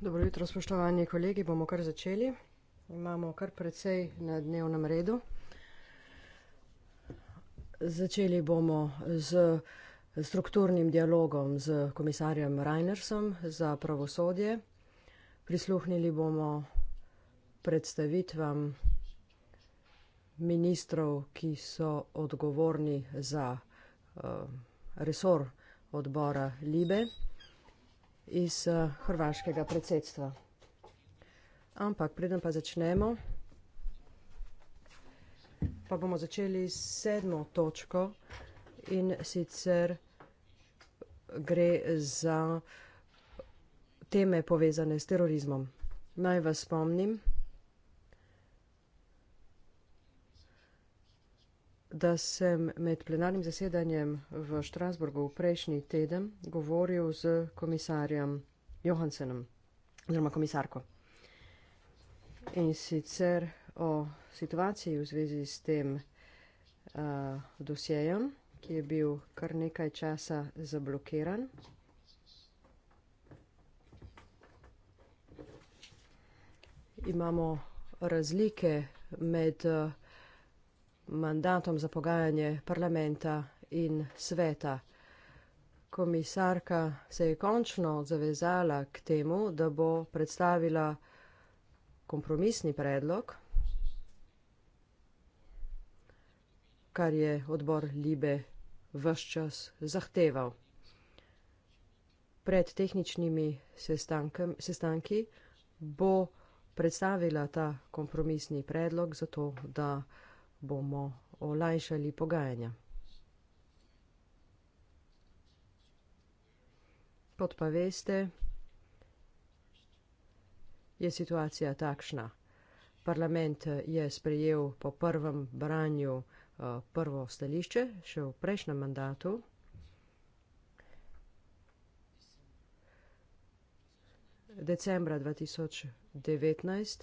Dobro jutro, spoštovani kolegi, bomo kar začeli. Imamo kar precej na dnevnem redu. Začeli bomo z strukturnim dialogom z komisarjem Reinersom za pravosodje. Prisluhnili bomo predstavitvam ministrov, ki so odgovorni za uh, resor odbora Libe iz eh, hrvaškega predsedstva. Ampak preden pa začnemo, pa bomo začeli s sedmo točko in sicer gre za teme povezane s terorizmom. Naj vas spomnim, da sem med plenarnim zasedanjem v Štrasburgu prejšnji teden govoril z komisarjem Johansenom, oziroma komisarko. In sicer o situaciji v zvezi s tem uh, dosjejem, ki je bil kar nekaj časa zablokiran. Imamo razlike med uh, mandatom za pogajanje parlamenta in sveta. Komisarka se je končno zavezala k temu, da bo predstavila kompromisni predlog, kar je odbor Libe vse čas zahteval. Pred tehničnimi sestanki bo predstavila ta kompromisni predlog, zato da bomo olajšali pogajanja. Kot pa veste, je situacija takšna. Parlament je sprejel po prvem branju eh, prvo stališče, še v prejšnjem mandatu. Decembra 2019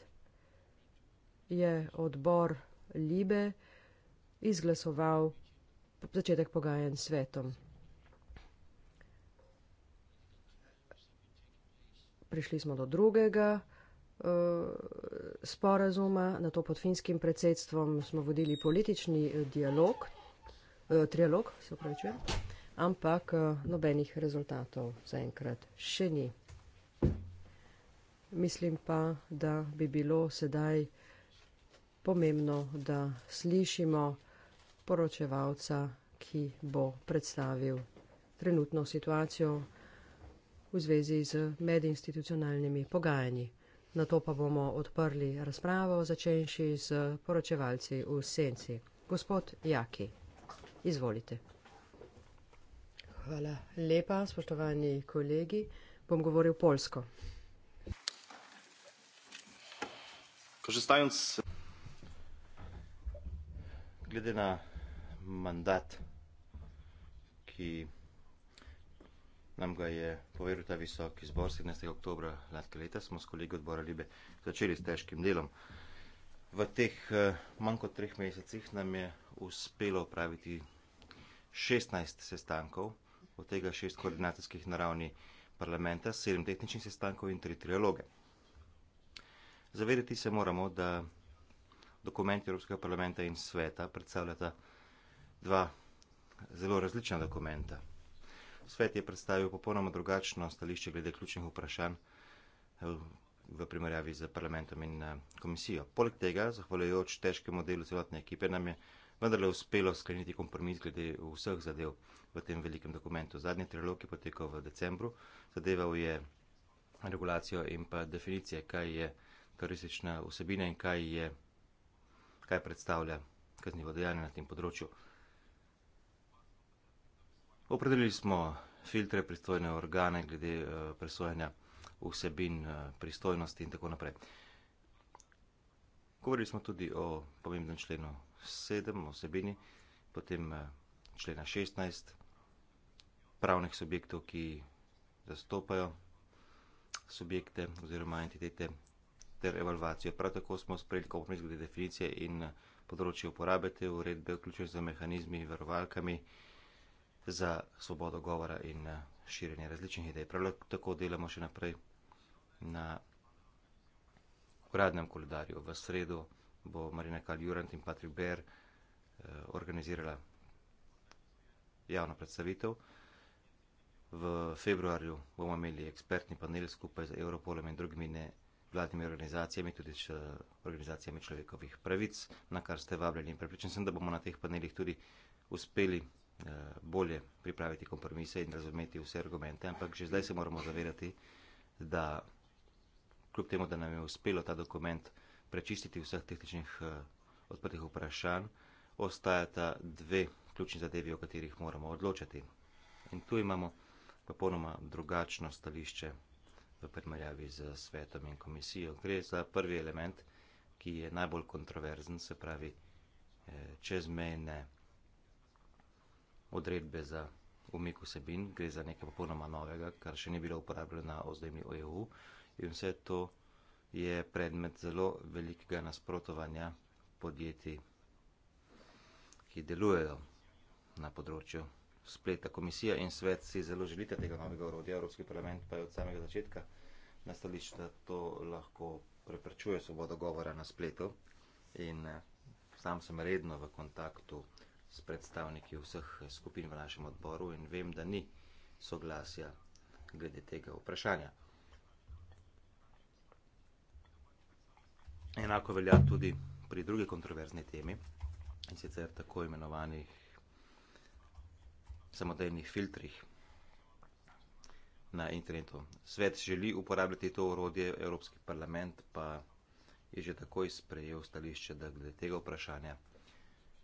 je odbor Libe izglasoval začetek pogajanj s svetom. Prišli smo do drugega uh, sporazuma, na to pod finskim predsedstvom smo vodili politični eh, dialog, uh, trialog, se upravičujem, ampak uh, nobenih rezultatov zaenkrat še ni. Mislim pa, da bi bilo sedaj uh, pomembno, da slišimo poročevalca, ki bo predstavil trenutno situacijo v zvezi z medinstitucionalnimi pogajanji. Na to pa bomo odprli razpravo, začenši z poročevalci v senci. Gospod Jaki, izvolite. Hvala lepa, spoštovani kolegi. Bom govoril polsko. Korzystając z glede na mandat, ki nam ga je poveril ta visoki zbor 17. oktobra lanskega leta, smo s kolegi odbora Libe začeli s težkim delom. V teh eh, manj kot treh mesecih nam je uspelo upraviti 16 sestankov, od tega šest koordinacijskih na ravni parlamenta, sedem tehničnih sestankov in tri trialoge. Zavedati se moramo, da dokument Evropskega parlamenta in sveta predstavljata dva zelo različna dokumenta. Svet je predstavil popolnoma drugačno stališče glede ključnih vprašanj eh, v primerjavi z parlamentom in eh, komisijo. Poleg tega, zahvaljujoč težkemu delu celotne ekipe, nam je vendarle uspelo skleniti kompromis glede vseh zadev v tem velikem dokumentu. Zadnji trilog je potekal v decembru, zadeval je regulacijo in pa definicije, kaj je turistična vsebina in kaj je kaj predstavlja kaznivo dejanje na tem področju. Opredelili smo filtre pristojne organe glede eh, presojanja vsebin, eh, pristojnosti in tako naprej. Govorili smo tudi o pomembnem členu 7, osebini, potem eh, člena 16, pravnih subjektov, ki zastopajo subjekte oziroma entitete ter evalvacijo. Prav tako smo sprejeli kompromis glede definicije in eh, področje uporabe te uredbe, vključno z mehanizmi in verovalkami za svobodo govora in eh, širjenje različnih idej. Prav tako delamo še naprej na uradnem koledarju. V sredo bo Marina Kaljurant in Patrick Baer eh, organizirala javno predstavitev. V februarju bomo imeli ekspertni panel skupaj z Europolem in drugimi ne, vladnimi organizacijami, tudi s organizacijami človekovih pravic, na kar ste vabljeni. Prepričan sem, da bomo na teh panelih tudi eh, uspeli eh, bolje pripraviti kompromise in razumeti vse argumente, ampak že zdaj se moramo zavedati, da kljub temu, da nam je uspelo ta dokument prečistiti vseh tehničnih eh, odprtih vprašanj, ostajata dve ključni zadevi, o katerih moramo odločati. In tu imamo popolnoma drugačno stališče primerjavi z svetom in komisijo. Gre za prvi element, ki je najbolj kontroverzen, se pravi eh, čezmejne odredbe za umik vsebin. Gre za nekaj popolnoma novega, kar še ni bilo uporabljeno na ozemlju EU in vse to je predmet zelo velikega nasprotovanja podjetij, ki delujejo na področju spleta. Komisija in svet si zelo želite tega novega orodja, Evropski parlament pa je od samega začetka na stališču, da to lahko preprečuje svobodo govora na spletu. In eh, sam sem redno v kontaktu s predstavniki vseh skupin v našem odboru in vem, da ni soglasja glede tega vprašanja. Enako velja tudi pri drugi kontroverzni temi in sicer tako imenovanih samodejnih filtrih na internetu. Svet želi uporabljati to urodje, Evropski parlament pa je že takoj sprejel stališče, da glede tega vprašanja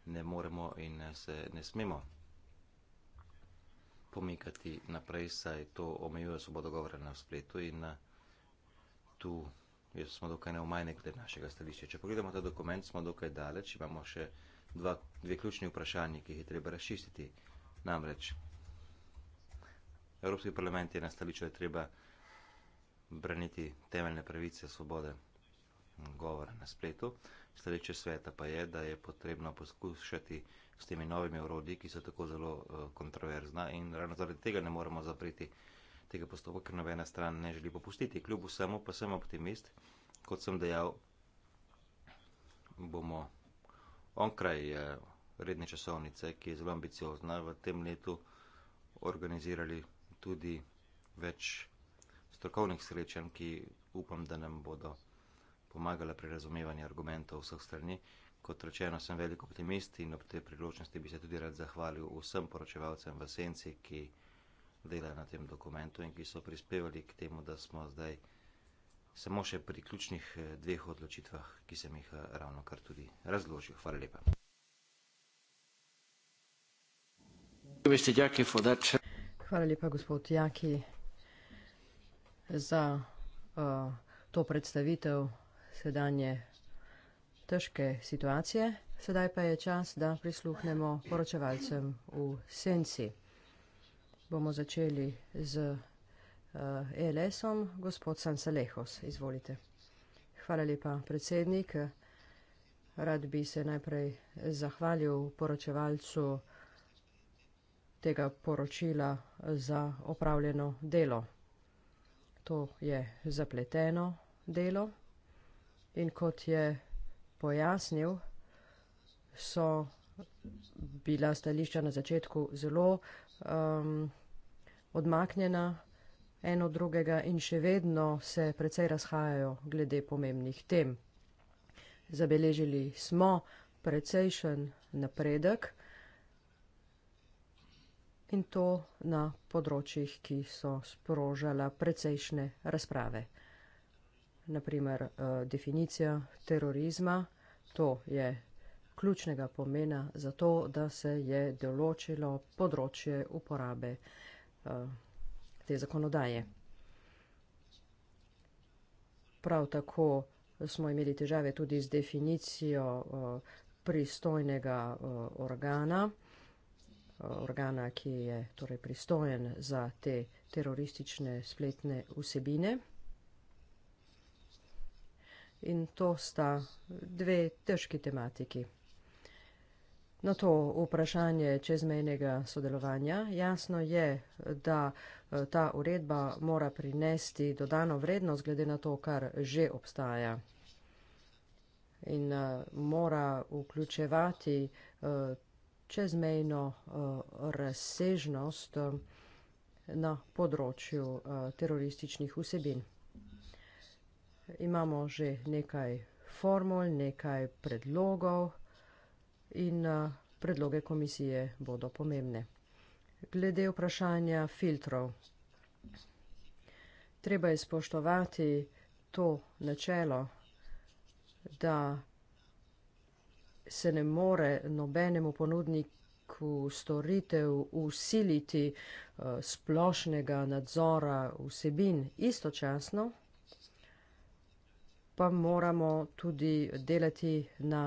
ne moremo in se ne smemo pomikati naprej, saj to omejuje svobodo govora na spletu in eh, tu smo dokaj neumajne glede našega stališča. Če pogledamo ta dokument, smo dokaj daleč, imamo še dva, dve ključni vprašanji, ki jih je treba razčistiti. Namreč, Evropski parlament je na stališču, da je treba braniti temeljne pravice, svobode govora na spletu. Stališče sveta pa je, da je potrebno poskušati s temi novimi urodji, ki so tako zelo eh, kontroverzna in ravno zaradi tega ne moremo zapriti tega postopka, ker nobena stran ne želi popustiti. Kljub vsemu pa sem optimist, kot sem dejal, bomo onkraj eh, redne časovnice, ki je zelo ambiciozna, v tem letu organizirali tudi več strokovnih srečanj, ki upam, da nam bodo pomagale pri razumevanju argumentov vseh strani. Kot rečeno, sem veliko optimist in ob tej priložnosti bi se tudi rad zahvalil vsem poročevalcem v Senci, ki delajo na tem dokumentu in ki so prispevali k temu, da smo zdaj samo še pri ključnih eh, dveh odločitvah, ki sem jih eh, ravno kar tudi razložil. Hvala lepa. Mr. Jackie, for that. Hvala lepa, gospod Jaki, za uh, to predstavitev sedanje težke situacije. Sedaj pa je čas, da prisluhnemo poročevalcem v senci. Bomo začeli z uh, ELS-om, gospod Sansalehos, izvolite. Hvala lepa, predsednik. Rad bi se najprej zahvalil poročevalcu tega poročila za opravljeno delo. To je zapleteno delo in kot je pojasnil, so bila stališča na začetku zelo um, odmaknjena eno od drugega in še vedno se precej razhajajo glede pomembnih tem. Zabeležili smo precejšen napredek, in to na področjih, ki so sprožala precejšne razprave. Naprimer, eh, definicija terorizma, to je ključnega pomena za to, da se je določilo področje uporabe eh, te zakonodaje. Prav tako smo imeli težave tudi z definicijo eh, pristojnega organa. Eh, organa, ki je torej pristojen za te teroristične spletne vsebine. In to sta dve težki tematiki. Na to vprašanje čezmejnega sodelovanja jasno je, da eh, ta uredba mora prinesti dodano vrednost glede na to, kar že obstaja in uh, mora vključevati uh, čezmejno eh, razsežnost eh, na področju eh, terorističnih vsebin. Imamo že nekaj formul, nekaj predlogov in predloge komisije bodo pomembne. Glede vprašanja filtrov, treba je spoštovati to načelo, da se ne more nobenemu ponudniku storitev usiliti eh, splošnega nadzora vsebin. Istočasno pa moramo tudi delati na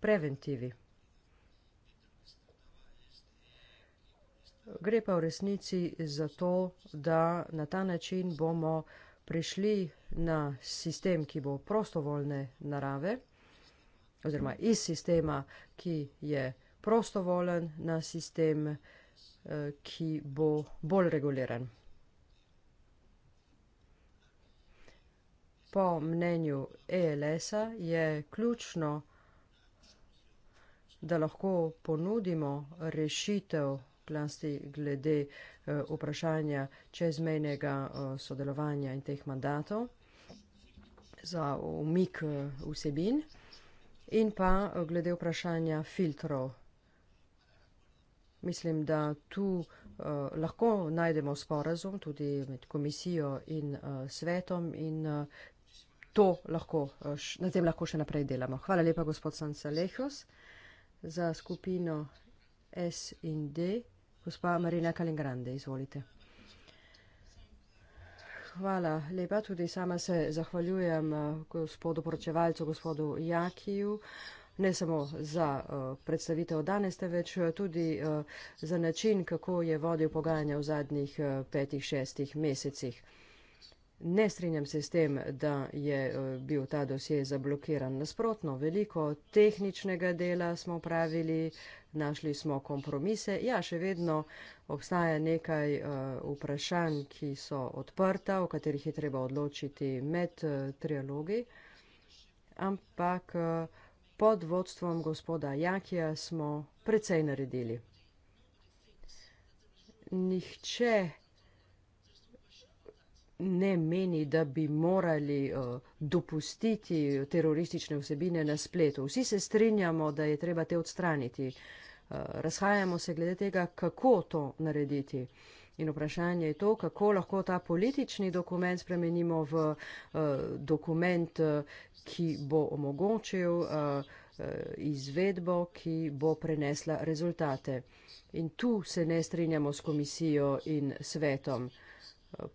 preventivi. Gre pa v resnici za to, da na ta način bomo prišli na sistem, ki bo prostovoljne narave oziroma iz sistema, ki je prostovolen, na sistem, eh, ki bo bolj reguliran. Po mnenju ELS-a je ključno, da lahko ponudimo rešitev glasti glede eh, vprašanja čezmejnega eh, sodelovanja in teh mandatov za umik vsebin. In pa eh, glede vprašanja filtrov. Mislim, da tu uh, lahko najdemo sporazum tudi med komisijo in uh, svetom in uh, lahko, uh, na tem lahko še naprej delamo. Hvala lepa, gospod Sansalehos, za skupino S in D. Gospa Marina Kalingrande, izvolite hvala lepa. Tudi sama se zahvaljujem eh, gospodu poročevalcu, gospodu Jakiju, ne samo za eh, predstavitev danes, temveč eh, tudi za način, kako je vodil pogajanja v zadnjih petih, šestih mesecih. Ne strinjam se s tem, da je bil ta dosje zablokiran. Nasprotno, veliko tehničnega dela smo pravili, našli smo kompromise. Ja, še vedno obstaja nekaj uh, vprašanj, ki so odprta, o katerih je treba odločiti med uh, trialogi. Ampak uh, pod vodstvom gospoda Jakija smo precej naredili. Nihče ne meni, da bi morali uh, dopustiti teroristične vsebine na spletu. Vsi se strinjamo, da je treba te odstraniti. Uh, Eh, razhajamo se glede tega, kako to narediti. In vprašanje je to, kako lahko ta politični dokument spremenimo v eh, dokument, eh, ki bo omogočil izvedbo, ki bo prenesla rezultate. In tu se ne strinjamo s komisijo in svetom.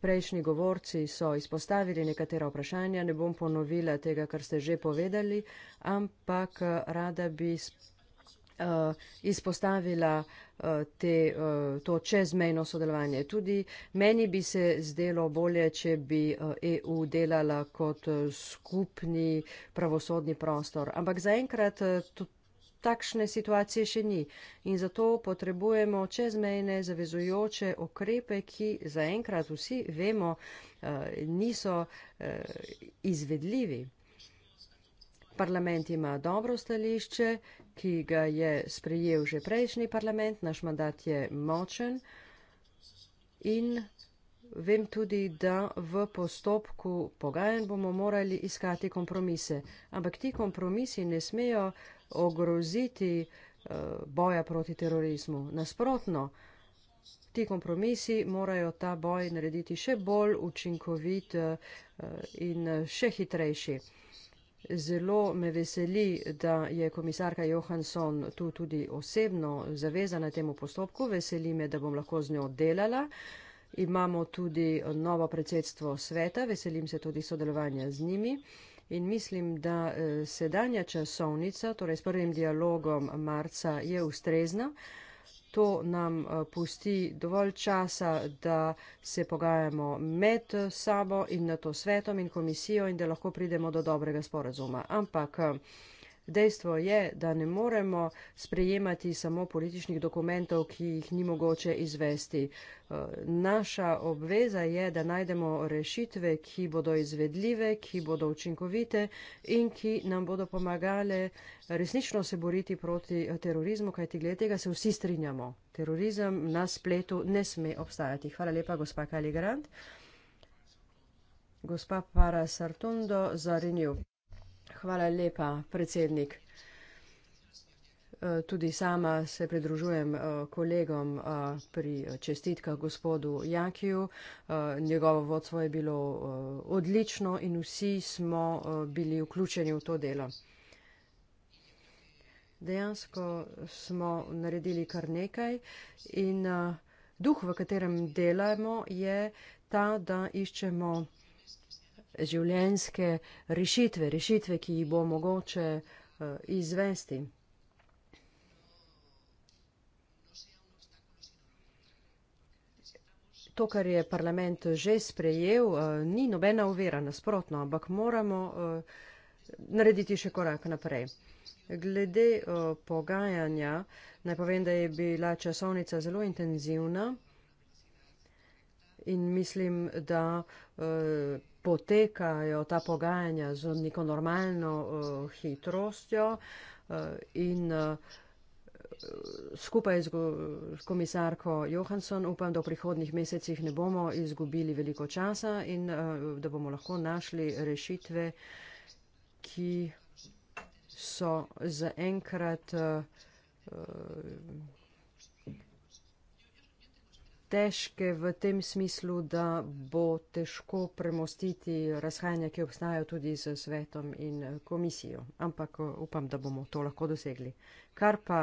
Prejšnji govorci so izpostavili nekatera vprašanja, ne bom ponovila tega, kar ste že povedali, ampak rada bi uh, izpostavila uh, te, uh, to čezmejno sodelovanje. Tudi meni bi se zdelo bolje, če bi uh, EU delala kot uh, skupni pravosodni prostor. Ampak zaenkrat uh, takšne situacije še ni. In zato potrebujemo čezmejne zavezujoče okrepe, ki zaenkrat vsi vemo uh, niso uh, izvedljivi. Parlament ima dobro stališče, ki ga je sprejel že prejšnji parlament. Naš mandat je močen in vem tudi, da v postopku pogajanj bomo morali iskati kompromise. Ampak ti kompromisi ne smejo ogroziti eh, boja proti terorizmu. Nasprotno, ti kompromisi morajo ta boj narediti še bolj učinkovit eh, in eh, še hitrejši. Zelo me veseli, da je komisarka Johansson tu tudi osebno zavezana temu postopku. Veseli me, da bom lahko z njo delala. Imamo tudi novo predsedstvo sveta, veselim se tudi sodelovanja z njimi. In mislim, da eh, sedanja časovnica, torej s prvim dialogom marca, je ustrezna. To nam eh, pusti dovolj časa, da se pogajamo med eh, sabo in na to svetom in komisijo in da lahko pridemo do dobrega sporazuma. Ampak eh, Dejstvo je, da ne moremo sprejemati samo političnih dokumentov, ki jih ni mogoče izvesti. Eh, naša obveza je, da najdemo rešitve, ki bodo izvedljive, ki bodo učinkovite in ki nam bodo pomagale resnično se boriti proti terorizmu, kajti glede tega se vsi strinjamo. Terorizem na spletu ne sme obstajati. Hvala lepa, gospa Kaligrant. Gospa Para Sartundo za Renew. Hvala lepa, predsednik. Eh, tudi sama se pridružujem eh, kolegom eh, pri čestitkah gospodu Jakiju. Njegovo vodstvo je bilo odlično in vsi smo bili vključeni v to delo. Dejansko smo naredili kar nekaj in duh, v katerem delamo, je ta, da iščemo življenske rešitve, rešitve, ki jih bo mogoče eh, izvesti. To, kar je parlament že sprejel, eh, ni nobena uvera, nasprotno, ampak moramo eh, narediti še korak naprej. Glede pogajanja, naj povem, da je bila časovnica zelo intenzivna in mislim, da potekajo ta pogajanja z neko normalno uh, hitrostjo uh, in uh, skupaj z, z komisarko Johansson upam, da v prihodnih mesecih ne bomo izgubili veliko časa in uh, da bomo lahko našli rešitve, ki so zaenkrat. Uh, težke v tem smislu, da bo težko premostiti razhajanja, ki obstajajo tudi s svetom in eh, komisijo. Ampak eh, upam, da bomo to lahko dosegli. Kar pa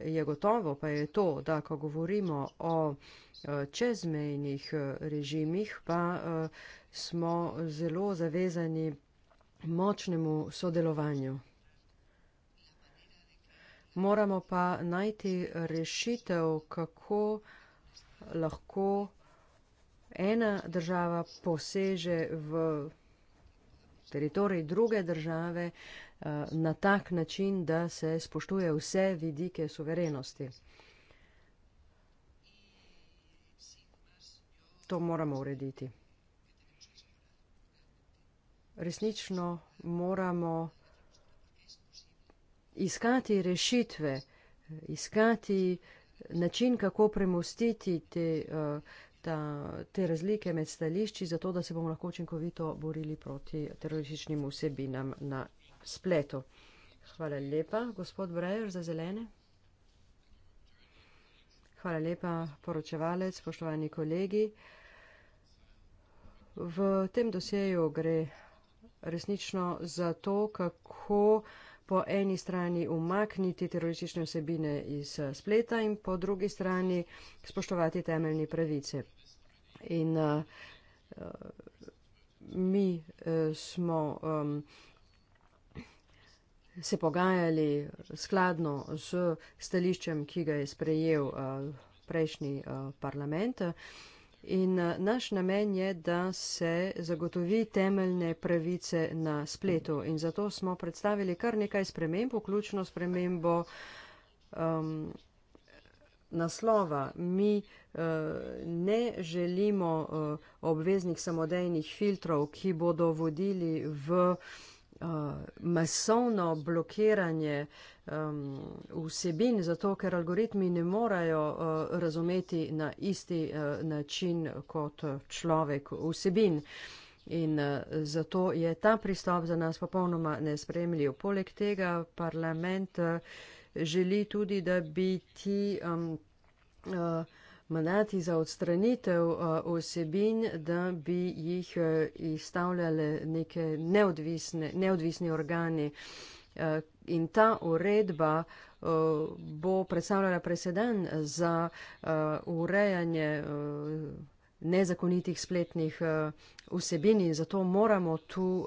je gotovo, pa je to, da ko govorimo o eh, čezmejnih režimih, pa smo zelo zavezani močnemu sodelovanju. Moramo pa najti rešitev, kako lahko ena država poseže v teritorij druge države eh, na tak način, da se spoštuje vse vidike suverenosti. To moramo urediti. Resnično moramo iskati rešitve, iskati uh, način, kako premustiti te, eh, ta, te razlike med stališči, zato da se bomo lahko učinkovito borili proti terorističnim vsebinam na spletu. Hvala lepa, gospod Brejer za zelene. Hvala lepa, poročevalec, spoštovani kolegi. V tem doseju gre resnično za to, kako po eni strani umakniti teroristične vsebine iz eh, spleta in po drugi strani spoštovati temeljni pravice. In uh, mi uh, smo um, se pogajali skladno z stališčem, ki ga je sprejel uh, prejšnji uh, parlament. Uh, In eh, naš namen je, da se zagotovi temeljne pravice na spletu. In zato smo predstavili kar nekaj sprememb, vključno spremembo um, naslova. Mi uh, ne želimo uh, obveznih samodejnih filtrov, ki bodo vodili v uh, masovno blokiranje uh, um, vsebin, zato ker algoritmi ne morajo uh, eh, razumeti na isti uh, način kot človek vsebin. In uh, zato je ta pristop za nas popolnoma nespremljiv. Poleg tega parlament uh, želi tudi, da bi ti um, uh, mandati za odstranitev uh, osebin, da bi jih uh, izstavljale neke neodvisne, neodvisni organi. Uh, in ta uredba eh, bo predstavljala preseden za eh, urejanje eh, nezakonitih spletnih vsebin in zato moramo tu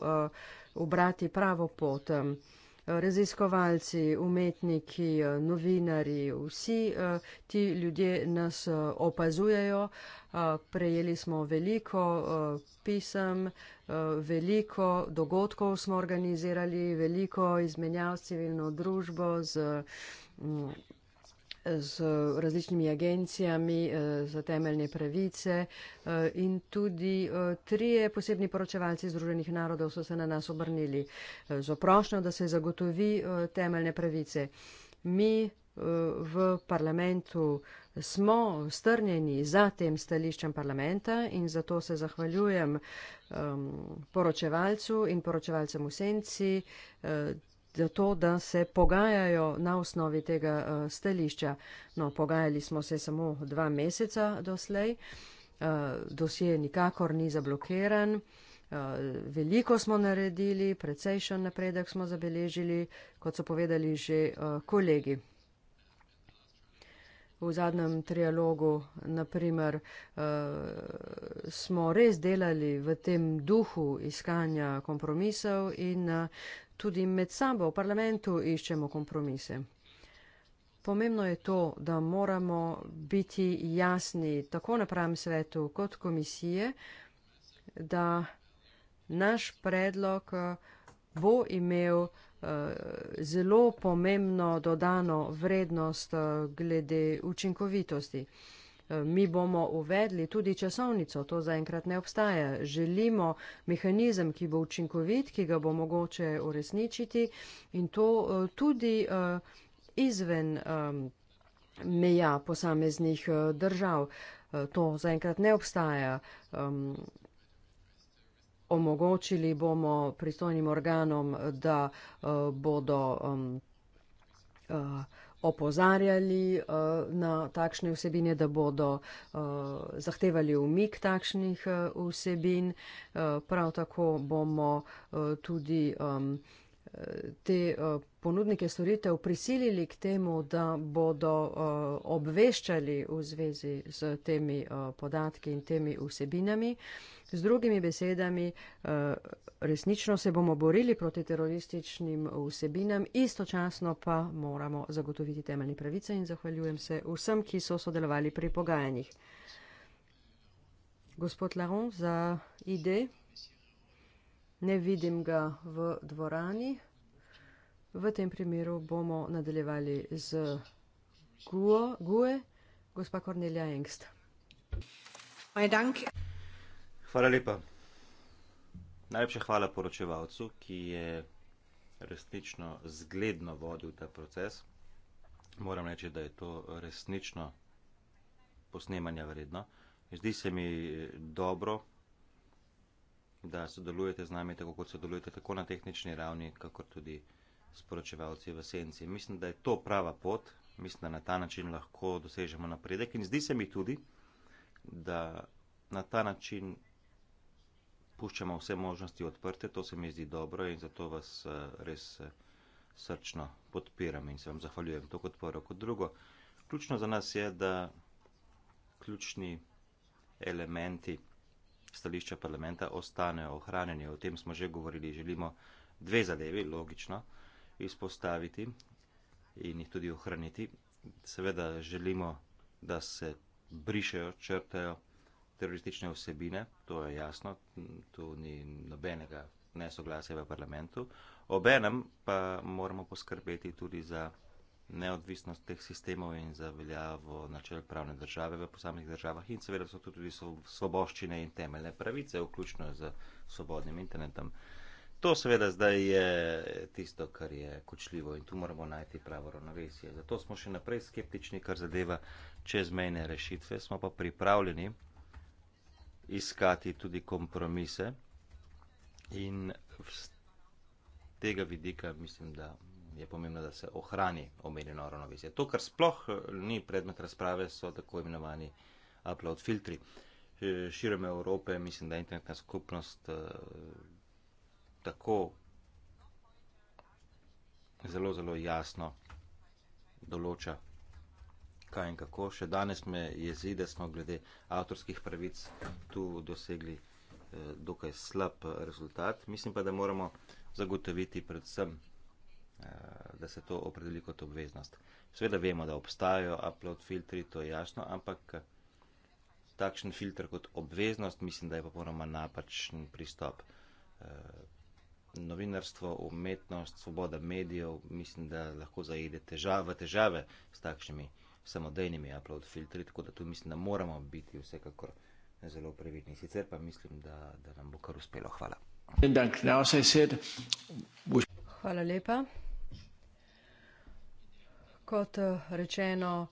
obrati pravo pot raziskovalci, umetniki, novinari, vsi eh, ti ljudje nas eh, opazujejo. Eh, prejeli smo veliko pisem, veliko dogodkov smo organizirali, veliko izmenjav s civilno družbo, z mm, z različnimi agencijami eh, za temeljne pravice eh, in tudi eh, trije posebni poročevalci Združenih narodov so se na nas obrnili z oprošnjo, da se zagotovi temeljne pravice. Mi v parlamentu smo strnjeni za tem stališčem parlamenta in zato se zahvaljujem ehm, poročevalcu in poročevalcem v senci za to, da se pogajajo na osnovi tega uh, stališča. No, pogajali smo se samo dva meseca doslej, uh, dosje nikakor ni zablokiran, uh, veliko smo naredili, precejšen napredek smo zabeležili, kot so povedali že uh, kolegi. V zadnjem trialogu, naprimer, uh, smo res delali v tem duhu iskanja kompromisov in uh, Tudi med sabo v parlamentu iščemo kompromise. Pomembno je to, da moramo biti jasni tako na pravem svetu kot komisije, da naš predlog eh, bo imel eh, zelo pomembno dodano vrednost eh, glede učinkovitosti. Eh, mi bomo uvedli tudi časovnico, to zaenkrat ne obstaja. Želimo mehanizem, ki bo učinkovit, ki ga bo mogoče uresničiti in to eh, tudi eh, izven meja posameznih držav. To zaenkrat ne obstaja. Omogočili bomo pristojnim organom, da bodo. Uh, opozarjali uh, na takšne vsebine, da bodo uh, zahtevali umik takšnih uh, vsebin. Uh, prav tako bomo uh, tudi um, te uh, ponudnike storitev prisilili k temu, da bodo uh, obveščali v zvezi z temi uh, podatki in temi vsebinami. Uh, Z drugimi besedami, eh, resnično se bomo borili proti terorističnim vsebinam, istočasno pa moramo zagotoviti temeljne pravice in zahvaljujem se vsem, ki so sodelovali pri pogajanjih. Gospod Laron, za ide, ne vidim ga v dvorani. V tem primeru bomo nadaljevali z Guo, Gue, gospa Kornelija Engst. Hvala. Hvala lepa. Najlepša hvala poročevalcu, ki je resnično zgledno vodil ta proces. Moram reči, da je to resnično posnemanja vredno. Zdi se mi eh, dobro, da sodelujete z nami, tako kot sodelujete tako na tehnični ravni, kakor tudi s poročevalci v senci. Mislim, da je to prava pot, mislim, da na ta način lahko dosežemo napredek in zdi se mi tudi, da na ta način puščamo vse možnosti odprte, to se mi zdi dobro in zato vas eh, res eh, srčno podpiram in se vam zahvaljujem to kot prvo. Kot drugo, ključno za nas je, da ključni elementi stališča parlamenta ostanejo ohranjeni. O tem smo že govorili, želimo dve zadevi, logično, izpostaviti in jih tudi ohraniti. Seveda želimo, da se brišejo, črtajo teroristične vsebine, to je jasno, tu ni nobenega nesoglasja v parlamentu. Obenem pa moramo poskrbeti tudi za neodvisnost teh sistemov in za veljavo načel pravne države v posameznih državah in seveda so tu tudi svoboščine in temeljne pravice, vključno z svobodnim internetom. To seveda zdaj je tisto, kar je kočljivo in tu moramo najti pravo ravnovesje. Zato smo še naprej skeptični, kar zadeva čezmejne rešitve, smo pa pripravljeni iskati tudi kompromise in z tega vidika mislim, da je pomembno, da se ohrani omenjeno ravnovesje. To, kar sploh eh, ni predmet razprave, so tako imenovani upload filtri. Eh, širom Evrope mislim, da internetna skupnost eh, tako zelo, zelo jasno določa kaj in kako. Še danes me jezi, da smo glede avtorskih pravic tu dosegli eh, dokaj slab eh, rezultat. Mislim pa, da moramo zagotoviti predvsem, eh, da se to opredeli kot obveznost. Sveda vemo, da obstajajo upload filtri, to je jasno, ampak eh, takšen filter kot obveznost mislim, da je popolnoma napačen pristop. Eh, Novinarstvo, umetnost, svoboda medijev, mislim, da lahko zaide težave, težave s takšnimi uh, samodejnimi upload filtri, tako da tu mislim, da moramo biti vsekakor zelo previdni. Sicer pa mislim, da, da nam bo kar uspelo. Hvala. Hvala lepa. Kot eh, rečeno,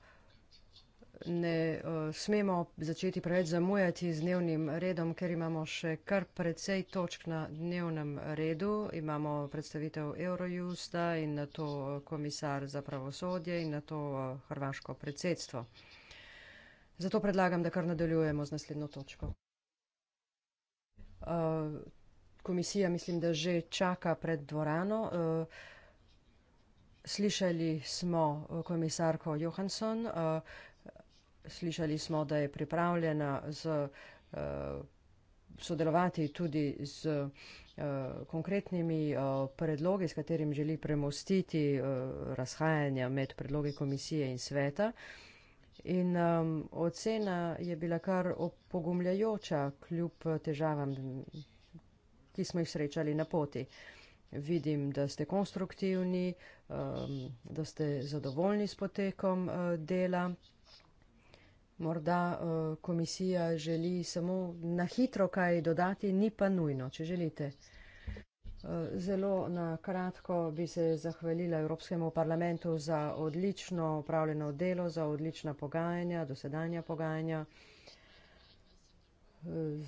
ne uh, smemo začeti preveč zamujati z dnevnim redom, ker imamo še kar precej točk na dnevnem redu. Imamo predstavitev Eurojusta in na to eh, komisar za pravosodje in na to eh, hrvaško predsedstvo. Zato predlagam, da kar nadaljujemo z naslednjo točko. Uh, komisija mislim, da že čaka pred dvorano. Uh, slišali smo komisarko Johansson. Uh, Slišali smo, da je pripravljena z, uh, sodelovati tudi z uh, konkretnimi uh, predlogi, s katerim želi premostiti uh, razhajanja med predlogi komisije in sveta. In um, ocena je bila kar opogumljajoča, kljub težavam, ki smo jih srečali na poti. Vidim, da ste konstruktivni, um, da ste zadovoljni s potekom uh, dela morda eh, komisija želi samo na hitro kaj dodati, ni pa nujno, če želite. Eh, zelo na kratko bi se zahvalila Evropskemu parlamentu za odlično upravljeno delo, za odlična pogajanja, dosedanja pogajanja. Eh,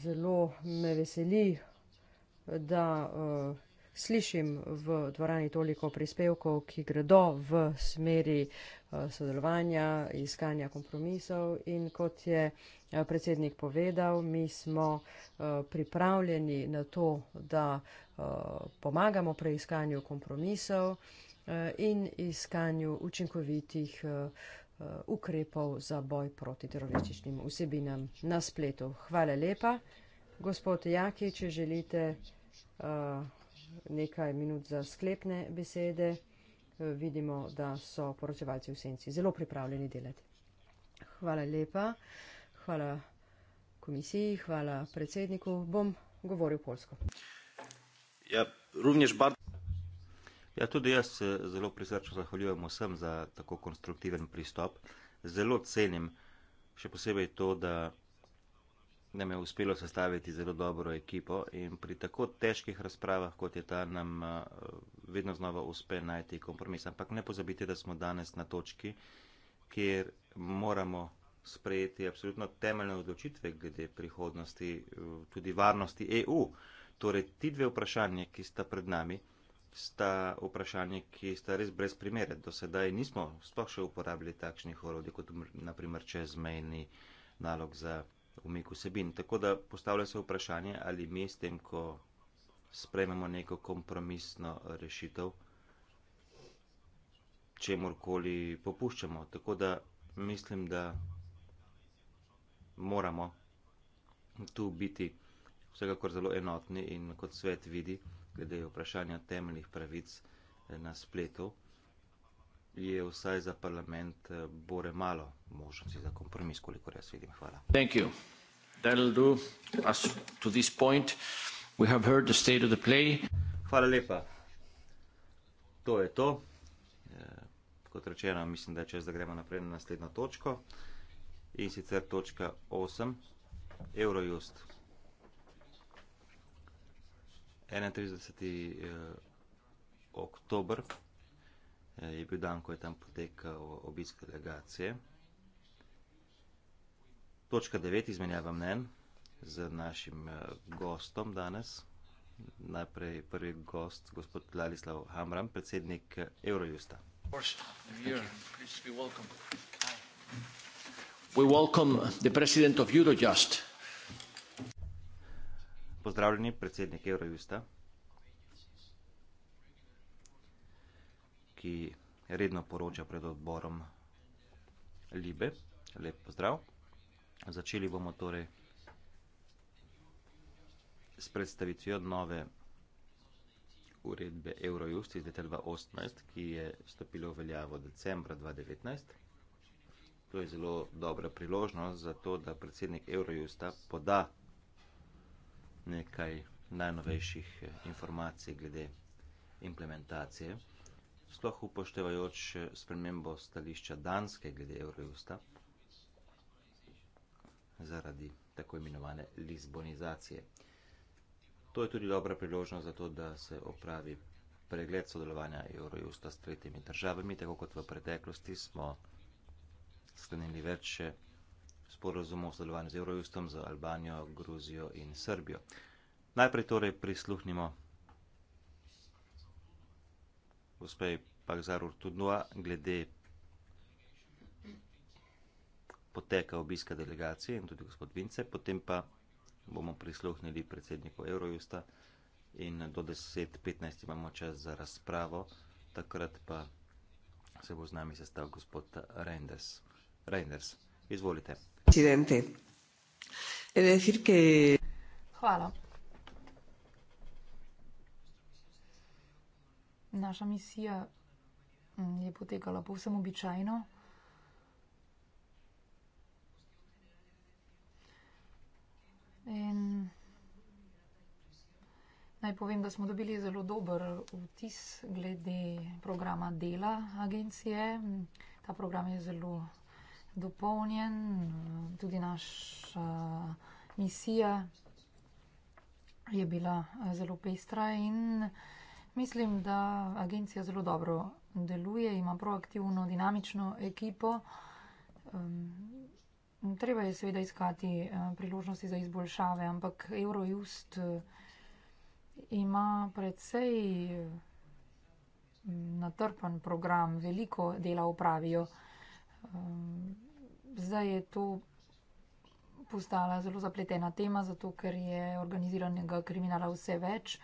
zelo me veseli, da uh, slišim v dvorani toliko prispevkov, ki gredo v smeri uh, Eh, sodelovanja, iskanja kompromisov in kot je eh, predsednik povedal, mi smo eh, pripravljeni na to, da pomagamo pri iskanju kompromisov in iskanju učinkovitih ukrepov za boj proti terorističnim vsebinam na spletu. Hvala lepa. Gospod Jaki, če želite uh, nekaj minut za sklepne besede vidimo, da so poročevalci v senci zelo pripravljeni delati. Hvala lepa, hvala komisiji, hvala predsedniku. Bom govoril polsko. Ja, również bar... ja, tudi jaz se zelo prisrčno zahvaljujem vsem za tako konstruktiven pristop. Zelo cenim še posebej to, da nam je uspelo sestaviti zelo dobro ekipo in pri tako težkih razpravah, kot je ta, nam eh, vedno znova uspe najti kompromis. Ampak ne pozabite, da smo danes na točki, kjer moramo sprejeti absolutno temeljne odločitve glede prihodnosti, eh, tudi varnosti EU. Torej, ti dve vprašanje, ki sta pred nami, sta vprašanje, ki sta res brez primere. Do sedaj nismo sploh še uporabljali takšnih orodij, kot naprimer čezmejni nalog za umik vsebin. Tako da postavlja se vprašanje, ali mi s tem, ko sprememo neko kompromisno rešitev, če morkoli popuščamo. Tako da mislim, da moramo tu biti vsekakor zelo enotni in kot svet vidi, glede vprašanja temeljnih pravic eh, na spletu je vsaj za parlament eh, bore malo možnosti za kompromis, koliko jaz vidim. Hvala. Thank you. That'll do us to this point. We have heard the state of the play. Hvala lepa. To je to. Ja, kot rečeno, mislim, da je čas, da gremo naprej na naslednjo točko. In sicer točka 8, Eurojust. 31. Eh, oktober Eh, je bil dan, ko je tam potekal obisk delegacije. Točka 9 izmenjava mnen z našim eh, gostom danes. Najprej prvi gost, gospod Ladislav Hamram, predsednik eh, Eurojusta. Pozdravljeni, predsednik Eurojusta. ki redno poroča pred odborom Libe. Lep pozdrav. Začeli bomo torej s predstavitvijo nove uredbe Eurojust iz leta 2018, ki je stopila v veljavo decembra 2019. To je zelo dobra priložnost za to, da predsednik Eurojusta poda nekaj najnovejših eh, informacij glede implementacije sploh upoštevajoč spremembo stališča Danske glede Eurojusta zaradi tako imenovane Lizbonizacije. To je tudi dobra priložnost za to, da se opravi pregled sodelovanja Eurojusta s tretjimi državami, tako kot v preteklosti smo sklenili več sporozumov o sodelovanju z Eurojustom, z Albanijo, Gruzijo in Srbijo. Najprej torej prisluhnimo gospe Pagzarur Tudnoa glede poteka obiska delegacije in tudi gospod Vince, potem pa bomo prisluhnili predsedniku Eurojusta in do 10.15 imamo čas za razpravo, takrat pa se bo z nami sestal gospod Reinders. Reinders, izvolite. Presidente. Hvala. Naša misija mm, je potekala povsem običajno. In naj povem, da smo dobili zelo dober vtis glede programa dela agencije. Ta program je zelo dopolnjen, tudi naša misija je bila eh, zelo pestra in Mislim, da agencija zelo dobro deluje, ima proaktivno, dinamično ekipo. Treba je seveda iskati eh, priložnosti za izboljšave, ampak Eurojust eh, ima predvsej eh, natrpan program, veliko dela upravijo. Zdaj je to postala zelo zapletena tema, zato ker je organiziranega kriminala vse več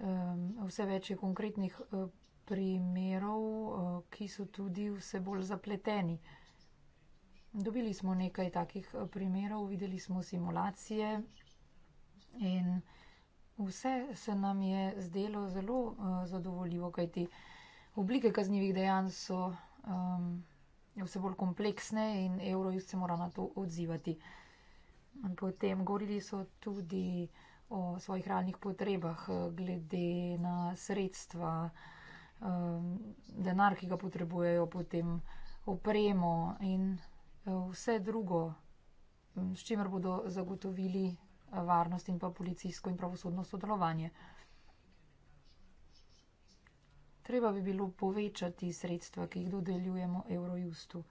vse več je konkretnih eh, primerov, eh, ki so tudi vse bolj zapleteni. Dobili smo nekaj takih eh, primerov, videli smo simulacije in vse se nam je zdelo zelo zadovoljivo, kajti oblike kaznjivih dejanj so um, vse bolj kompleksne in Eurojust se mora na to odzivati. Potem govorili so tudi o svojih realnih potrebah, eh, glede na sredstva, ehm, denar, ki ga potrebujejo, potem opremo in eh, vse drugo, s čimer bodo zagotovili eh, varnost in pa policijsko in pravosodno sodelovanje. Treba bi bilo povečati sredstva, ki jih dodeljujemo Eurojustu.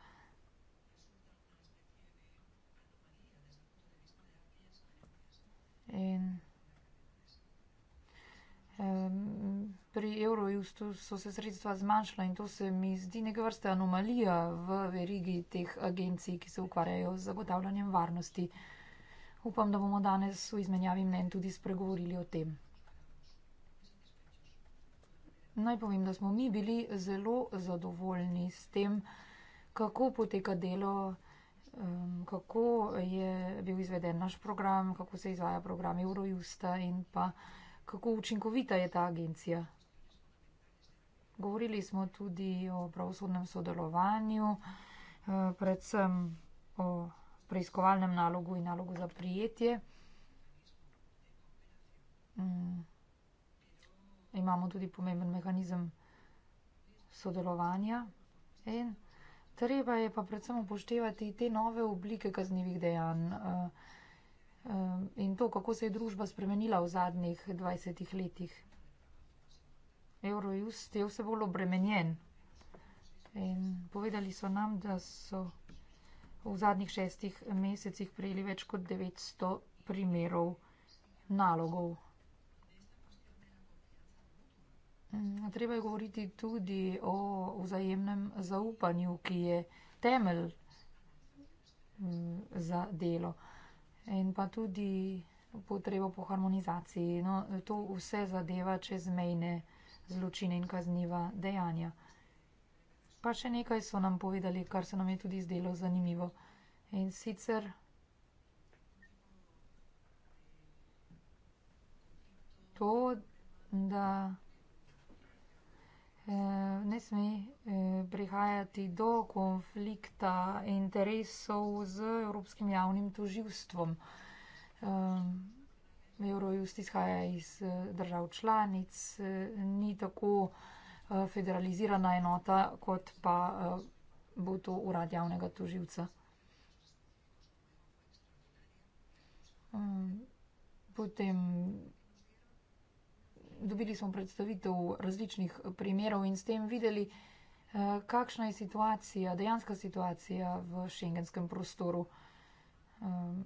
Pri Eurojustu so se sredstva zmanjšala in to se mi zdi neka vrsta anomalija v verigi teh agencij, ki se ukvarjajo z zagotavljanjem varnosti. Upam, da bomo danes v izmenjavi mnen tudi spregovorili o tem. Naj povem, da smo mi bili zelo zadovoljni s tem, kako poteka delo, kako je bil izveden naš program, kako se izvaja program Eurojusta in pa kako učinkovita je ta agencija. Govorili smo tudi o pravosodnem sodelovanju, eh, predvsem o preiskovalnem nalogu in nalogu za prijetje. Mm. Imamo tudi pomemben mehanizem sodelovanja. In treba je pa predvsem upoštevati te nove oblike kaznjivih dejanj. Eh, Um, in to, kako se je družba spremenila v zadnjih 20 letih. Eurojust je vse bolj obremenjen. In povedali so nam, da so v zadnjih šestih mesecih prejeli več kot 900 primerov nalogov. Mm, treba je govoriti tudi o vzajemnem zaupanju, ki je temelj mm, za delo in pa tudi potrebo po harmonizaciji. No, to vse zadeva čezmejne zločine in kazniva dejanja. Pa še nekaj so nam povedali, kar se nam je tudi zdelo zanimivo. In sicer. To, da Eh, ne sme eh, prihajati do konflikta interesov z Evropskim javnim toživstvom. Eh, Eurojust izhaja iz držav članic, ni tako federalizirana enota, kot pa bo to urad javnega toživca. Hmm, potem dobili smo predstavitev različnih primerov in s tem videli, eh, kakšna je situacija, dejanska situacija v šengenskem prostoru. Ehm,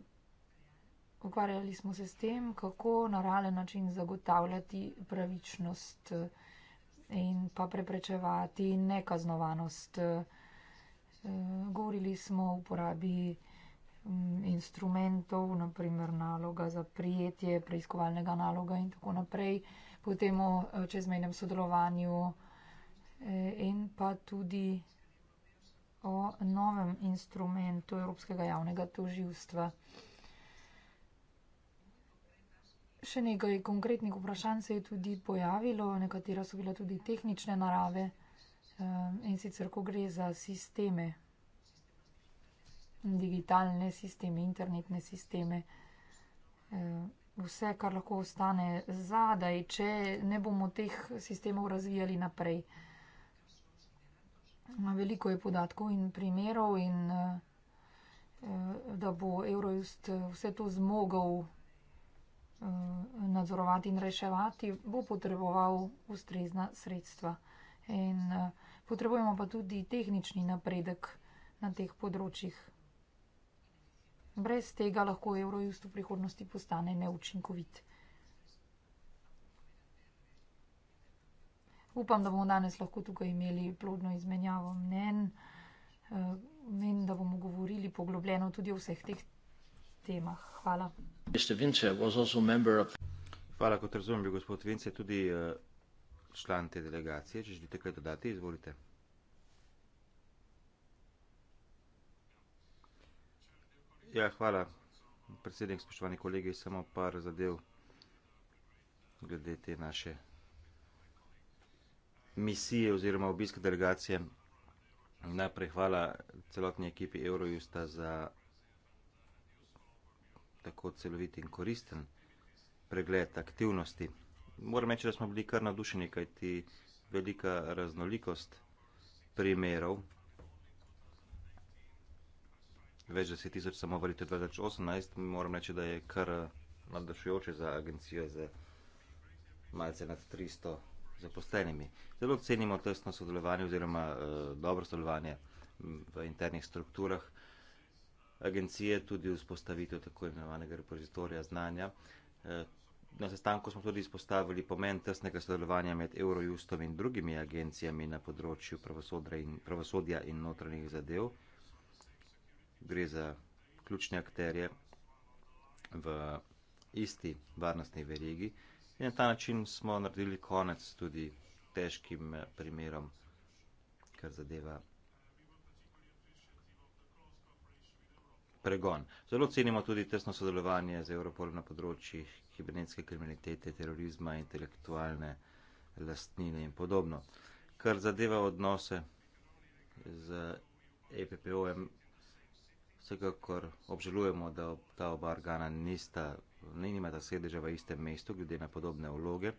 ukvarjali smo se s tem, kako na realen način zagotavljati pravičnost eh, in pa preprečevati nekaznovanost. Eh, govorili smo o uporabi mm, instrumentov, naprimer naloga za prijetje, preiskovalnega naloga in tako naprej po tem eh, čezmejnem sodelovanju eh, in pa tudi o novem instrumentu Evropskega javnega toživstva. Še nekaj konkretnih vprašanj se je tudi pojavilo, nekatera so bila tudi tehnične narave eh, in sicer, ko gre za sisteme, digitalne sisteme, internetne sisteme vse, kar lahko ostane zadaj, če ne bomo teh sistemov razvijali naprej. Veliko je podatkov in primerov in eh, da bo Eurojust vse to zmogel eh, nadzorovati in reševati, bo potreboval ustrezna sredstva. In eh, potrebujemo pa tudi tehnični napredek na teh področjih. Brez tega lahko Eurojust v prihodnosti postane neučinkovit. Upam, da bomo danes lahko tukaj imeli plodno izmenjavo mnen eh, in da bomo govorili poglobljeno tudi o vseh teh temah. Hvala. Hvala, kot razumem, bi gospod Vince tudi eh, član te delegacije. Če želite kaj dodati, izvolite. Ja, hvala, predsednik, spoštovani kolegi, samo par zadev glede te naše misije oziroma obiska delegacije. Najprej hvala celotni ekipi Eurojusta za tako celovit in koristen pregled aktivnosti. Moram reči, da smo bili kar nadušeni, kajti velika raznolikost primerov več deset tisoč samo v letu 2018, moram reči, da je kar navdušujoče za agencijo z malce nad 300 zaposlenimi. Zelo cenimo tesno sodelovanje oziroma uh, dobro sodelovanje mm, v internih strukturah agencije, tudi vzpostavitev tako imenovanega repozitorija znanja. Eh, na sestanku smo tudi izpostavili pomen tesnega sodelovanja med Eurojustom in drugimi agencijami na področju pravosodja in notranjih zadev gre za ključne akterje v isti varnostni verigi. In na ta način smo naredili konec tudi težkim eh, primerom, kar zadeva pregon. Zelo cenimo tudi tesno sodelovanje z Europolom na področjih kibernetske kriminalitete, terorizma, intelektualne lastnine in podobno. Kar zadeva odnose z EPPO-jem, Vsekakor obžalujemo, da ta oba organa nista, ne imata sedeža v istem mestu, glede na podobne vloge.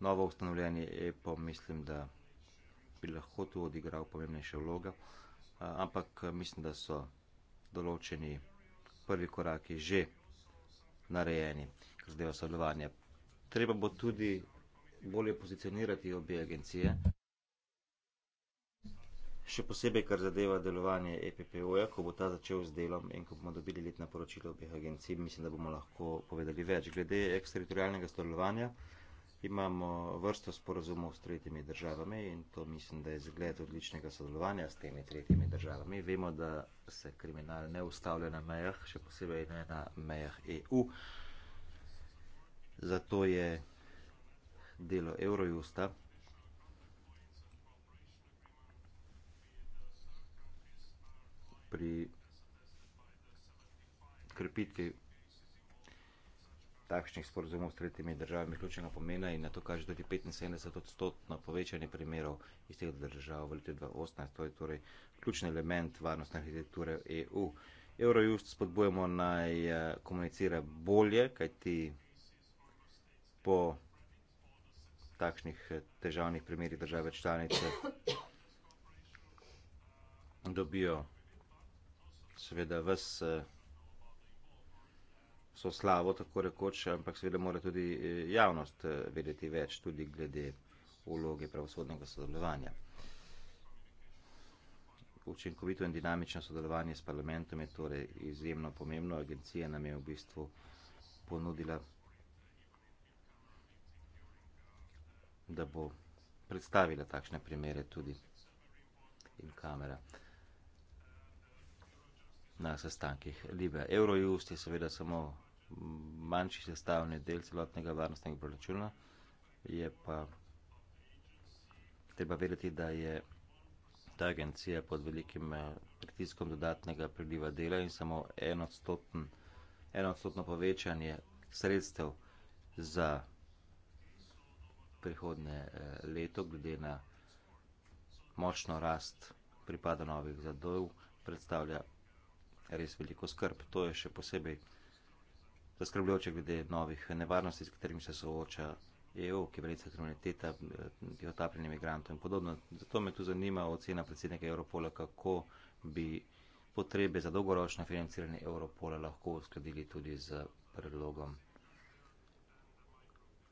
Novo ustanovljenje EPO mislim, da bi lahko tu odigral pomembnejšo vlogo, ampak mislim, da so določeni prvi koraki že narejeni, kar zdaj osodlovanje. Treba bo tudi bolje pozicionirati obe agencije še posebej, kar zadeva delovanje EPPO-ja, ko bo ta začel z delom in ko bomo dobili letna poročila obeh agencij, mislim, da bomo lahko povedali več. Glede eksteritorijalnega sodelovanja imamo vrsto sporozumov s tretjimi državami in to mislim, da je zgled odličnega sodelovanja s temi tretjimi državami. Vemo, da se kriminal ne ustavlja na mejah, še posebej ne na mejah EU. Zato je delo Eurojusta pri krepiti takšnih sporozumov s tretjimi državami ključnega pomena in na to kaže tudi 75 odstotno povečanje primerov iz teh držav v letu 2018. To je torej ključni element varnostne arhitekture EU. Eurojust spodbujamo naj eh, komunicira bolje, kajti po takšnih eh, težavnih primerih države članice dobijo seveda vse eh, so slavo, tako rekoč, ampak seveda mora tudi eh, javnost eh, vedeti več, tudi glede uloge pravosodnega sodelovanja. Učinkovito in dinamično sodelovanje s parlamentom je torej izjemno pomembno. Agencija nam je v bistvu ponudila, da bo predstavila takšne primere tudi in kamera na sestankih Libe. Eurojust je seveda samo manjši sestavni del celotnega varnostnega proračuna, je pa treba vedeti, da je ta agencija pod velikim eh, pritiskom dodatnega priliva dela in samo enodstotn, enodstotno povečanje sredstev za prihodne eh, leto, glede na močno rast pripada novih zadov, predstavlja res veliko skrb. To je še posebej zaskrbljujoče glede novih nevarnosti, s katerimi se sooča EU, ki velica kriminaliteta, geotapljenje imigrantov in podobno. Zato me tu zanima ocena predsednika Europola, kako bi potrebe za dolgoročno financiranje Europola lahko uskladili tudi z predlogom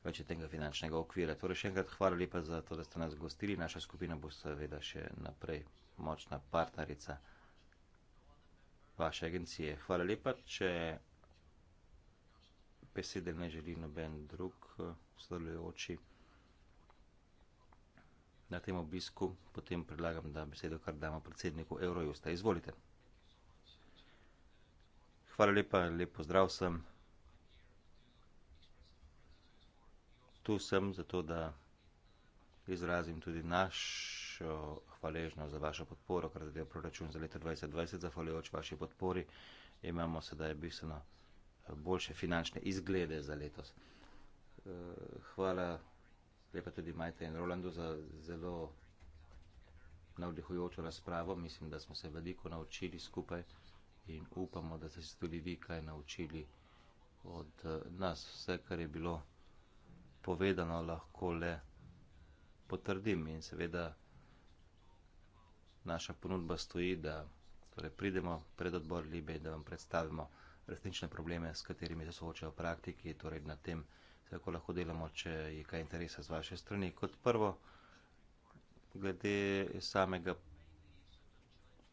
večetnega finančnega okvira. Torej še enkrat hvala lepa za to, da ste nas gostili. Naša skupina bo seveda še naprej močna partnerica vaše agencije. Hvala lepa, če besede ne želi noben drug sodelujoči na tem obisku, potem predlagam, da besedo kar damo predsedniku Eurojusta. Izvolite. Hvala lepa, lep pozdrav sem. Tu sem zato, da izrazim tudi naš vašo hvaležnost, za vašo podporo, kar zadeva proračun za leto 2020. Zahvaljujoč vaši podpori imamo sedaj bistveno eh, boljše finančne izglede za letos. Eh, hvala lepa tudi Majte in Rolandu za zelo navdihujočo razpravo. Mislim, da smo se veliko naučili skupaj in upamo, da ste se tudi vi kaj naučili od eh, nas. Vse, kar je bilo povedano, lahko le potrdim in seveda naša ponudba stoji, da torej, pridemo pred odbor Libe, da vam predstavimo resnične probleme, s katerimi se soočajo praktiki, torej na tem se lahko delamo, če je kaj interesa z vaše strani. Kot prvo, glede samega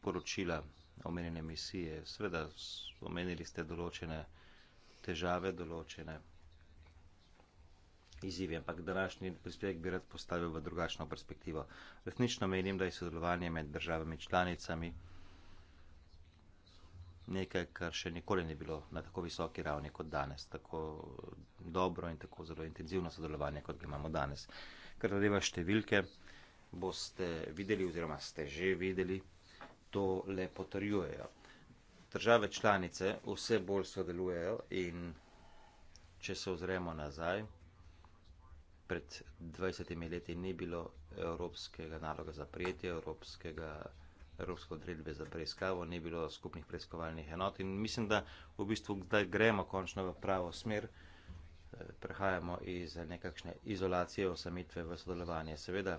poročila omenjene misije, seveda omenili ste določene težave, določene izzivi, ampak današnji prispevek bi rad postavil v drugačno perspektivo. Resnično menim, da je sodelovanje med državami članicami nekaj, kar še nikoli ni bilo na tako visoki ravni kot danes, tako dobro in tako zelo intenzivno sodelovanje, kot ga imamo danes. Kar zadeva številke, boste videli oziroma ste že videli, to le potrjujejo. Države članice vse bolj sodelujejo in če se ozremo nazaj, pred 20 leti ni bilo evropskega naloga za prijetje, evropskega, evropske odredbe za preiskavo, ni bilo skupnih preiskovalnih enot in mislim, da v bistvu zdaj gremo končno v pravo smer, eh, prehajamo iz nekakšne izolacije, osamitve v sodelovanje. Seveda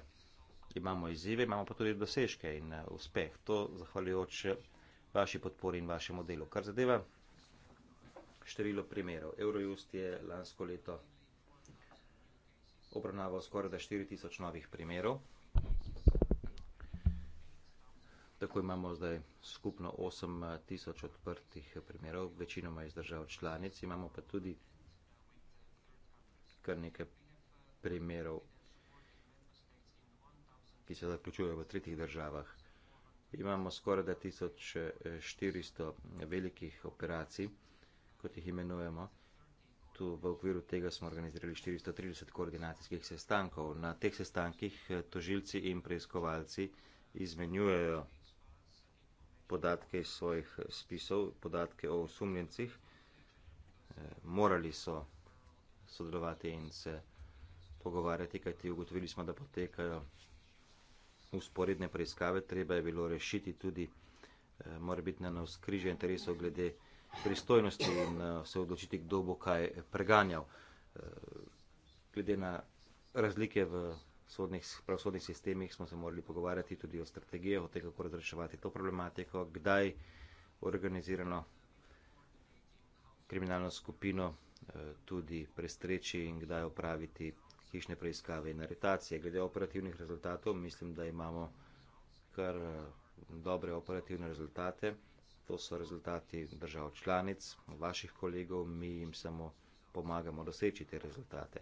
imamo izzive, imamo pa tudi dosežke in eh, uspeh. To zahvaljujoč vaši podpori in vašemu delu. Kar zadeva število primerov. Eurojust je lansko leto obravnaval skoraj da 4000 novih primerov. Tako imamo zdaj skupno 8000 eh, odprtih primerov, večinoma iz držav članic, imamo pa tudi kar nekaj primerov, ki se zaključujejo v tretjih državah. Imamo skoraj da 1400 velikih operacij, kot jih imenujemo tu v okviru tega smo organizirali 430 koordinacijskih sestankov. Na teh sestankih eh, tožilci in preiskovalci izmenjujejo podatke iz svojih eh, spisov, podatke o osumljencih. Eh, morali so sodelovati in se pogovarjati, kajti ugotovili smo, da potekajo usporedne preiskave. Treba je bilo rešiti tudi, mora biti na nas križe interesov glede pristojnosti in uh, se odločiti, kdo bo kaj eh, preganjal. Uh, glede na razlike v sodnih, pravosodnih sistemih smo se morali pogovarjati tudi o strategijah, o tem, kako razreševati to problematiko, kdaj organizirano kriminalno skupino uh, tudi prestreči in kdaj opraviti hišne preiskave in aretacije. Glede operativnih rezultatov mislim, da imamo kar uh, dobre operativne rezultate. To so rezultati držav članic, vaših kolegov, mi jim samo pomagamo doseči te rezultate.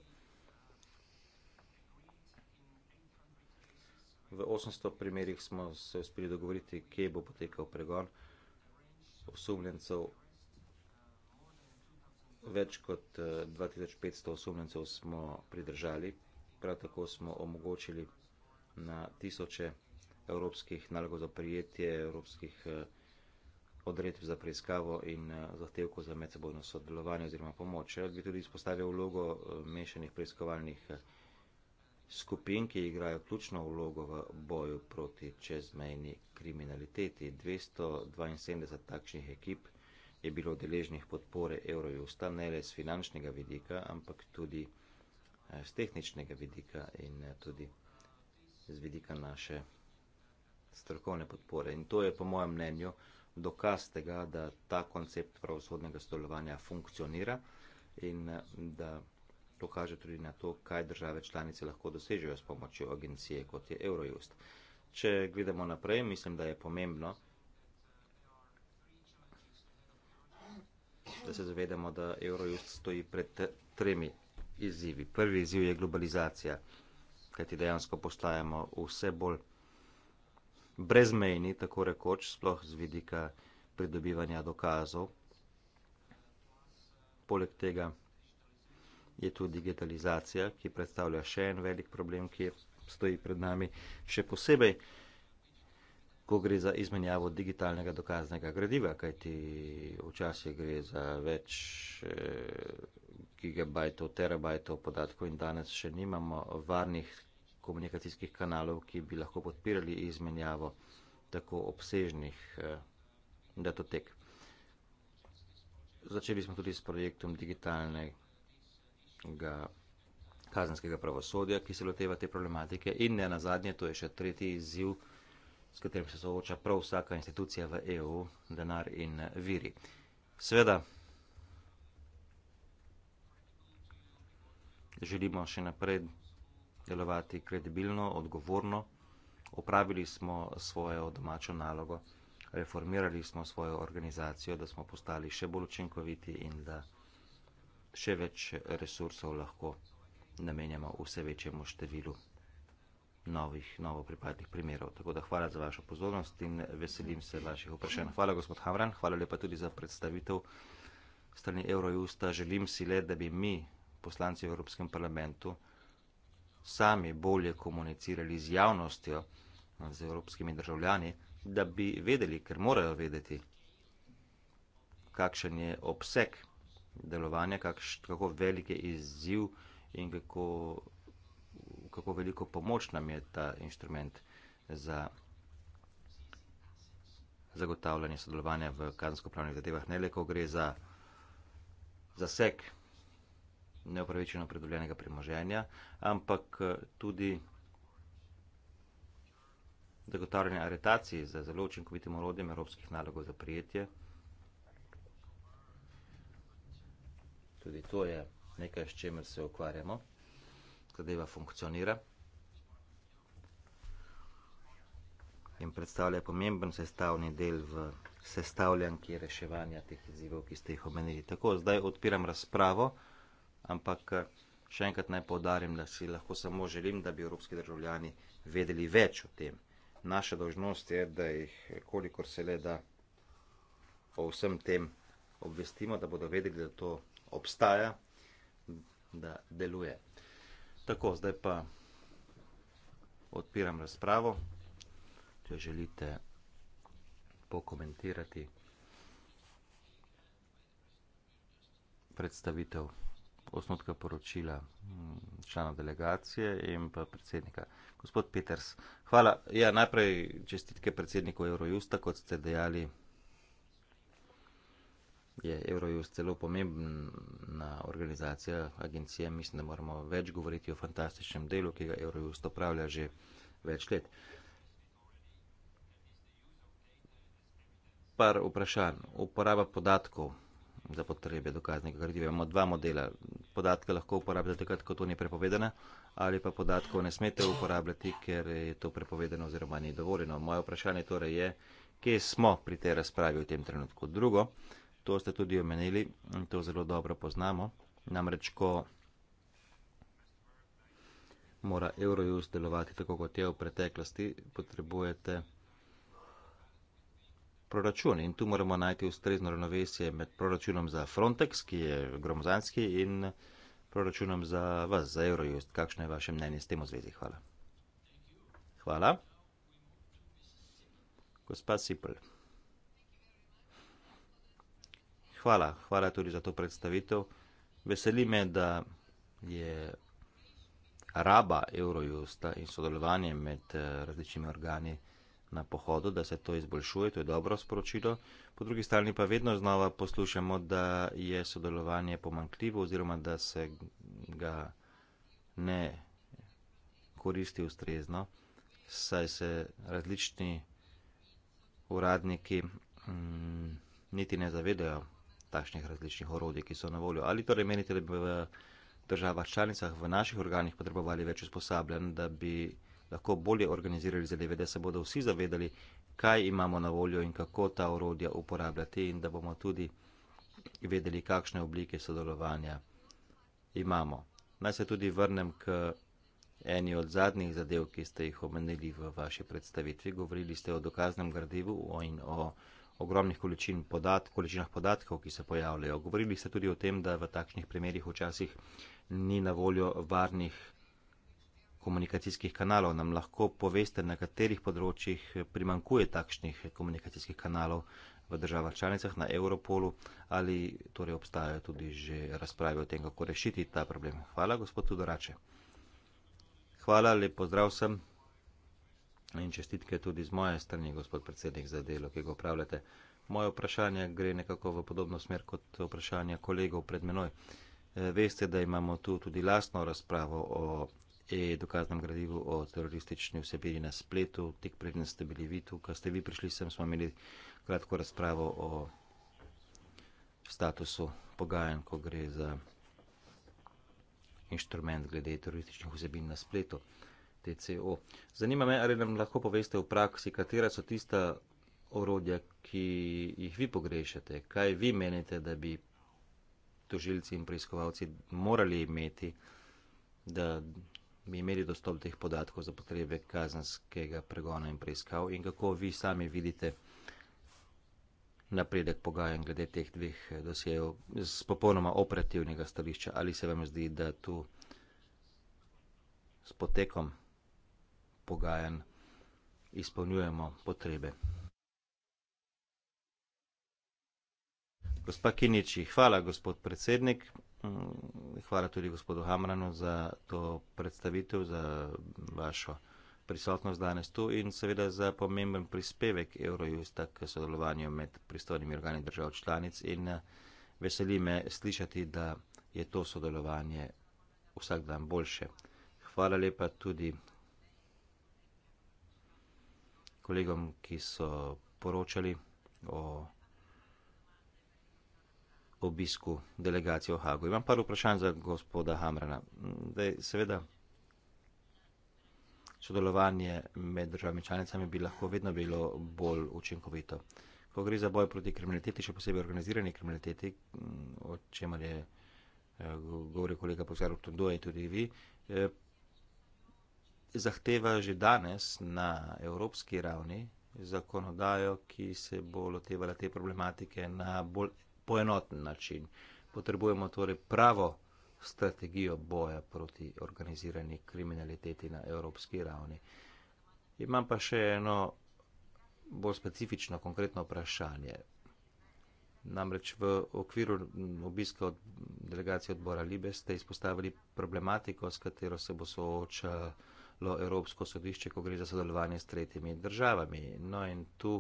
V 800 primerjih smo se uspeli dogovoriti, kje bo potekal pregon osumljencev. Več kot 2500 eh, osumljencev smo pridržali, prav tako smo omogočili na tisoče evropskih nalogov za prijetje evropskih eh, odredb za preiskavo in eh, zahtevko za medsebojno sodelovanje oziroma pomoč. Rad bi tudi izpostavil vlogo eh, mešanih preiskovalnih eh, skupin, ki igrajo ključno vlogo v boju proti čezmejni kriminaliteti. 272 takšnih ekip je bilo deležnih podpore Eurojusta, ne le z finančnega vidika, ampak tudi z tehničnega vidika in tudi z vidika naše strokovne podpore. In to je po mojem mnenju dokaz tega, da ta koncept pravosodnega stolovanja funkcionira in da to kaže tudi na to, kaj države članice lahko dosežejo s pomočjo agencije, kot je Eurojust. Če gledamo naprej, mislim, da je pomembno, da se zavedamo, da Eurojust stoji pred tremi izzivi. Prvi izziv je globalizacija, kajti dejansko postajamo vse bolj brezmejni, tako rekoč, sploh z vidika pridobivanja dokazov. Poleg tega je tudi digitalizacija, ki predstavlja še en velik problem, ki stoji pred nami, še posebej, ko gre za izmenjavo digitalnega dokaznega gradiva, kajti včasih gre za več. Eh, gigabajtov, terabajtov podatkov in danes še nimamo varnih komunikacijskih kanalov, ki bi lahko podpirali izmenjavo tako obsežnih eh, datotek. Začeli smo tudi s projektom digitalnega kazenskega pravosodja, ki se loteva te problematike in ne na zadnje, to je še tretji izziv, s katerim se sooča prav vsaka institucija v EU, denar in viri. Sveda želimo še naprej delovati kredibilno, odgovorno, opravili smo svojo domačo nalogo, reformirali smo svojo organizacijo, da smo postali še bolj učinkoviti in da še več resursov lahko namenjamo vse večjemu številu novih, novo pripadnih primerov. Tako da hvala za vašo pozornost in veselim se vaših vprašanj. Hvala, gospod Hamran, hvala lepa tudi za predstavitev strani Eurojusta. Želim si le, da bi mi, poslanci v Evropskem parlamentu, sami bolje komunicirali z javnostjo, z evropskimi državljani, da bi vedeli, ker morajo vedeti, kakšen je obseg delovanja, kakš, kako velik je izziv in kako, kako veliko pomoč nam je ta inštrument za zagotavljanje sodelovanja v kazensko-pravnih zadevah, ne le ko gre za zaseg neopravičeno pridobljenega premoženja, ampak eh, tudi zagotavljanje aretacij za zelo učinkovitim orodjem evropskih nalogov za prijetje. Tudi to je nekaj, s čemer se ukvarjamo, zadeva funkcionira in predstavlja pomemben sestavni del v sestavljanki reševanja teh izzivov, ki ste jih omenili. Tako, zdaj odpiram razpravo ampak eh, še enkrat naj povdarim, da si lahko samo želim, da bi evropski državljani vedeli več o tem. Naša dožnost je, da jih eh, kolikor se le da o vsem tem obvestimo, da bodo vedeli, da to obstaja, da deluje. Tako, zdaj pa odpiram razpravo. Če želite pokomentirati predstavitev osnotka poročila mm, člana delegacije in pa predsednika. Gospod Peters, hvala. Ja, najprej čestitke predsedniku Eurojusta, kot ste dejali, je Eurojust zelo pomembna organizacija, agencija. Mislim, da moramo več govoriti o fantastičnem delu, ki ga Eurojust opravlja že več let. Par vprašanj. Uporaba podatkov za potrebe dokaznega gradiva. Imamo dva modela. Podatke lahko uporabljate, ko to ni prepovedano, ali pa podatkov ne smete uporabljati, ker je to prepovedano oziroma ni dovoljeno. Moje vprašanje torej je, kje smo pri tej razpravi v tem trenutku. Drugo, to ste tudi omenili in to zelo dobro poznamo. Namreč, ko mora Eurojust delovati tako, kot je v preteklosti, potrebujete proračun in tu moramo najti ustrezno ravnovesje med proračunom za Frontex, ki je gromozanski, in proračunom za vas, za Eurojust. Kakšno je vaše mnenje s tem v zvezi? Hvala. Hvala. Gospa Sipl. Hvala, hvala tudi za to predstavitev. Veseli me, da je raba Eurojusta in sodelovanje med eh, različnimi organi na pohodu, da se to izboljšuje, to je dobro sporočilo. Po drugi strani pa vedno znova poslušamo, da je sodelovanje pomankljivo oziroma da se ga ne koristi ustrezno, saj se različni uradniki mm, niti ne zavedajo takšnih različnih orodij, ki so na voljo. Ali torej menite, da bi v državah članicah, v naših organih potrebovali več usposabljanj, da bi lahko bolje organizirali zadeve, da se bodo vsi zavedali, kaj imamo na voljo in kako ta orodja uporabljati, in da bomo tudi vedeli, kakšne oblike sodelovanja imamo. Naj se tudi vrnem k eni od zadnjih zadev, ki ste jih omenili v vaši predstavitvi. Govorili ste o dokaznem gradivu in o ogromnih količin podat, količinah podatkov, ki se pojavljajo. Govorili ste tudi o tem, da v takšnih primerjih včasih ni na voljo varnih komunikacijskih kanalov. Nam lahko poveste, na katerih področjih primankuje takšnih komunikacijskih kanalov v državah članicah, na Europolu, ali torej obstajajo tudi že razprave o tem, kako rešiti ta problem. Hvala, gospod Tudorače. Hvala, lep pozdrav sem in čestitke tudi z moje strani, gospod predsednik, za delo, ki ga upravljate. Moje vprašanje gre nekako v podobno smer kot vprašanje kolegov pred menoj. Eh, veste, da imamo tu tudi lastno razpravo o e-dokaznem gradivu o teroristični vsebini na spletu. Tik predtem ste bili vi tu, ko ste vi prišli sem, smo imeli kratko razpravo o statusu pogajen, ko gre za inštrument glede terorističnih vsebin na spletu. TCO. Zanima me, ali nam lahko poveste v praksi, katera so tista orodja, ki jih vi pogrešate, kaj vi menite, da bi tožilci in preiskovalci morali imeti, da bi imeli dostop do teh podatkov za potrebe kazanskega pregona in preiskav in kako vi sami vidite napredek pogajanj glede teh dveh dosjejev z popolnoma operativnega stališča. Ali se vam zdi, da tu s potekom pogajanj izpolnjujemo potrebe? Gospa Kiniči, hvala gospod predsednik, mm, hvala tudi gospodu Hamranu za to predstavitev, za vašo prisotnost danes tu in seveda za pomemben prispevek Eurojusta k sodelovanju med pristojnimi organi držav članic in eh, veseli me slišati, da je to sodelovanje vsak dan boljše. Hvala lepa tudi kolegom, ki so poročali o tem, obisku delegacije v Hagu. Imam par vprašanj za gospoda Hamrana. Zdaj, seveda, sodelovanje med državami članicami bi lahko vedno bilo bolj učinkovito. Ko gre za boj proti kriminaliteti, še posebej organizirani kriminaliteti, o čemer je eh, govoril kolega Pozgar Tondo in tudi vi, eh, zahteva že danes na evropski ravni zakonodajo, ki se bo lotevala te problematike na bolj poenoten način. Potrebujemo torej pravo strategijo boja proti organizirani kriminaliteti na evropski ravni. Imam pa še eno bolj specifično, konkretno vprašanje. Namreč v okviru obiska od delegacije odbora Libe ste izpostavili problematiko, s katero se bo soočalo Evropsko sodišče, ko gre za sodelovanje s tretjimi državami. No in tu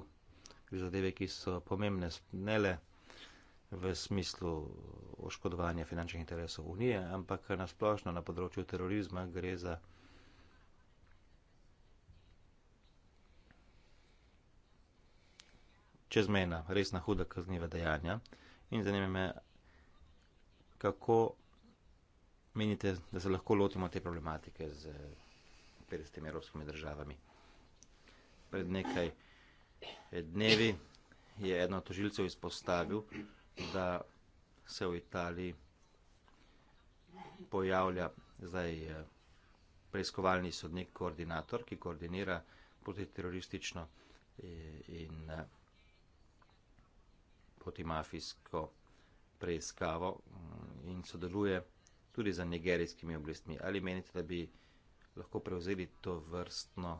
gre zadeve, ki so pomembne ne le v smislu oškodovanja finančnih interesov Unije, ampak nasplošno na področju terorizma gre za čezmena, resna huda kazniva dejanja. In zanima me, kako menite, da se lahko lotimo te problematike z 50 torej evropskimi državami. Pred nekaj dnevi je eno tožilcev izpostavil, da se v Italiji pojavlja zdaj eh, preiskovalni sodnik, koordinator, ki koordinira protiteroristično eh, in eh, protimafijsko preiskavo mm, in sodeluje tudi za nigerijskimi oblastmi. Ali menite, da bi lahko prevzeli to vrstno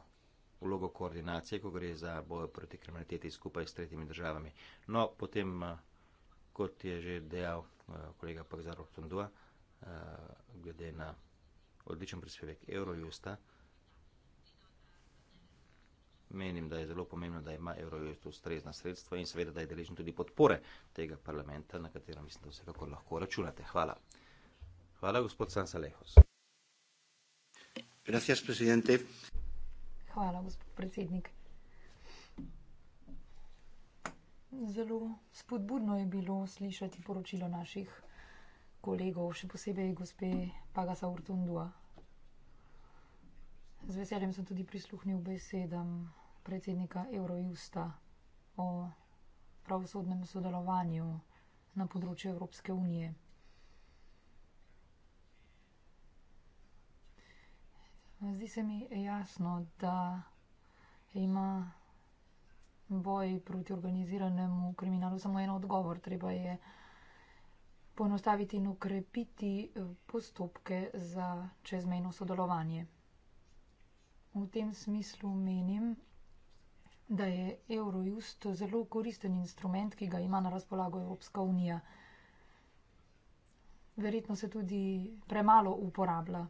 vlogo koordinacije, ko gre za bojo proti kriminaliteti skupaj s tretjimi državami? No, potem kot je že dejal uh, kolega Pagzaro Tondua, uh, eh, glede na odličen prispevek Eurojusta. Menim, da je zelo pomembno, da ima Eurojust ustrezna sredstva in seveda, da je deležen tudi podpore tega parlamenta, na katerem mislim, da vsekakor lahko računate. Hvala. Hvala, gospod Sansa Lehos. Gracias, Hvala, gospod predsednik. Zelo spodbudno je bilo slišati poročilo naših kolegov, še posebej gospe Pagasa Urtundua. Z veseljem sem tudi prisluhnil besedam predsednika Eurojusta o pravosodnem sodelovanju na področju Evropske unije. Zdi se mi jasno, da ima boj proti organiziranemu kriminalu samo en odgovor. Treba je ponostaviti in ukrepiti eh, postopke za čezmejno sodelovanje. V tem smislu menim, da je Eurojust zelo koristen instrument, ki ga ima na razpolago Evropska unija. Verjetno se tudi premalo uporablja.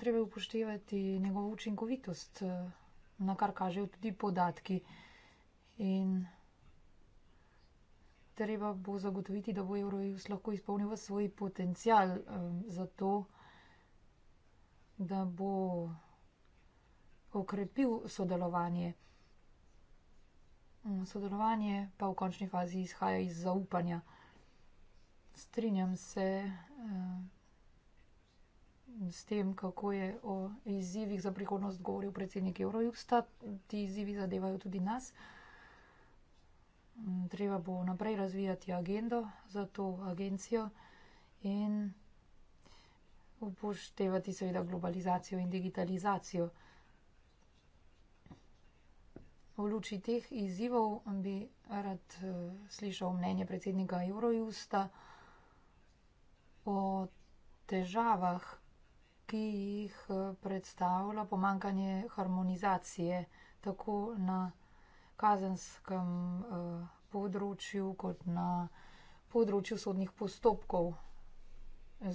Treba upoštevati njegovo učinkovitost eh, na kar kažejo tudi podatki. In treba bo zagotoviti, da bo Eurojust lahko izpolnil svoj potencial um, ehm, za to, da bo okrepil sodelovanje. Mm, sodelovanje pa v končni fazi izhaja iz zaupanja. Strinjam se. Um, s tem, kako je o izzivih za prihodnost govoril predsednik Eurojusta. Ti izzivi zadevajo tudi nas. Mm, treba bo naprej razvijati agendo za to agencijo in upoštevati seveda globalizacijo in digitalizacijo. V luči teh izzivov bi rad eh, slišal mnenje predsednika Eurojusta o težavah, ki jih eh, predstavlja pomankanje harmonizacije tako na kazenskem eh, področju kot na področju sodnih postopkov.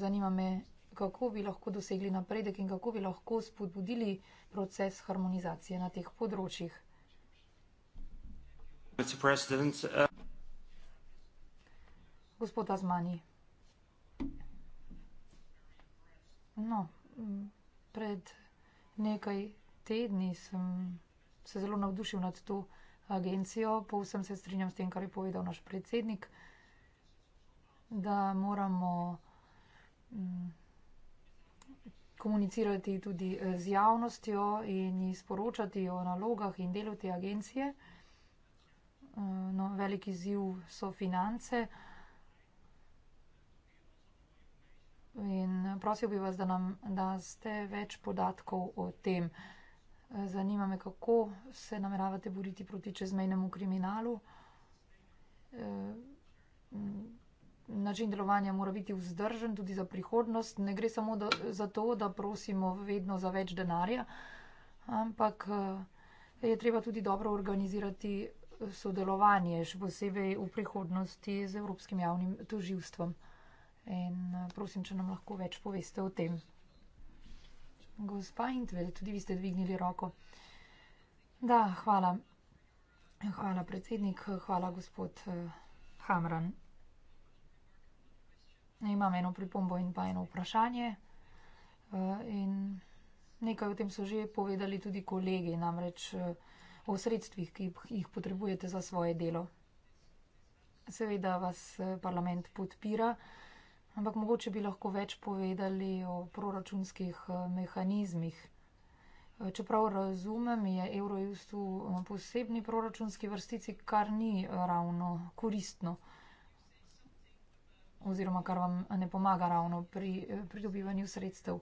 Zanima me, kako bi lahko dosegli napredek in kako bi lahko spodbudili proces harmonizacije na teh področjih. Uh, Gospod Azmani. No, pred nekaj tedni sem se zelo navdušil nad to agencijo, povsem se strinjam s tem, kar je povedal naš predsednik, da moramo mm, komunicirati tudi z javnostjo in ji sporočati o nalogah in delu te agencije. No, veliki ziv so finance. In prosil bi vas, da nam daste več podatkov o tem. Zanima me, kako se nameravate boriti proti čezmejnemu kriminalu. Eh, način delovanja mora biti vzdržen tudi za prihodnost. Ne gre samo da, za to, da prosimo vedno za več denarja, ampak eh, je treba tudi dobro organizirati eh, sodelovanje, še posebej v prihodnosti z Evropskim javnim toživstvom. In eh, prosim, če nam lahko več poveste o tem. Gospa Intvel, tudi vi ste dvignili roko. Da, hvala. Hvala, predsednik. Hvala, gospod eh, Hamran. Imam eno pripombo in pa eno vprašanje. Eh, in nekaj o tem so že povedali tudi kolegi, namreč o sredstvih, ki jih potrebujete za svoje delo. Seveda vas parlament podpira. Ampak mogoče bi lahko več povedali o proračunskih eh, mehanizmih. Eh, čeprav razumem, je Eurojust v eh, posebni proračunski vrstici, kar ni ravno koristno oziroma kar vam ne pomaga ravno pri pridobivanju sredstev.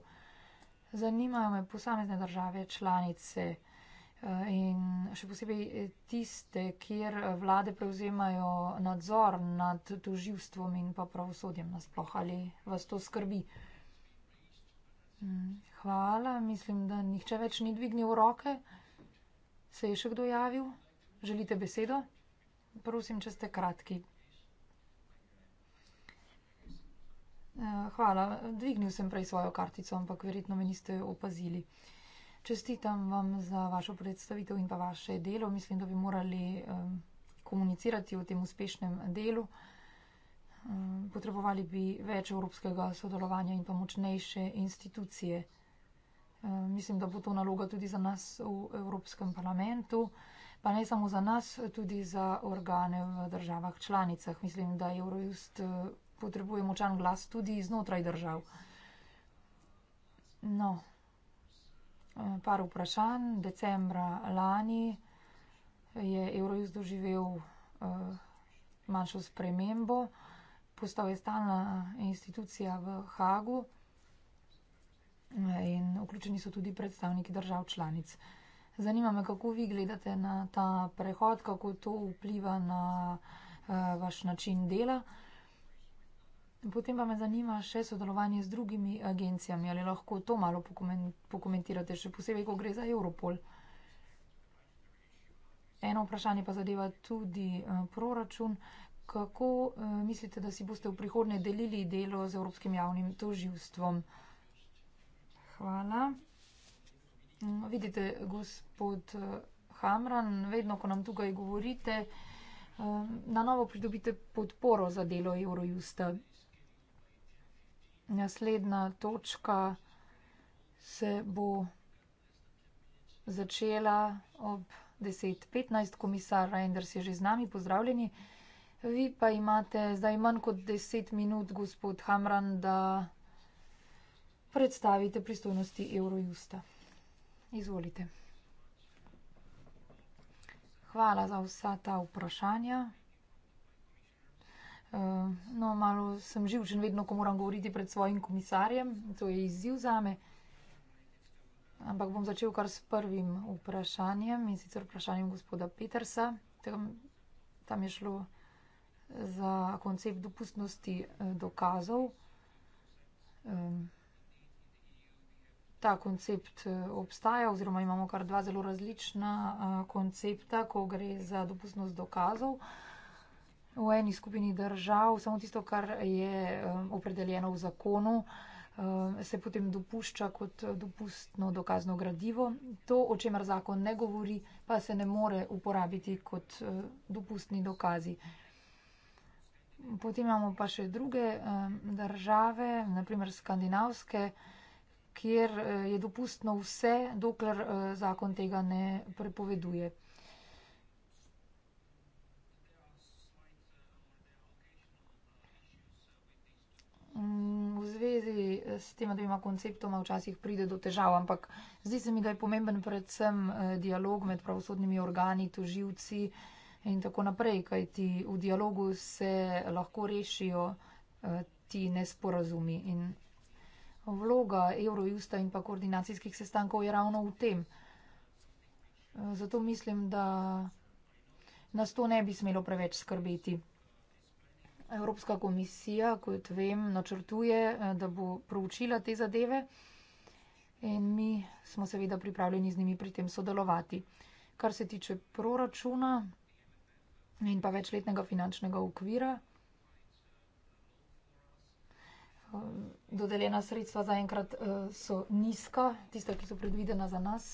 Zanimajo me posamezne države članice. Eh, in še posebej eh, tiste, kjer eh, vlade prevzemajo nadzor nad toživstvom in pa pravosodjem nasploh, ali vas to skrbi. Mm, hvala, mislim, da nihče več ni dvignil roke. Se je še kdo javil? Želite besedo? Prosim, če ste kratki. Hvala, dvignil sem prej svojo kartico, ampak verjetno me niste opazili. Čestitam vam za vašo predstavitev in pa vaše delo. Mislim, da bi morali um, komunicirati o tem uspešnem delu. Um, potrebovali bi več evropskega sodelovanja in pa močnejše institucije. Um, mislim, da bo to naloga tudi za nas v Evropskem parlamentu, pa ne samo za nas, tudi za organe v državah članicah. Mislim, da Eurojust uh, potrebuje močan glas tudi znotraj držav. No. Eh, par vprašanj. Decembra lani je Eurojust doživel eh, manjšo spremembo, postal je stalna institucija v Hagu eh, in vključeni so tudi predstavniki držav članic. Zanima me, kako vi gledate na ta prehod, kako to vpliva na vaš način dela. Potem pa me zanima še sodelovanje z drugimi agencijami. Ali lahko to malo pokomentirate, še posebej, ko gre za Europol? Eno vprašanje pa zadeva tudi eh, proračun. Kako eh, mislite, da si boste v prihodnje delili delo z Evropskim javnim toživstvom? Hvala. Mm, vidite, gospod eh, Hamran, vedno, ko nam tukaj govorite, na novo pridobite podporo za delo Eurojusta. Naslednja točka se bo začela ob 10.15. Komisar Reinders je že z nami, pozdravljeni. Vi pa imate zdaj manj kot 10 minut, gospod Hamran, da predstavite pristojnosti Eurojusta. Izvolite. Hvala za vsa ta vprašanja. Eh, no, malo sem živčen, vedno, ko moram govoriti pred svojim komisarjem, to je izziv za me. Ampak bom začel kar s prvim vprašanjem in sicer vprašanjem gospoda Petersa. Tam, tam je šlo za koncept dopustnosti eh, dokazov. Ta koncept eh, obstaja oziroma imamo kar dva zelo različna koncepta, ko gre za dopustnost dokazov v eni skupini držav, samo tisto, kar je um, opredeljeno v zakonu, um, se potem dopušča kot dopustno dokazno gradivo. To, o čemer zakon ne govori, pa se ne more uporabiti kot uh, dopustni dokazi. Potem imamo pa še druge um, države, naprimer skandinavske, kjer uh, je dopustno vse, dokler uh, zakon tega ne prepoveduje. zvezi s tema dvema konceptoma včasih pride do težav, ampak zdi se mi, da je pomemben predvsem eh, dialog med pravosodnimi organi, toživci in tako naprej, kajti v dialogu se lahko rešijo eh, ti nesporazumi. In vloga Eurojusta in pa koordinacijskih sestankov je ravno v tem. Eh, zato mislim, da nas to ne bi smelo preveč skrbeti. Evropska komisija, kot vem, načrtuje, eh, da bo proučila te zadeve in mi smo seveda pripravljeni z njimi pri tem sodelovati. Kar se tiče proračuna in pa večletnega finančnega okvira, eh, dodeljena sredstva zaenkrat eh, so nizka, tista, ki so predvidena za nas.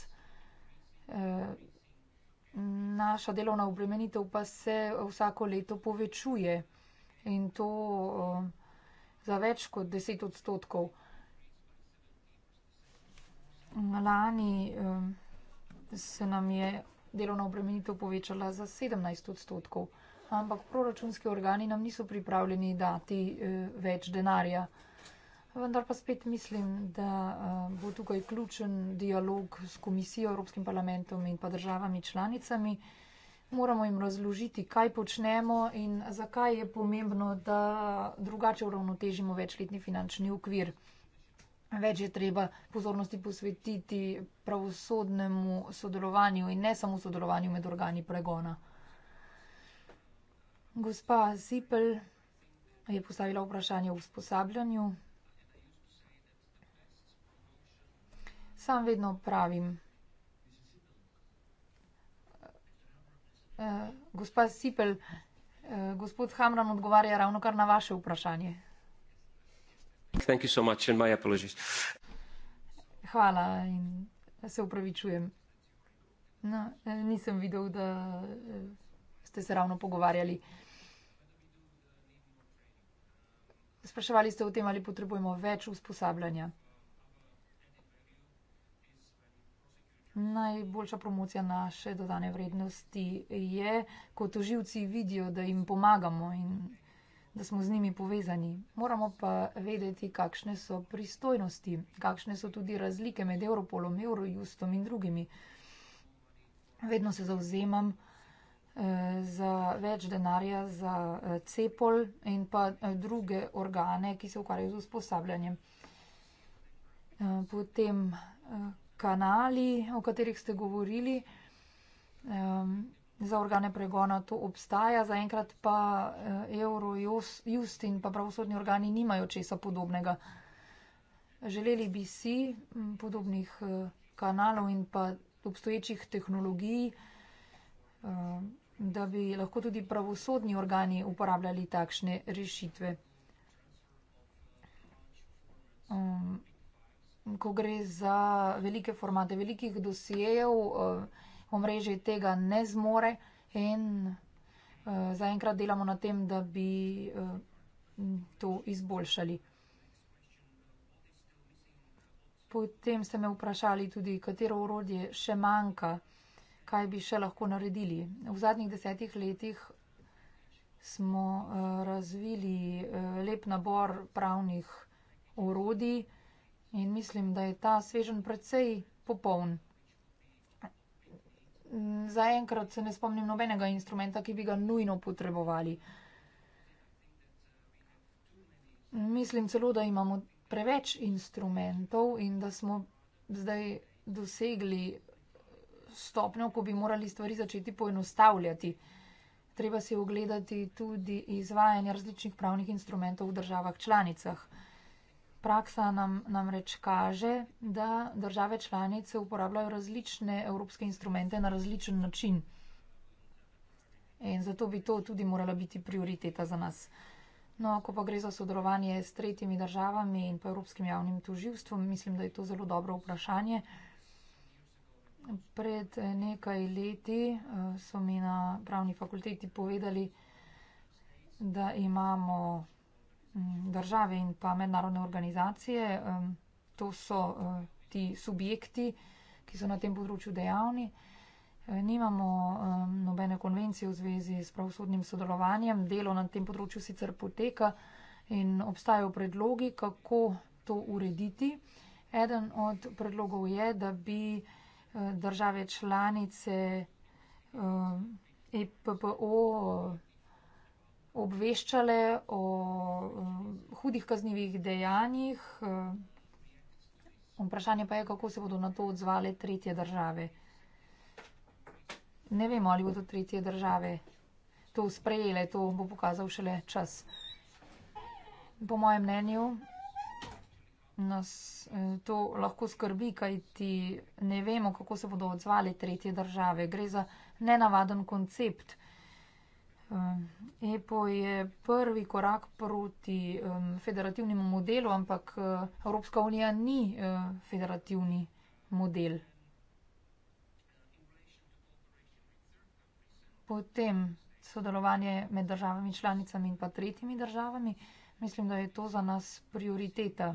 Naša delovna obremenitev pa se vsako leto povečuje in to um, za več kot 10 odstotkov. Lani um, se nam je delovna obremenitev povečala za 17 odstotkov, ampak proračunski organi nam niso pripravljeni dati uh, več denarja. Vendar pa spet mislim, da uh, bo tukaj ključen dialog s komisijo, Evropskim parlamentom in pa državami članicami, moramo jim razložiti, kaj počnemo in zakaj je pomembno, da drugače uravnotežimo večletni finančni okvir. Več je treba pozornosti posvetiti pravosodnemu sodelovanju in ne samo sodelovanju med organi pregona. Gospa Sipel je postavila vprašanje o usposabljanju. Sam vedno pravim, Eh, gospa Sipel, uh, gospod Hamran odgovarja ravno kar na vaše vprašanje. Thank you so much and my apologies. Hvala in se upravičujem. No, eh, nisem videl, da ste se ravno pogovarjali. Spraševali ste o tem, ali potrebujemo več usposabljanja. Najboljša promocija naše dodane vrednosti je, ko toživci vidijo, da jim pomagamo in da smo z njimi povezani. Moramo pa vedeti, kakšne so pristojnosti, kakšne so tudi razlike med Europolom, Eurojustom in drugimi. Vedno se zauzemam eh, za več denarja za eh, CEPOL in pa eh, druge organe, ki se ukvarjajo z usposabljanjem. Potem, kanali, o katerih ste govorili, um, za organe pregona to obstaja, zaenkrat pa eh, Eurojust in pa pravosodni organi nimajo česa podobnega. Želeli bi si podobnih eh, kanalov in pa obstoječih tehnologij, eh, da bi lahko tudi pravosodni organi uporabljali takšne rešitve. Um, ko gre za velike formate, velikih dosijejev, eh, omrežje tega ne zmore in eh, zaenkrat delamo na tem, da bi eh, to izboljšali. Potem ste me vprašali tudi, katero orodje še manjka, kaj bi še lahko naredili. V zadnjih desetih letih smo razvili lep nabor pravnih orodij, In mislim, da je ta svežen precej popoln. Zaenkrat se ne spomnim nobenega instrumenta, ki bi ga nujno potrebovali. Mislim celo, da imamo preveč instrumentov in da smo zdaj dosegli stopnjo, ko bi morali stvari začeti poenostavljati. Treba si ogledati tudi izvajanje različnih pravnih instrumentov v državah članicah praksa nam namreč kaže, da države članice uporabljajo različne evropske instrumente na različen način. In zato bi to tudi morala biti prioriteta za nas. No, ko pa gre za sodelovanje s tretjimi državami in pa Evropskim javnim tuživstvom, mislim, da je to zelo dobro vprašanje. Pred eh, nekaj leti eh, so mi na pravni fakulteti povedali, da imamo Mm, države in pa mednarodne organizacije. Um, to so uh, ti subjekti, ki so na tem področju dejavni. Eh, nimamo um, nobene konvencije v zvezi s pravosodnim sodelovanjem. Delo na tem področju sicer poteka in obstajajo predlogi, kako to urediti. Eden od predlogov je, da bi eh, države članice EPPO eh, e obveščale o eh, hudih kaznjivih dejanjih. Eh, vprašanje pa je, kako se bodo na to odzvale tretje države. Ne vemo, ali bodo tretje države to sprejele, to bo pokazal šele čas. Po mojem mnenju nas eh, to lahko skrbi, kaj ti ne vemo, kako se bodo odzvali tretje države. Gre za nenavaden koncept. Um, EPO je prvi korak proti um, federativnemu modelu, ampak uh, Evropska unija ni uh, federativni model. Potem sodelovanje med državami članicami in pa tretjimi državami. Mislim, da je to za nas prioriteta.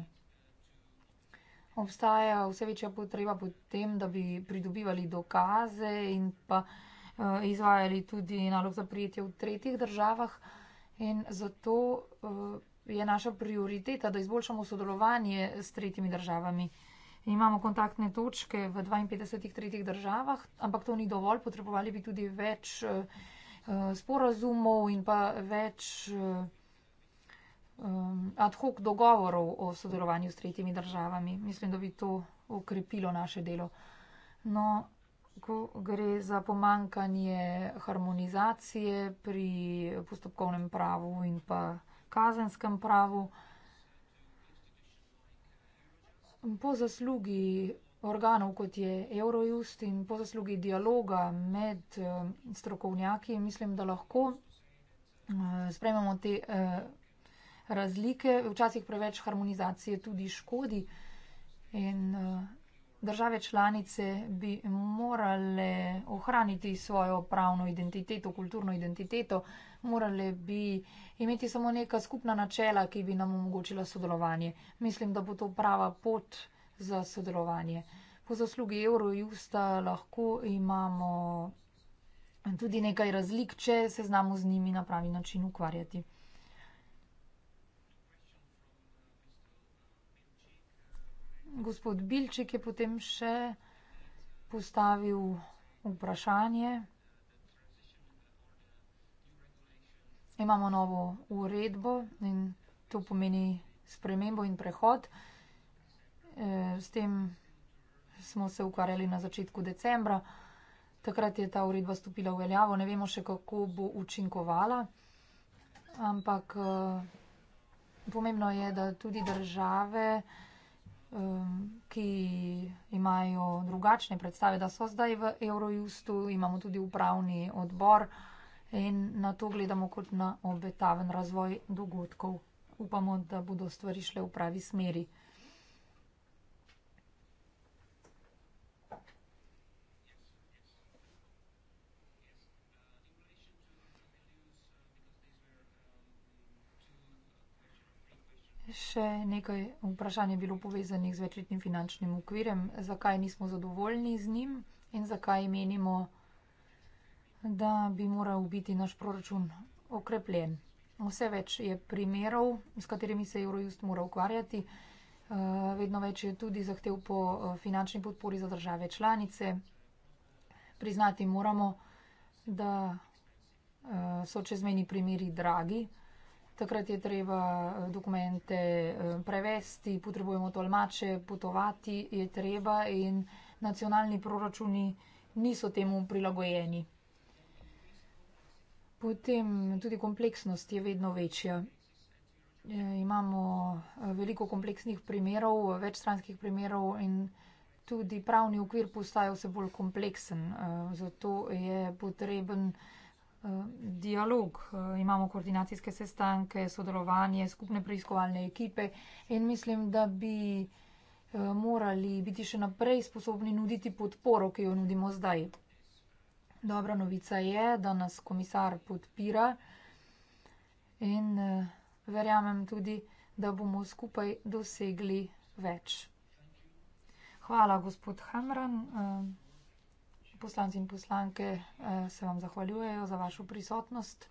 Obstaja vse večja potreba potem, da bi pridobivali dokaze in pa. Eh, izvajali tudi nalog za prijetje v tretjih državah in zato eh, je naša prioriteta, da izboljšamo sodelovanje s tretjimi državami. Imamo kontaktne točke v 52 tretjih državah, ampak to ni dovolj, potrebovali bi tudi več eh, sporazumov in pa več ad hoc dogovorov o sodelovanju s tretjimi državami. Mislim, da bi to okrepilo naše delo. No, ko gre za pomankanje harmonizacije pri postopkovnem pravu in pa kazenskem pravu. Po zaslugi organov, kot je Eurojust in po zaslugi dialoga med eh, strokovnjaki, mislim, da lahko eh, sprememo te eh, razlike. Včasih preveč harmonizacije tudi škodi in Države članice bi morale ohraniti svojo pravno identiteto, kulturno identiteto, morale bi imeti samo neka skupna načela, ki bi nam omogočila sodelovanje. Mislim, da bo to prava pot za sodelovanje. Po zaslugi Eurojusta lahko imamo tudi nekaj razlik, če se znamo z njimi na pravi način ukvarjati. Gospod Bilček je potem še postavil vprašanje. Imamo novo uredbo in to pomeni spremembo in prehod. E, s tem smo se ukvarjali na začetku decembra. Takrat je ta uredba stopila v veljavo. Ne vemo še, kako bo učinkovala, ampak e, pomembno je, da tudi države. Um, ki imajo drugačne predstave, da so zdaj v Eurojustu, imamo tudi upravni odbor in na to gledamo kot na obetaven razvoj dogodkov. Upamo, da bodo stvari šle v pravi smeri. še nekaj vprašanj je bilo povezanih z večletnim finančnim ukvirjem, zakaj nismo zadovoljni z njim in zakaj menimo, da bi moral biti naš proračun okrepljen. Vse več je primerov, s katerimi se Eurojust mora ukvarjati. Eh, vedno več je tudi zahtev po eh, finančni podpori za države članice. Priznati moramo, da eh, so čezmeni primeri dragi takrat je treba eh, dokumente eh, prevesti, potrebujemo tolmače, potovati je treba in nacionalni proračuni niso temu prilagojeni. Potem tudi kompleksnost je vedno večja. Eh, imamo veliko kompleksnih primerov, večstranskih primerov in tudi pravni okvir postaja vse bolj kompleksen. Zato je potreben Eh, dialog, eh, imamo koordinacijske sestanke, sodelovanje, skupne preiskovalne ekipe in mislim, da bi eh, morali biti še naprej sposobni nuditi podporo, ki jo nudimo zdaj. Dobra novica je, da nas komisar podpira in verjamem tudi, da bomo skupaj dosegli več. Hvala, gospod Hamran poslanci in poslanke eh, se vam zahvaljujejo za vašo prisotnost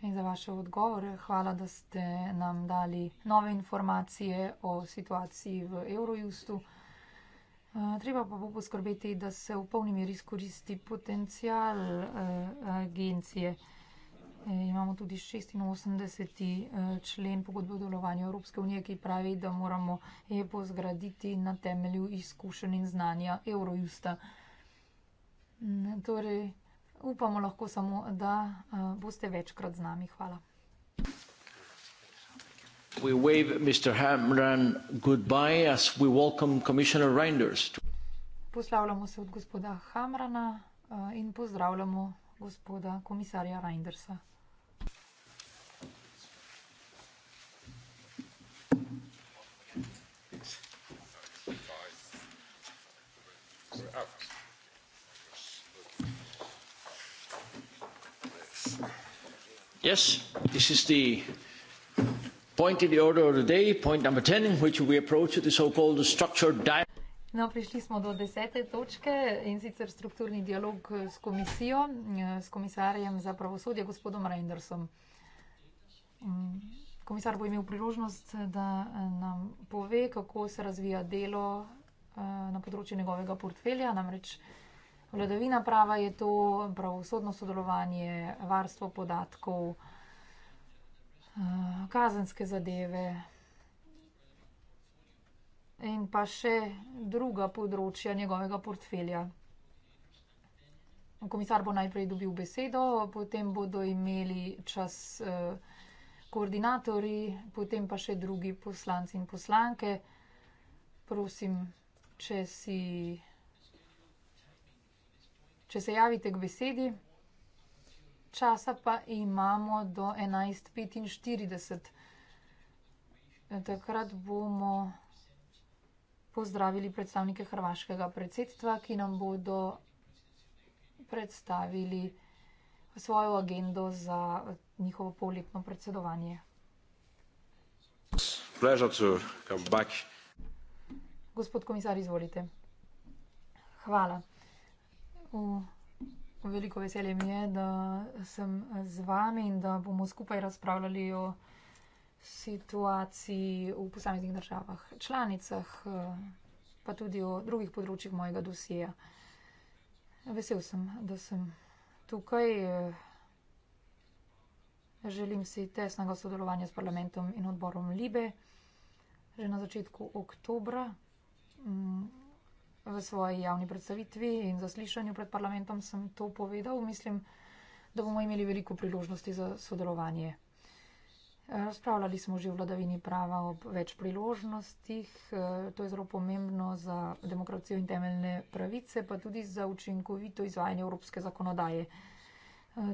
in za vaše odgovore. Hvala, da ste nam dali nove informacije o situaciji v Eurojustu. Eh, treba pa bo poskrbeti, da se v polni meri skoristi potencial eh, agencije. Imamo tudi 86. člen pogodbe o delovanju Evropske unije, ki pravi, da moramo EPO zgraditi na temelju izkušenj in znanja Eurojusta. Torej, upamo lahko samo, da eh, boste večkrat z nami. Hvala. We wave Mr. Hamran goodbye as we welcome Commissioner Reinders. Poslavljamo se od gospoda Hamrana eh, in pozdravljamo gospoda komisarja Reindersa. Yes, this is the point in the order of the day, point number 10, in which we approach the so-called structured dialogue. No, prišli smo do desete točke in sicer strukturni dialog s komisijo, s komisarjem za pravosodje, gospodom Reindersom. Komisar bo imel priložnost, da nam pove, kako se razvija delo eh, na področju njegovega portfelja, namreč vladavina prava je to pravosodno sodelovanje, varstvo podatkov, eh, kazenske zadeve. In pa še druga področja njegovega portfelja. Komisar bo najprej dobil besedo, potem bodo imeli čas eh, koordinatori, potem pa še drugi poslanci in poslanke. Prosim, če si če se javite k besedi. Časa pa imamo do 11.45. Takrat bomo pozdravili predstavnike hrvaškega predsedstva, ki nam bodo predstavili svojo agendo za njihovo poletno predsedovanje. Gospod komisar, izvolite. Hvala. Veliko veselje mi je, da sem z vami in da bomo skupaj razpravljali o situaciji v posameznih državah, članicah, pa tudi o drugih področjih mojega dosija. Vesel sem, da sem tukaj. Želim si tesnega sodelovanja s parlamentom in odborom Libe že na začetku oktobra. Mm, v svoji javni predstavitvi in zaslišanju pred parlamentom sem to povedal. Mislim, da bomo imeli veliko priložnosti za sodelovanje. Razpravljali smo že o vladavini prava ob več priložnostih. To je zelo pomembno za demokracijo in temeljne pravice, pa tudi za učinkovito izvajanje evropske zakonodaje.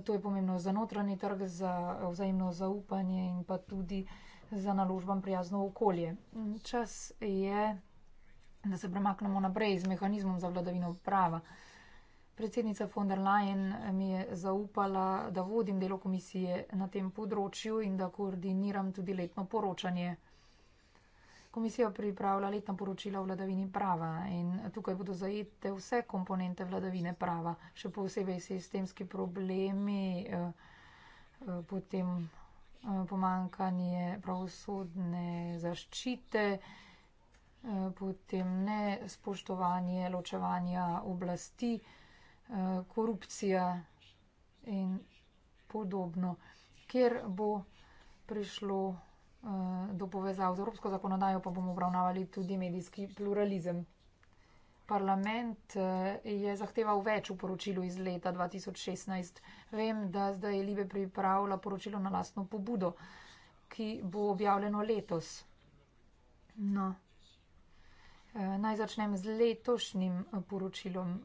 To je pomembno za notranji trg, za vzajemno zaupanje in pa tudi za naložbam prijazno okolje. Čas je da se premaknemo naprej z mehanizmom za vladavino prava. Predsednica von der Leyen eh, mi je zaupala, da vodim delo komisije na tem področju in da koordiniram tudi letno poročanje. Komisija pripravlja letna poročila o vladavini prava in tukaj bodo zajete vse komponente vladavine prava, še posebej sistemski problemi, eh, eh, potem pomankanje pravosodne zaščite potem ne spoštovanje ločevanja oblasti, korupcija in podobno, kjer bo prišlo eh, do povezav z evropsko zakonodajo, pa bomo obravnavali tudi medijski pluralizem. Parlament eh, je zahteval več v poročilu iz leta 2016. Vem, da zdaj je Libe pripravila poročilo na lastno pobudo, ki bo objavljeno letos. No. Eh, naj začnem z letošnjim eh, poročilom. Eh,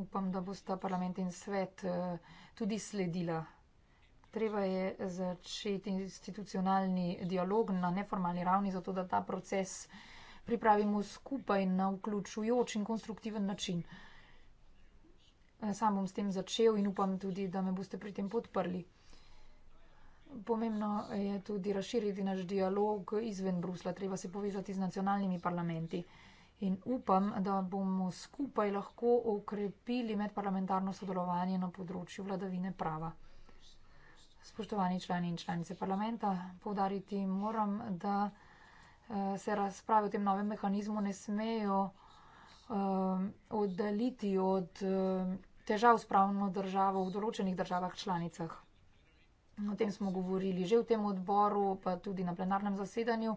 upam, da boste parlament in svet tudi sledila. Treba je začeti institucionalni dialog na neformalni ravni, zato da ta proces pripravimo skupaj na vključujoč in konstruktiven način. Sam bom s tem začel in upam tudi, da me boste pri tem podprli. Pomembno je tudi razširiti naš dialog izven Brusla. Treba se povezati z nacionalnimi parlamenti in upam, da bomo skupaj lahko okrepili medparlamentarno sodelovanje na področju vladavine prava. Spoštovani člani in članice parlamenta, povdariti moram, da eh, se razprave o tem novem mehanizmu ne smejo eh, oddaliti od eh, težav s pravno državo v določenih državah članicah. O tem smo govorili že v tem odboru, pa tudi na plenarnem zasedanju.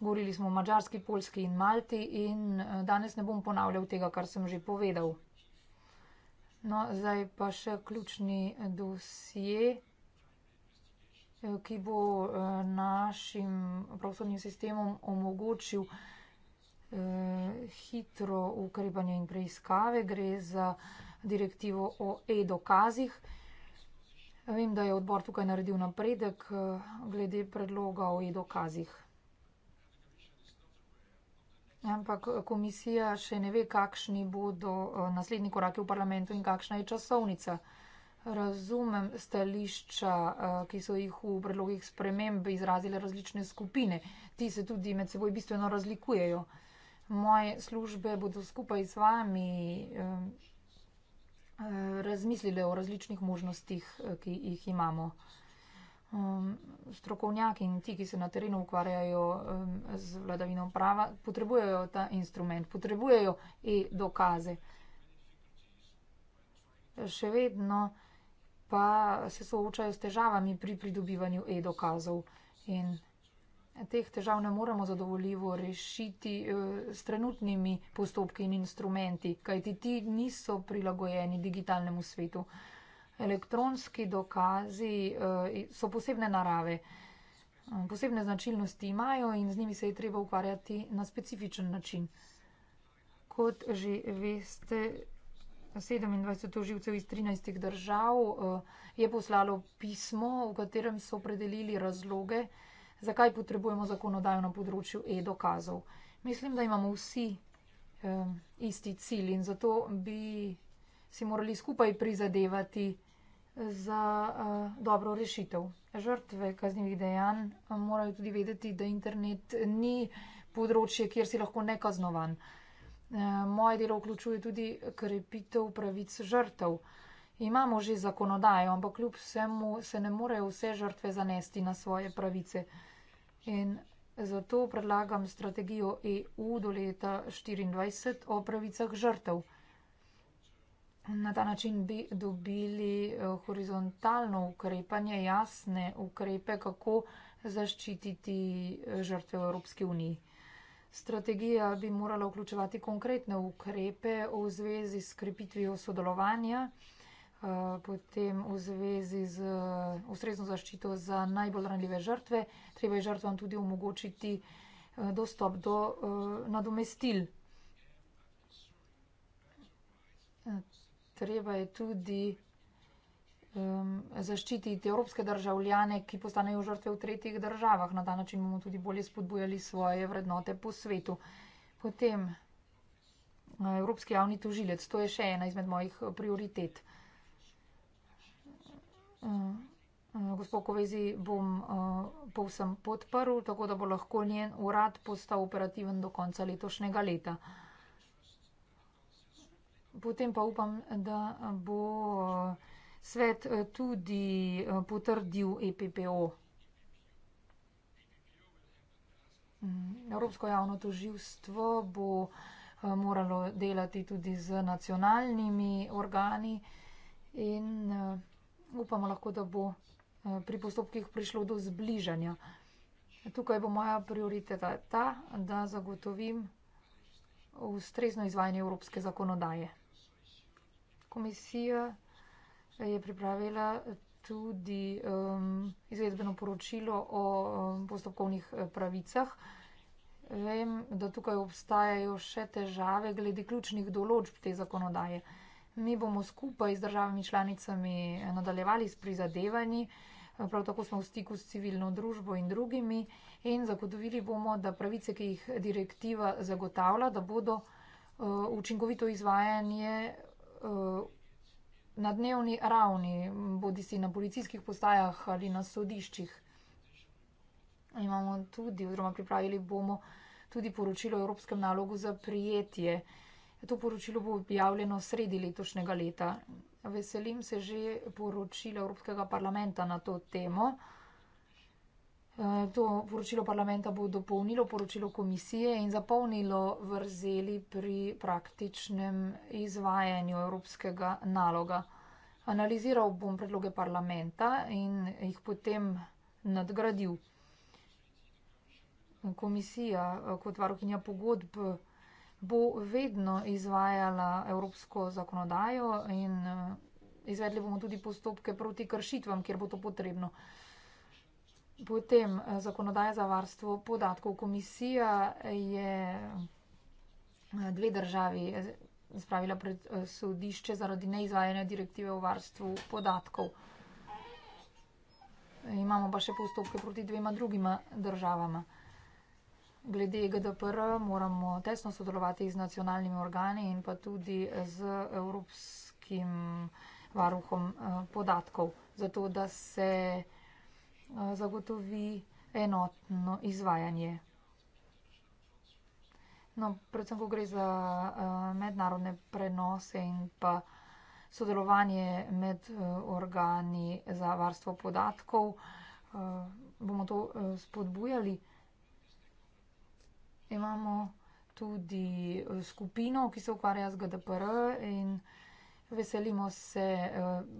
Govorili smo o Mačarski, Polski in Malti in eh, danes ne bom ponavljal tega, kar sem že povedal. No, zdaj pa še ključni eh, dosje, eh, ki bo našim pravosodnim sistemom omogočil hitro ukrepanje in preiskave. Gre za direktivo o e-dokazih. Vem, da je odbor tukaj naredil napredek glede predloga o e-dokazih. Ampak eh, komisija še ne ve, kakšni bodo eh, naslednji koraki v parlamentu in kakšna je časovnica. Razumem stališča, eh, ki so jih v predlogih sprememb izrazile različne skupine. Ti se tudi med seboj bistveno razlikujejo. Moje službe bodo skupaj z vami razmislile o različnih možnostih, ki jih imamo um, strokovnjaki in ti, ki se na terenu ukvarjajo um, z vladavino prava, potrebujejo ta instrument, potrebujejo i dokaze. Še vedno pa se soočajo s težavami pri pridobivanju e-dokazov in teh težav ne moramo zadovoljivo rešiti uh, s trenutnimi postopki in instrumenti, kajti ti niso prilagojeni digitalnemu svetu elektronski dokazi eh, so posebne narave. Eh, posebne značilnosti imajo in z njimi se je treba ukvarjati na specifičen način. Kot že veste, 27 oživcev iz 13 držav eh, je poslalo pismo, v katerem so predelili razloge, zakaj potrebujemo zakonodajo na področju e-dokazov. Mislim, da imamo vsi isti cilj in zato bi si morali skupaj prizadevati vsega, za eh, dobro rešitev. Žrtve kaznjivih dejanj eh, morajo tudi vedeti, da internet ni področje, kjer si lahko nekaznovan. Eh, moje delo vključuje tudi krepitev pravic žrtev. Imamo že zakonodajo, ampak kljub vsemu se ne morejo vse žrtve zanesti na svoje pravice. In zato predlagam strategijo EU do leta 2024 o pravicah žrtev na ta način bi dobili eh, horizontalno ukrepanje, jasne ukrepe, kako zaščititi eh, žrtve v Evropski uniji. Strategija bi morala vključevati konkretne ukrepe v zvezi s krepitvijo sodelovanja, eh, potem v zvezi z ustrezno zaščito za najbolj ranljive žrtve. Treba je žrtvam tudi omogočiti dostop do nadomestil treba je tudi um, zaščititi evropske državljane, ki postanejo žrtve v tretjih državah. Na ta način bomo tudi bolje spodbujali svoje vrednote po svetu. Potem uh, Evropski javni tožilec, to je še ena izmed mojih prioritet. Uh, uh, gospod Kovezi bom povsem podprl, tako da bo lahko njen urad postal operativen do konca letošnjega leta. Potem pa upam, da bo eh, svet eh, tudi eh, potrdil EPPO. Mm, Evropsko javno toživstvo bo moralo delati tudi z nacionalnimi organi in upamo lahko, da bo pri postopkih prišlo do zbližanja. Tukaj bo moja prioriteta ta, da zagotovim ustrezno izvajanje evropske zakonodaje komisija je pripravila tudi um, izvedbeno poročilo o um, postopkovnih eh, pravicah. Vem, da tukaj obstajajo še težave glede ključnih določb te zakonodaje. Mi bomo skupaj z državami članicami eh, nadaljevali s prizadevanji, eh, prav tako smo v stiku s civilno družbo in drugimi in zagotovili bomo, da pravice, ki jih direktiva zagotavlja, da bodo učinkovito izvajanje Eh, na dnevni ravni, bodi si na policijskih postajah ali na sodiščih. Imamo tudi, oziroma pripravili bomo tudi poročilo o Evropskem nalogu za prijetje. To poročilo bo objavljeno sredi letošnjega leta. Veselim se že poročila Evropskega parlamenta na to temo. Eh, to poročilo parlamenta bo dopolnilo poročilo komisije in zapolnilo vrzeli pri praktičnem izvajanju evropskega naloga. Analiziral bom predloge parlamenta in jih potem nadgradil. Komisija eh, kot varokinja pogodb bo vedno izvajala evropsko zakonodajo in eh, izvedli bomo tudi postopke proti kršitvam, kjer bo to potrebno. Potem eh, zakonodaja za varstvo podatkov. Komisija je eh, dve državi eh, spravila pred sodišče zaradi neizvajanja direktive o varstvu podatkov. Imamo pa še postopke proti dvema drugima državama. Glede GDPR moramo tesno sodelovati z nacionalnimi organi in pa tudi z evropskim varuhom podatkov, zato da se zagotovi enotno izvajanje. No, predvsem, ko gre za mednarodne prenose in pa sodelovanje med organi za varstvo podatkov, bomo to spodbujali. Imamo tudi skupino, ki se ukvarja z GDPR in veselimo se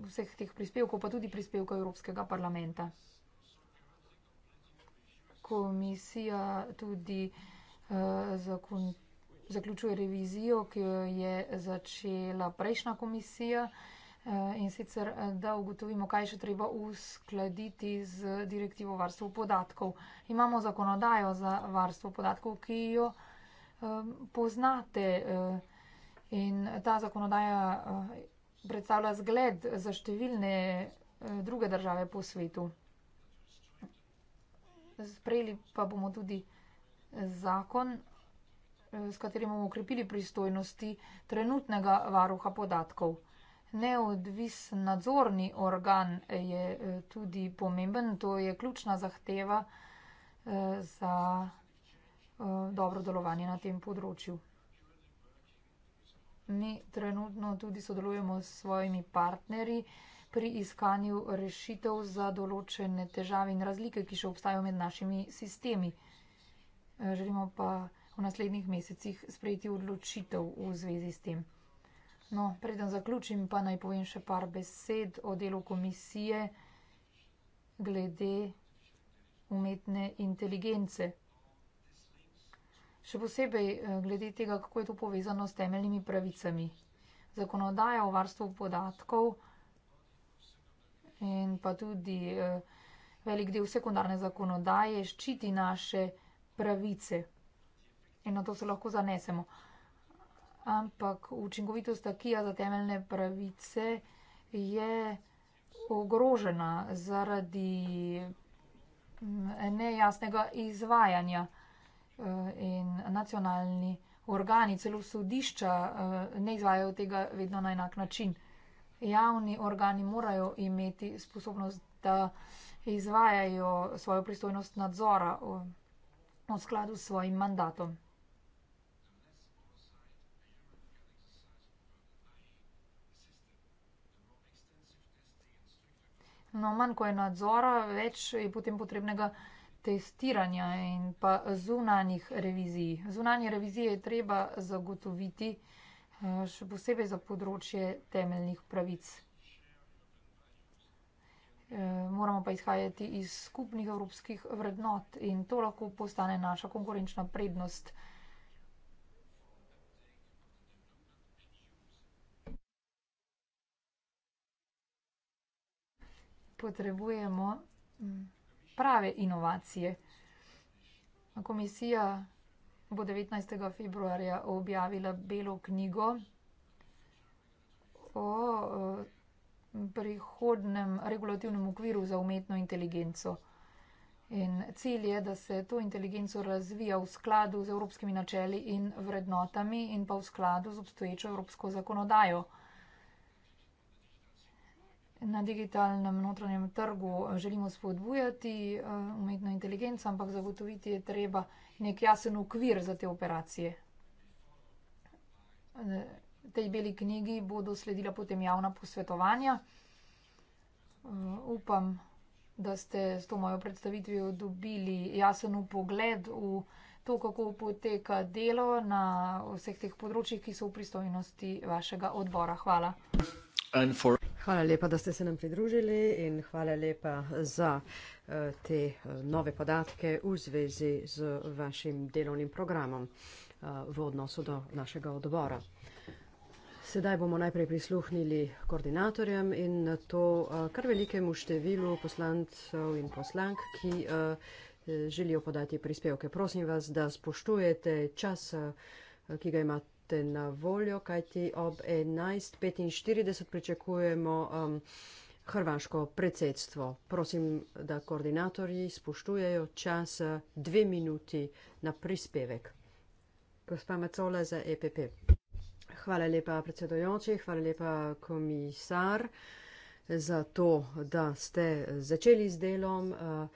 vseh teh prispevkov, pa tudi prispevkov Evropskega parlamenta komisija tudi uh, zakon, zaključuje revizijo, ki jo je začela prejšnja komisija uh, in sicer, eh, da ugotovimo, kaj še treba uskladiti z direktivo varstvo podatkov. Imamo zakonodajo za varstvo podatkov, ki jo um, poznate uh, in ta zakonodaja uh, predstavlja zgled za številne uh, druge države po svetu sprejeli pa bomo tudi zakon, eh, s katerim bomo ukrepili pristojnosti trenutnega varuha podatkov. Neodvisni nadzorni organ je eh, tudi pomemben, to je ključna zahteva eh, za dobro delovanje na tem področju. Mi trenutno tudi sodelujemo s svojimi partnerji pri iskanju rešitev za določene težave in razlike, ki še obstajajo med našimi sistemi. Eh, želimo pa v naslednjih mesecih sprejeti odločitev v zvezi s tem. No, preden zaključim, pa naj povem še par besed o delu komisije glede umetne inteligence. Še posebej eh, glede tega, kako je to povezano s temeljnimi pravicami. Zakonodaja o varstvu podatkov in pa tudi eh, velik del sekundarne zakonodaje ščiti naše pravice. In na to se lahko zanesemo. Ampak učinkovitost takija za temeljne pravice je ogrožena zaradi mm, nejasnega izvajanja eh, in nacionalni organi, celo sodišča eh, ne izvajajo tega vedno na enak način javni organi morajo imeti sposobnost, da izvajajo svojo pristojnost nadzora v, v skladu s svojim mandatom. No, manj ko je nadzora, več je potem potrebnega testiranja in pa zunanjih revizij. Zunanje revizije je treba zagotoviti. Eh, še posebej za področje temeljnih pravic. Eh, moramo pa izhajati iz skupnih evropskih vrednot in to lahko postane naša konkurenčna prednost. Potrebujemo mm, prave inovacije. Komisija bo 19. februarja objavila belo knjigo o eh, prihodnem regulativnem okviru za umetno inteligenco. In cilj je, da se to inteligenco razvija v skladu z evropskimi načeli in vrednotami in pa v skladu z obstoječo evropsko zakonodajo na digitalnem notranjem trgu eh, želimo spodbujati eh, umetno inteligenco, ampak zagotoviti je treba nek jasen okvir za te operacije. Eh, tej beli knjigi bodo sledila potem javna posvetovanja. Upam, da ste s to mojo predstavitvijo dobili jasen pogled v to, kako poteka delo na vseh teh področjih, ki so v pristojnosti vašega odbora. Hvala. Hvala lepa, da ste se nam pridružili in hvala lepa za eh, te eh, nove podatke v zvezi z vašim delovnim programom eh, v odnosu do našega odbora. Sedaj bomo najprej prisluhnili koordinatorjem in to kar velikemu številu poslancev in poslank, ki želijo podati prispevke. Prosim vas, da spoštujete čas, ki ga imate imate na voljo, kajti ob 11.45 pričakujemo um, hrvaško predsedstvo. Prosim, da koordinatorji spoštujejo čas dve minuti na prispevek. Gospa Macola za EPP. Hvala lepa predsedojoči, hvala lepa komisar za to, da ste začeli z delom uh,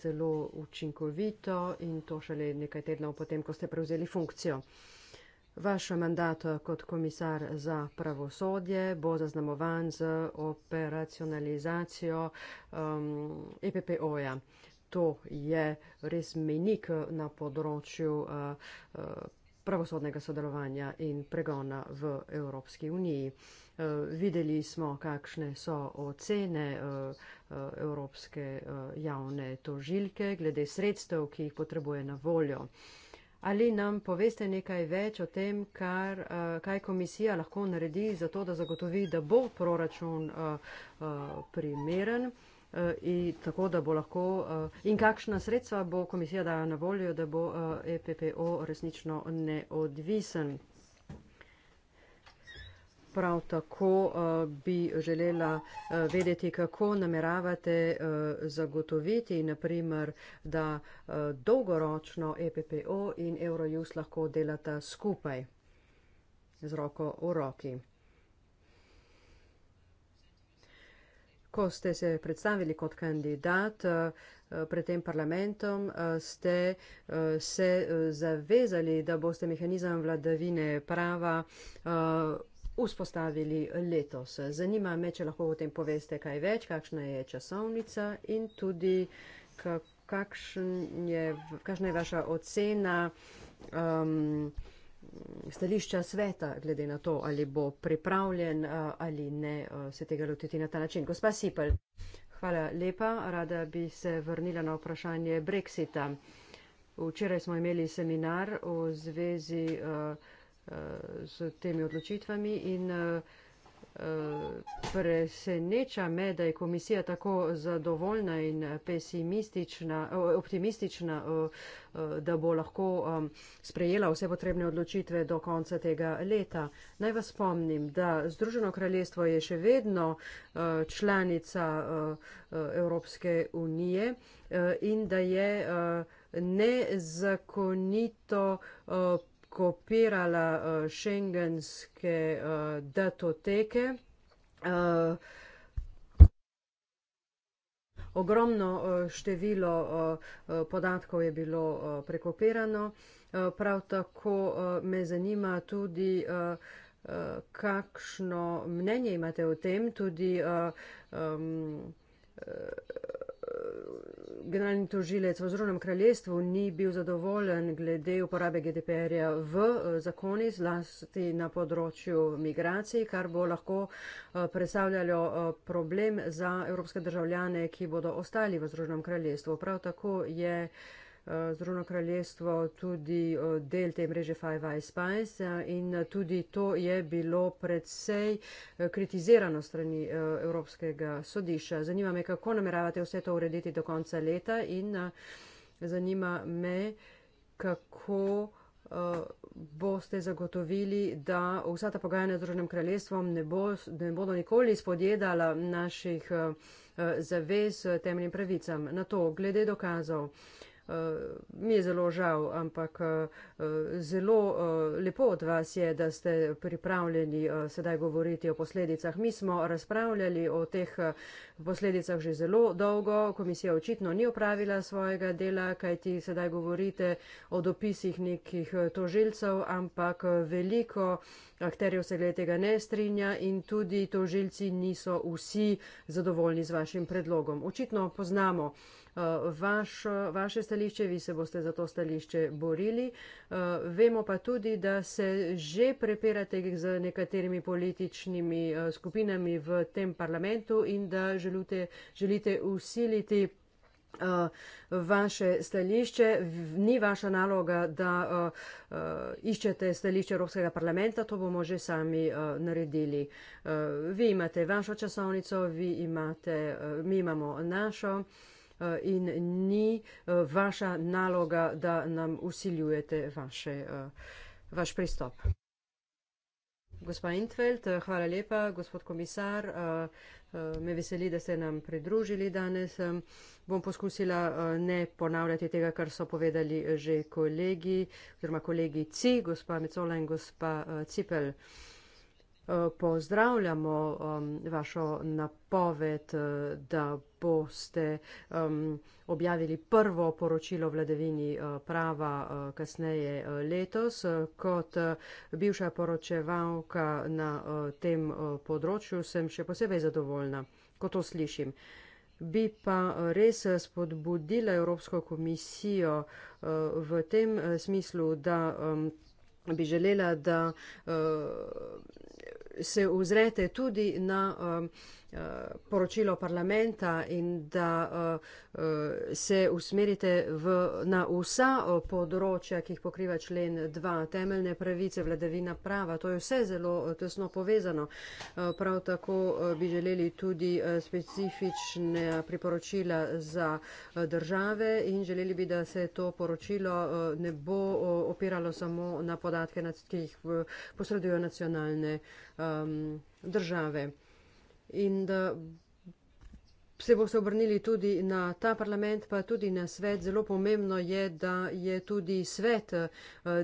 zelo učinkovito in to šele nekaj tednov potem, ko ste prevzeli funkcijo. Vaš mandat kot komisar za pravosodje bo zaznamovan z operacionalizacijo um, EPPO-ja. To je res menik na področju uh, uh, pravosodnega sodelovanja in pregona v Evropski uniji. Uh, videli smo, kakšne so ocene uh, uh, Evropske uh, javne tožilke glede sredstev, ki jih potrebuje na voljo. Uh, Ali nam poveste nekaj več o tem, kar, eh, kaj komisija lahko naredi za to, da zagotovi, da bo proračun uh, uh, primeren uh, in, tako, bo lahko, uh, in kakšna sredstva bo komisija dala na voljo, da bo uh, EPPO resnično neodvisen? Prav tako eh, bi želela eh, vedeti, kako nameravate eh, zagotoviti, naprimer, da dolgoročno EPPO in Eurojust lahko delata skupaj z roko v roki. Ko ste se predstavili kot kandidat pred tem parlamentom, ste se zavezali, da boste mehanizem vladavine prava vzpostavili letos. Zanima me, če lahko o tem poveste kaj več, kakšna je časovnica in tudi kakšen je, kakšna je vaša ocena um, stališča sveta glede na to, ali bo pripravljen uh, ali ne uh, se tega lotiti na ta način. Gospa Sipel, hvala lepa. Rada bi se vrnila na vprašanje Brexita. Včeraj smo imeli seminar v zvezi. Uh, z temi odločitvami in eh, eh, preseneča me, da je komisija tako zadovoljna in pesimistična, eh, optimistična, da bo lahko sprejela vse potrebne odločitve do konca tega leta. Naj vas spomnim, da Združeno kraljestvo je še vedno članica Evropske unije in da je nezakonito kopirala uh, šengenske uh, datoteke. Uh, Ogromno število podatkov je bilo prekopirano. Prav tako me zanima tudi, kakšno mnenje imate o tem, tudi generalni tožilec v Združenem kraljestvu ni bil zadovoljen glede uporabe GDPR-ja v eh, zakoni, zlasti na področju migracij, kar bo lahko eh, predstavljalo eh, problem za evropske državljane, ki bodo ostali v Združenem kraljestvu. Prav tako je uh, Eh, Zruno kraljestvo tudi eh, del te mreže Five Eyes Spies eh, in tudi to je bilo predvsej kritizirano strani Evropskega sodišča. Zanima me, kako nameravate vse to urediti do konca leta in zanima me, kako boste zagotovili, da vsa ta pogajanja z Združenim kraljestvom ne, bo, ne bodo nikoli spodjedala naših zavez temeljnim pravicam. Na to, glede dokazov, uh, Eh, mi je zelo žal, ampak eh, zelo eh, lepo od vas je, da ste pripravljeni sedaj govoriti o posledicah. Mi smo razpravljali o teh posledicah že zelo dolgo. Komisija očitno ni opravila svojega dela, kajti sedaj govorite o dopisih nekih tožilcev, ampak veliko akterjev se glede tega ne strinja in tudi tožilci niso vsi zadovoljni z vašim predlogom. Očitno poznamo. Eh, vaš, vaše stališče, vi se boste za to stališče borili. Eh, vemo pa tudi, da se že prepirate z nekaterimi političnimi eh, skupinami v tem parlamentu in da želite, želite usiliti vaše stališče. Ni vaša naloga, da uh, uh, iščete stališče Evropskega parlamenta, to bomo že sami uh, naredili. Uh, vi imate vašo časovnico, vi imate, uh, mi imamo našo. Uh, Eh, in ni eh, vaša naloga, da nam usiljujete vaše, eh, vaš pristop. Gospa Intveld, hvala lepa, gospod komisar. Me veseli, da ste nam pridružili danes. Bom poskusila ne ponavljati tega, kar so povedali že kolegi, oziroma kolegi C, gospa Mecola in gospa Cipel pozdravljamo um, vašo napoved, uh, da boste um, objavili prvo poročilo vladavini uh, prava uh, kasneje letos. Kot bivša poročevalka na tem področju sem še posebej zadovoljna, ko to slišim. Bi pa res spodbudila Evropsko komisijo v tem smislu, da um, bi želela, da se ozrete tudi na um, Eh, poročilo parlamenta in da eh, eh, se usmerite v, na vsa področja, ki jih pokriva člen 2, temeljne pravice, vladavina prava. To je vse zelo tesno povezano. Prav tako bi želeli tudi specifične priporočila za države in želeli bi, da se to poročilo ne bo opiralo samo na podatke, ki jih posredujo nacionalne ehm, države in da se boste obrnili tudi na ta parlament, pa tudi na svet. Zelo pomembno je, da je tudi svet eh,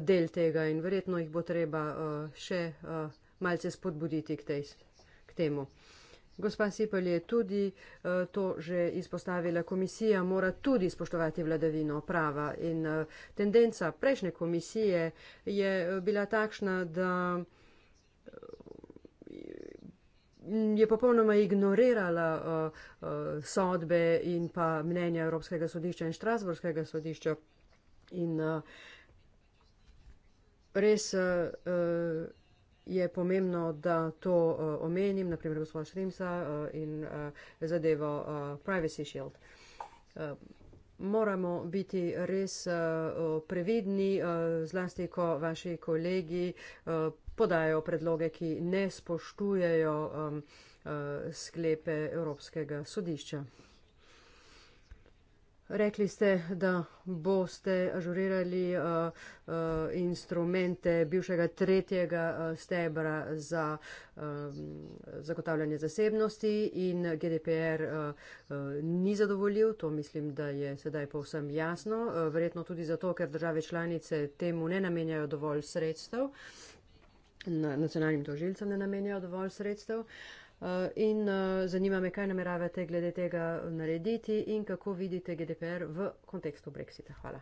del tega in verjetno jih bo treba eh, še eh, malce spodbuditi k, tej, k temu. Gospa Sipel je tudi to že izpostavila. Komisija mora tudi spoštovati vladavino prava in tendenca prejšnje komisije je bila takšna, da je popolnoma ignorirala uh, uh, sodbe in pa mnenja Evropskega sodišča in Štrasburskega sodišča. In uh, res uh, uh, je pomembno, da to uh, omenim, naprimer gospoda Šrimsa uh, in uh, zadevo uh, Privacy Shield. Uh, Moramo biti res uh, previdni, uh, zlasti ko vaši kolegi uh, podajo predloge, ki ne spoštujejo um, uh, sklepe Evropskega sodišča. Rekli ste, da boste ažurirali uh, uh, instrumente bivšega tretjega uh, stebra za um, zagotavljanje zasebnosti in GDPR uh, uh, ni zadovoljil. To mislim, da je sedaj povsem jasno. Uh, verjetno tudi zato, ker države članice temu ne namenjajo dovolj sredstev. Uh, nacionalnim tožilcem ne namenjajo dovolj sredstev. Eh, in eh, zanima me, kaj nameravate glede tega narediti in kako vidite GDPR v kontekstu Brexita. Hvala.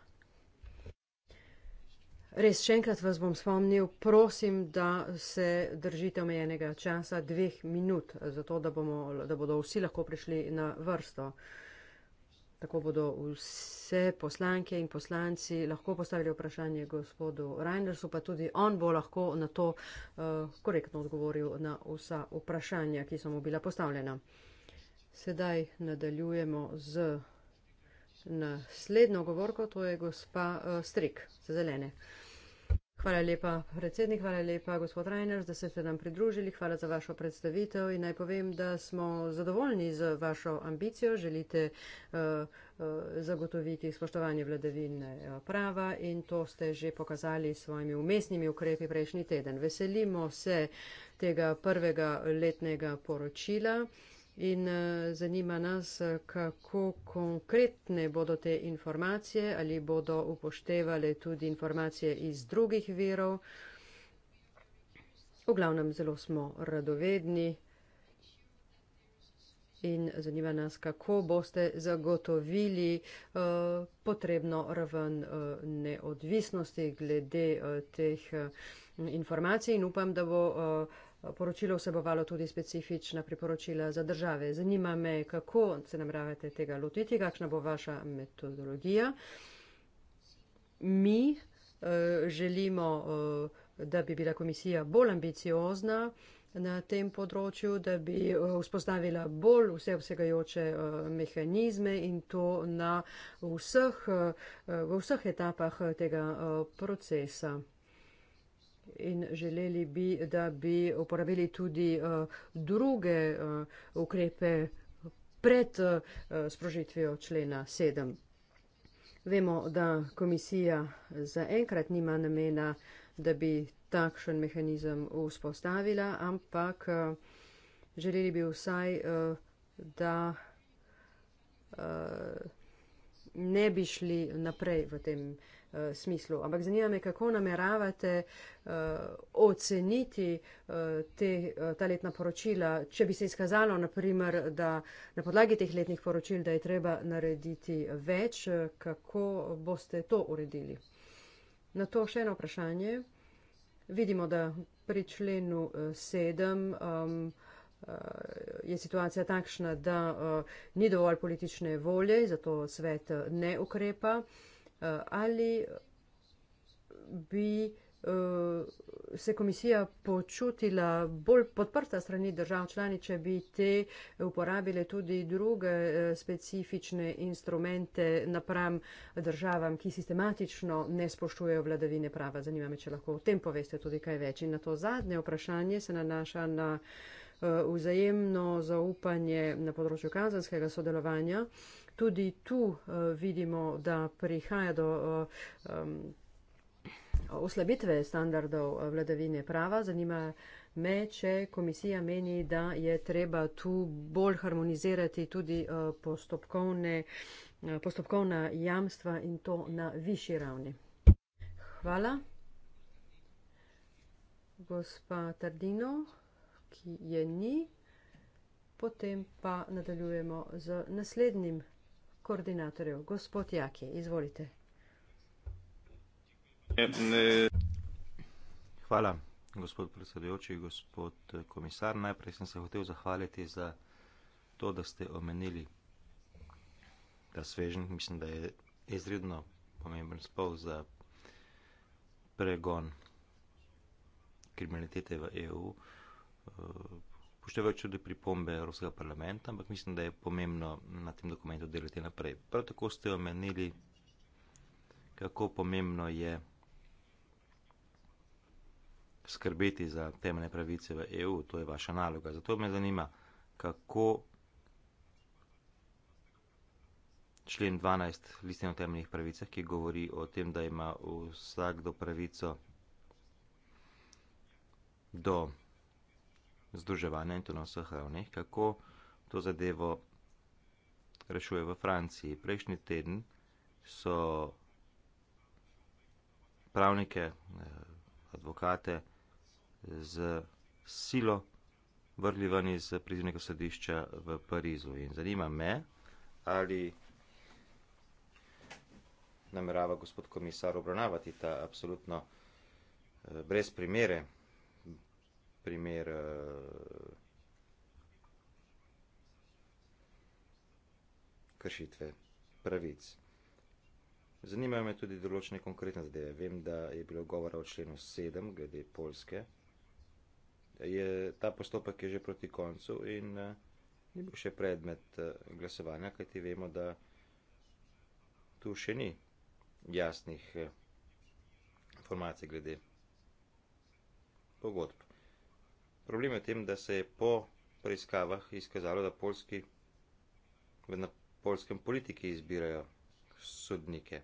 Res, še enkrat vas bom spomnil, prosim, da se držite omejenega časa dveh minut, zato da, bomo, da bodo vsi lahko prišli na vrsto. Uh, Tako bodo vse poslanke in poslanci lahko postavili vprašanje gospodu Reinersu, pa tudi on bo lahko na to uh, korektno odgovoril na vsa vprašanja, ki so mu bila postavljena. Sedaj nadaljujemo z naslednjo govorko, to je gospa uh, Strik, zelene. Hvala lepa, predsednik, hvala lepa, gospod Reiners, da ste se nam pridružili. Hvala za vašo predstavitev in naj povem, da smo zadovoljni z vašo ambicijo. Želite uh, uh, zagotoviti spoštovanje vladavine eh, prava in to ste že pokazali s svojimi umestnimi ukrepi prejšnji teden. Veselimo se tega prvega letnega poročila. Uh, in eh, zanima nas, eh, kako konkretne bodo te informacije, ali bodo upoštevali tudi informacije iz drugih virov. V glavnem zelo smo radovedni in zanima nas, kako boste zagotovili uh, potrebno raven uh, neodvisnosti glede uh, teh uh, informacij in upam, da bo uh, Poročilo vsebovalo tudi specifična priporočila za države. Zanima me, kako se namravate tega lotiti, kakšna bo vaša metodologija. Mi eh, želimo, eh, da bi bila komisija bolj ambiciozna na tem področju, da bi eh, vzpostavila bolj vsevsegajoče mehanizme in to na vseh, v vseh etapah tega procesa. In želeli bi, da bi uporabili tudi uh, druge uh, ukrepe pred uh, sprožitvijo člena 7. Vemo, da komisija zaenkrat nima namena, da bi takšen mehanizem vzpostavila, ampak uh, želeli bi vsaj, uh, da uh, ne bi šli naprej v tem. Uh, Eh, smislu. Ampak zanima me, kako nameravate uh, oceniti uh, te, uh, ta letna poročila, če bi se izkazalo, naprimer, da na podlagi teh letnih poročil, da je treba narediti več, kako boste to uredili. Na to še eno vprašanje. Vidimo, da pri členu sedem. Um, Je situacija takšna, da ni dovolj politične volje, zato svet ne ukrepa. Eh, ali bi eh, se komisija počutila bolj podprta strani držav člani, če bi te uporabile tudi druge eh, specifične instrumente napram državam, ki sistematično ne spoštujejo vladavine prava. Zanima me, če lahko o tem poveste tudi kaj več. In na to zadnje vprašanje se nanaša na vzajemno zaupanje na področju kazanskega sodelovanja tudi tu uh, vidimo, da prihaja do. Uh, um, Oslabitve standardov eh, vladavine prava zanima me, če komisija meni, da je treba tu bolj harmonizirati tudi postopkovna jamstva in to na višji ravni. Hvala. Gospa Tardino, ki je ni, potem pa nadaljujemo z naslednjim koordinatorjev. Gospod Jakje, izvolite. Hvala, gospod predsedujoči, gospod eh, komisar. Najprej sem se hotel zahvaliti za to, da ste omenili ta svežen, mislim, da je izredno pomemben spol za pregon kriminalitete v EU. Eh, upoštevajo tudi pripombe Evropskega parlamenta, ampak mislim, da je pomembno na tem dokumentu delati naprej. Prav tako ste omenili, kako pomembno je skrbeti za temeljne pravice v EU, to je vaša naloga. Zato me zanima, kako člen 12 listine o temeljnih pravicah, ki govori o tem, da ima vsakdo pravico do združevanja in to na vseh ravneh, kako to zadevo rešuje v Franciji. Prejšnji teden so pravnike, eh, advokate z silo vrli ven iz prizivnega sodišča v Parizu. In zanima me, ali namerava gospod komisar obravnavati ta absolutno eh, brez primere primer uh, kršitve pravic. Zanimajo me tudi določene konkretne zadeve. Vem, da je bilo govora o členu 7 glede Polske. Je, ta postopek je že proti koncu in uh, ni bil še predmet uh, glasovanja, kajti vemo, da tu še ni jasnih uh, informacij glede pogodb. Problem je v tem, da se je po preiskavah izkazalo, da polski na polskem politiki izbirajo sodnike.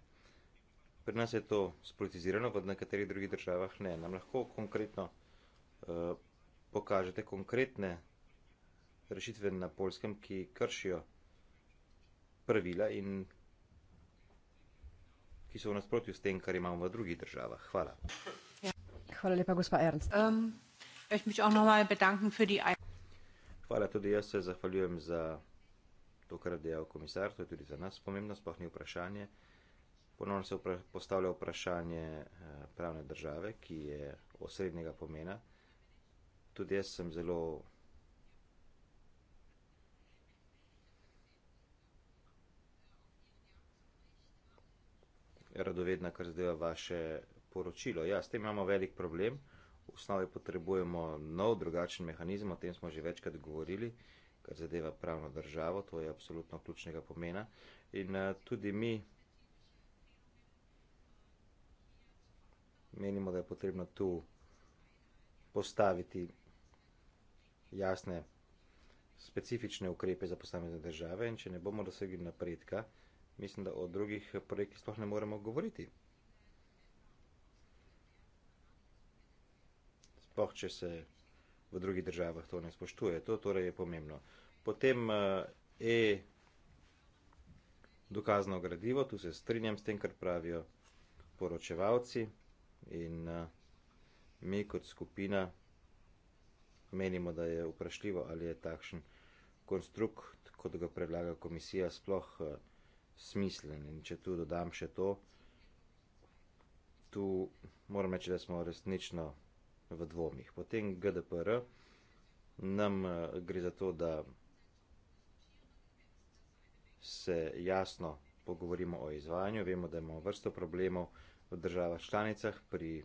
Pri nas je to spolitizirano, v nekaterih drugih državah ne. Nam lahko konkretno uh, pokažete konkretne rešitve na polskem, ki kršijo pravila in ki so v nasprotju s tem, kar imamo v drugih državah. Hvala. Ja. Hvala lepa, gospa Ernst. Um, Hvala tudi jaz se zahvaljujem za to, kar je dejal komisar. To je tudi za nas pomembno, sploh ni vprašanje. Ponovno se upra postavlja vprašanje eh, pravne države, ki je osrednjega pomena. Tudi jaz sem zelo. Radovedna, kar zdaj je vaše poročilo. Ja, s tem imamo velik problem v osnovi potrebujemo nov, drugačen mehanizem, o tem smo že večkrat govorili, kar zadeva pravno državo, to je apsolutno ključnega pomena. In eh, tudi mi menimo, da je potrebno tu postaviti jasne, specifične ukrepe za posamezne države in če ne bomo dosegli napredka, mislim, da o drugih projektih sploh ne moremo govoriti. sploh če se v drugih državah to ne spoštuje. To torej je pomembno. Potem eh, e dokazno gradivo, tu se strinjam s tem, kar pravijo poročevalci in eh, mi kot skupina menimo, da je vprašljivo, ali je takšen konstrukt, kot ga predlaga komisija, sploh eh, smislen. In če tu dodam še to, tu moram reči, da smo resnično v dvomih. Potem GDPR nam eh, gre za to, da se jasno pogovorimo o izvajanju. Vemo, da imamo vrsto problemov v državah članicah pri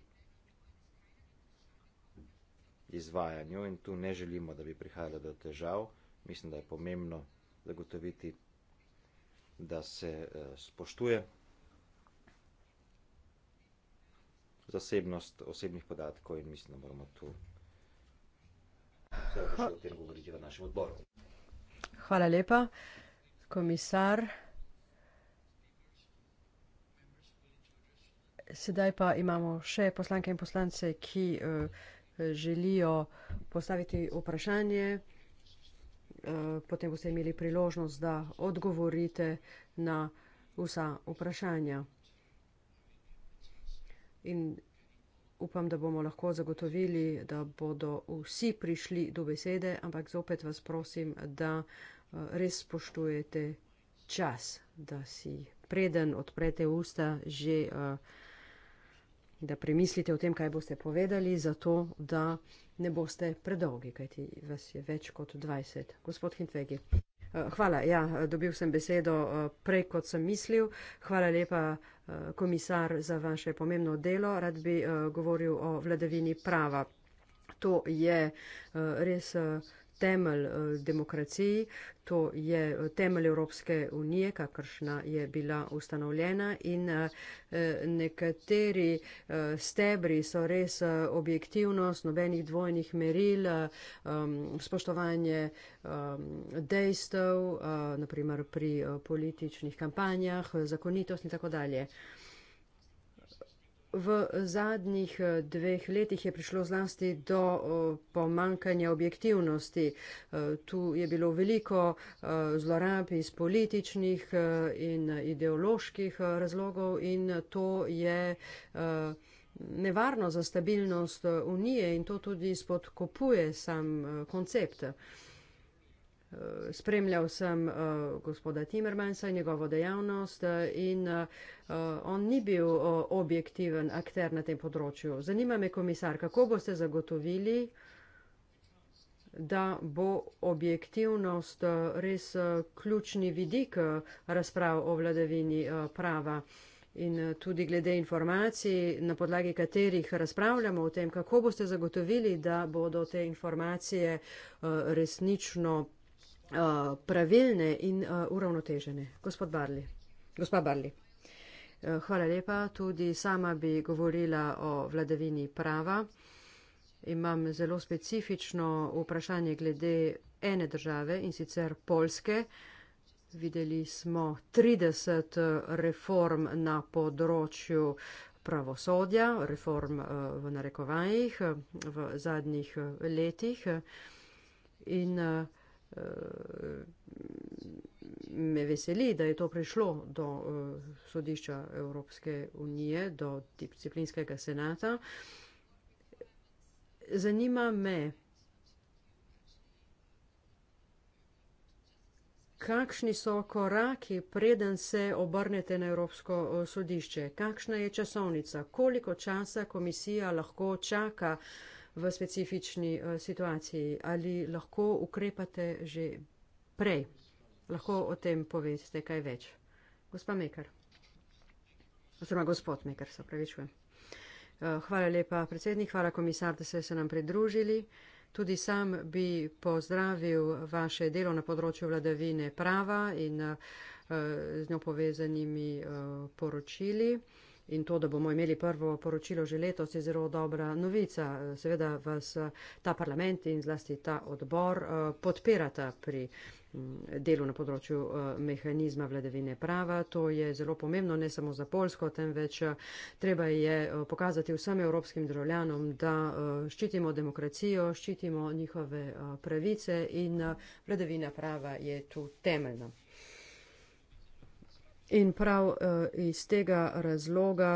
izvajanju in tu ne želimo, da bi prihajalo do težav. Mislim, da je pomembno zagotoviti, da se eh, spoštuje zasebnost osebnih podatkov in mislim, da moramo tu o tem govoriti v našem odboru. Hvala lepa. Komisar. Sedaj pa imamo še poslanke in poslance, ki eh, želijo postaviti vprašanje. Eh, potem boste imeli priložnost, da odgovorite na vsa vprašanja in upam, da bomo lahko zagotovili, da bodo vsi prišli do besede, ampak zopet vas prosim, da eh, res spoštujete čas, da si preden odprete usta že, eh, da premislite o tem, kaj boste povedali, zato da ne boste predolgi, kajti vas je več kot 20. Gospod Hintvegi. Eh, hvala, ja, eh, dobil sem besedo eh, prej, kot sem mislil. Hvala lepa, komisar, za vaše pomembno delo. Rad bi govoril o vladavini prava. To je res temelj eh, demokraciji, to je eh, temelj Evropske unije, kakršna je bila ustanovljena in eh, nekateri stebri so res objektivnost, nobenih dvojnih meril, spoštovanje dejstev, naprimer pri političnih kampanjah, zakonitost in tako dalje v zadnjih eh, dveh letih je prišlo zlasti do eh, pomankanja objektivnosti. Eh, tu je bilo veliko zlorab iz političnih in ideoloških razlogov in to je nevarno za stabilnost Unije in to tudi spodkopuje sam koncept. Eh, spremljal sem eh, gospoda Timmermansa in njegovo dejavnost eh, in on ni bil objektiven akter na tem področju. Zanima me, komisar, kako boste zagotovili, da bo objektivnost res ključni vidik razprav o vladavini prava in tudi glede informacij, na podlagi katerih razpravljamo o tem, kako boste zagotovili, da bodo te informacije resnično Eh, pravilne in uh, uravnotežene. Gospod Barli. Gospa Barli. Eh, hvala lepa. Tudi sama bi govorila o vladavini prava. Imam zelo specifično vprašanje glede ene države in sicer Polske. Videli smo 30 reform na področju pravosodja, reform v narekovajih v zadnjih letih. In, uh, me veseli, da je to prišlo do uh, sodišča Evropske unije, do disciplinskega senata. Zanima me, kakšni so koraki, preden se obrnete na Evropsko eh, sodišče, kakšna je časovnica, koliko časa komisija lahko čaka uh, v specifični eh, situaciji. Ali lahko ukrepate že prej? Lahko o tem poveste kaj več. Gospa Mekar. Oziroma gospod Mekar, se pravičujem. Eh, hvala lepa predsednik, hvala komisar, da ste se nam pridružili. Tudi sam bi pozdravil vaše delo na področju vladavine prava in eh, z njo povezanimi poročili. In to, da bomo imeli prvo poročilo že letos, je zelo dobra novica. Seveda vas ta parlament in zlasti ta odbor eh, podpirata pri mm, delu na področju eh, mehanizma vladavine prava. To je zelo pomembno, ne samo za Polsko, temveč eh, treba je pokazati vsem evropskim državljanom, da ščitimo demokracijo, ščitimo njihove pravice in vladavina prava je tu temeljna. In prav eh, iz tega razloga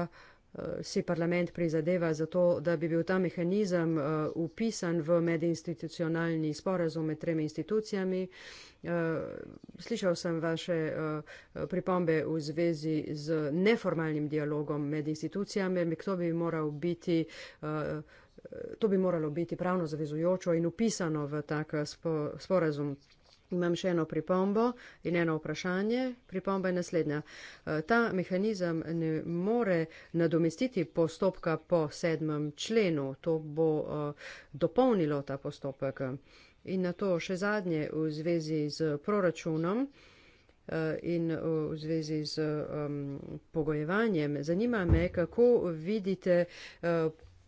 eh, si parlament prizadeva za to, da bi bil ta mehanizem upisan eh, v medinstitucionalni sporazum med tremi institucijami. Slišal sem vaše pripombe v zvezi z neformalnim dialogom med institucijami, kdo bi moral biti. To bi moralo biti pravno zavezujočo in upisano v tak sporazum. Imam še eno pripombo in eno vprašanje. Pripomba je naslednja. Eh, ta mehanizem ne more nadomestiti postopka po sedmem členu. To bo eh, dopolnilo ta postopek. In na to še zadnje v zvezi z proračunom eh, in v zvezi z ehm, pogojevanjem. Zanima me, kako vidite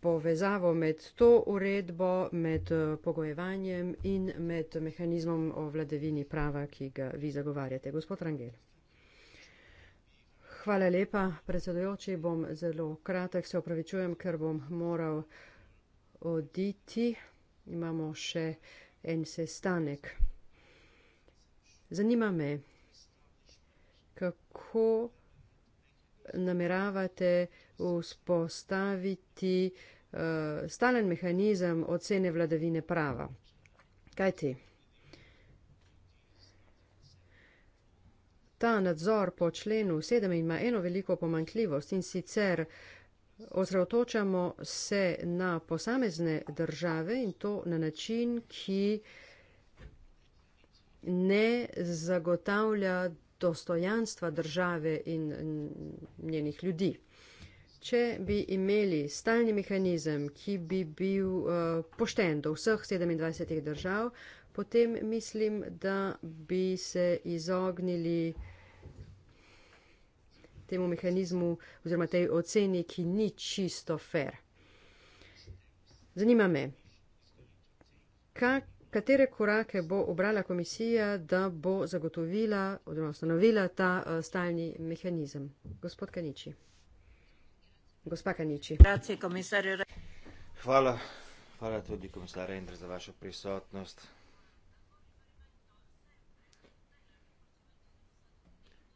povezavo med to uredbo, med eh, pogojevanjem in med mehanizmom o vladevini prava, ki ga vi zagovarjate. Gospod Rangel. Hvala lepa, predsedojoči. Bom zelo kratek, se opravičujem, ker bom moral oditi. Imamo še en sestanek. Zanima me, kako nameravate vzpostaviti uh, stalen mehanizem ocene vladavine prava. Kaj ti? Ta nadzor po členu 7 ima eno veliko pomankljivost in sicer osredotočamo se na posamezne države in to na način, ki ne zagotavlja dostojanstva države in njenih ljudi. Če bi imeli stalni mehanizem, ki bi bil eh, pošten do vseh 27 držav, potem mislim, da bi se izognili temu mehanizmu oziroma tej oceni, ki ni čisto fair. Zanima me, kak Katere korake bo obrala komisija, da bo zagotovila oziroma ustanovila ta uh, stalni mehanizem? Gospod Kaniči. Gospa Kaniči. Hvala. Hvala tudi komisar Rendr za vašo prisotnost.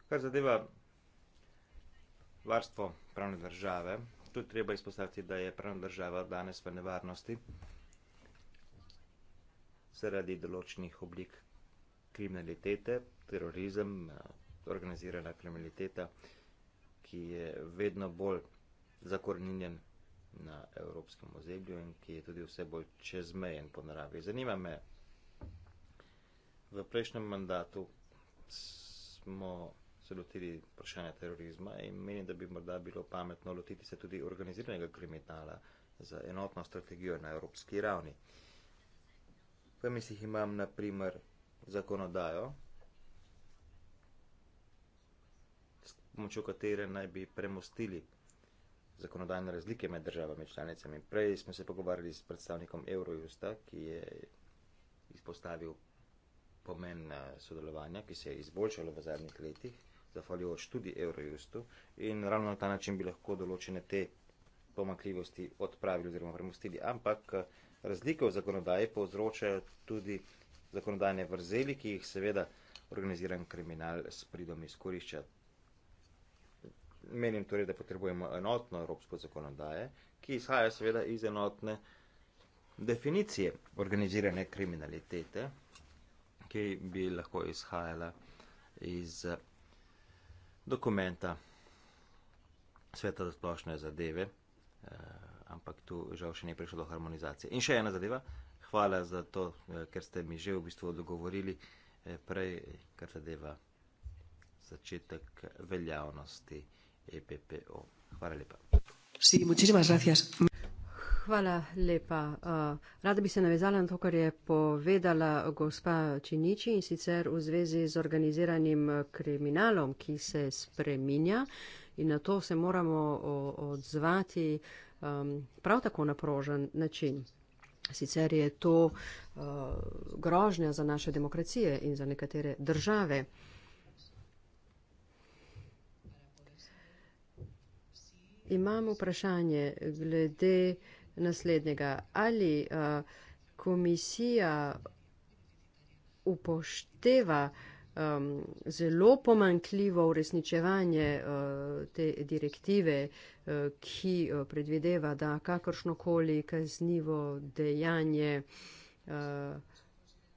Kar zadeva varstvo pravne države, tu treba izpostaviti, da je pravna država danes v nevarnosti zaradi določenih oblik kriminalitete, terorizem, eh, organizirana kriminaliteta, ki je vedno bolj zakorninjen na evropskem ozemlju in ki je tudi vse bolj čezmejen po naravi. Zanima me, v prejšnjem mandatu smo se lotili vprašanja terorizma in menim, da bi morda bilo pametno lotiti se tudi organiziranega kriminala za enotno strategijo na evropski ravni. V mislih imam na primer zakonodajo, s pomočjo katere naj bi premostili zakonodajne razlike med državami članicami. Prej smo se pogovarjali s predstavnikom Eurojusta, ki je izpostavil pomen eh, sodelovanja, ki se je izboljšalo v zadnjih letih, zahvaljujoč tudi Eurojustu in ravno na ta način bi lahko določene te pomakljivosti odpravili oziroma premostili. Ampak eh, razlike v zakonodaji povzročajo tudi zakonodajne vrzeli, ki jih seveda organiziran kriminal s pridom izkorišča. Menim torej, da potrebujemo enotno evropsko zakonodaje, ki izhaja seveda iz enotne definicije organizirane kriminalitete, ki bi lahko izhajala iz dokumenta Sveta za splošne zadeve. Eh, ampak tu žal še ni prišlo do harmonizacije. In še ena zadeva, hvala za to, eh, ker ste mi že v bistvu dogovorili eh, prej, kar zadeva začetek veljavnosti EPPO. Hvala lepa. Si, muchísimas gracias. Hvala lepa. Uh, rada bi se navezala na to, kar je povedala gospa Činiči in sicer v zvezi z organiziranim kriminalom, ki se spreminja in na to se moramo odzvati uh, um, prav tako naprožen način. Sicer je to uh, grožnja za naše demokracije in za nekatere države. Imam vprašanje glede naslednjega. Ali uh, komisija upošteva uh, um, zelo pomankljivo uresničevanje uh, te direktive, uh, ki uh, predvideva, da kakršnokoli kaznivo dejanje, uh,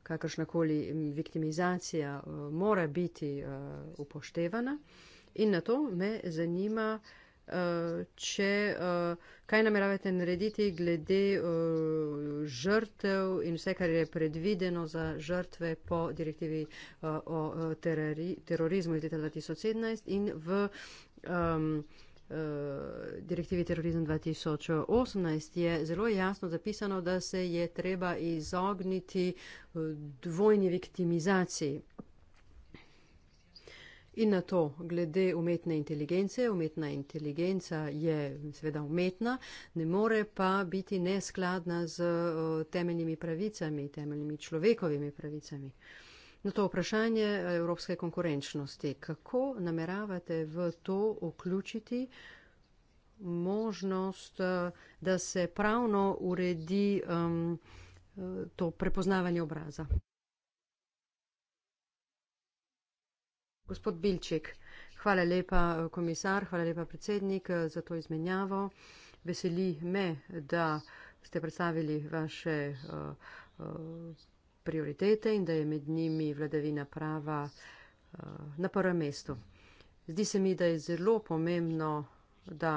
kakršnakoli viktimizacija uh, mora biti uh, upoštevana. In na to me zanima, uh, Eh, če, eh, kaj nameravate narediti glede eh, žrtev in vse, kar je predvideno za žrtve po direktivi o terori, terorizmu iz leta 2017 in v. Direktivi terorizem 2018 je zelo jasno zapisano, da se je treba izogniti dvojni viktimizaciji. In na to, glede umetne inteligence, umetna inteligenca je seveda umetna, ne more pa biti neskladna z temeljnimi pravicami, temeljnimi človekovimi pravicami. Na to vprašanje e, evropske konkurenčnosti, kako nameravate v to vključiti možnost, e, da se pravno uredi um, to prepoznavanje obraza? Gospod Bilčik, hvala lepa, komisar, hvala lepa, predsednik, za to izmenjavo. Veseli me, da ste predstavili vaše uh, uh, prioritete in da je med njimi vladavina prava uh, na prvem mestu. Zdi se mi, da je zelo pomembno, da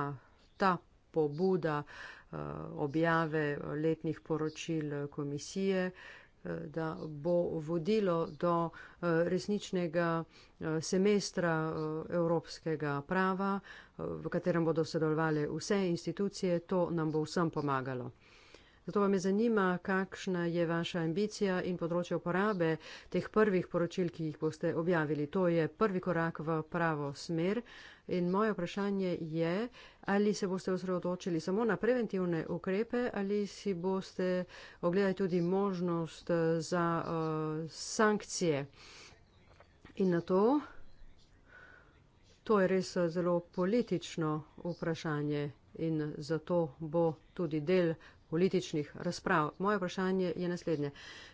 ta pobuda uh, objave letnih poročil komisije uh, Eh, da bo vodilo do eh, resničnega eh, semestra evropskega prava, v katerem bodo sodelovali vse institucije, to nam bo vsem pomagalo. Zato me zanima, kakšna je vaša ambicija in področje uporabe teh prvih poročil, ki jih boste objavili. To je prvi korak v pravo smer. In moje vprašanje je, ali se boste osredotočili samo na preventivne ukrepe ali si boste ogledali tudi možnost eh, za uh, sankcije. In na to, to je res eh, zelo politično vprašanje in zato bo tudi del političnih razprav. Moje vprašanje je naslednje.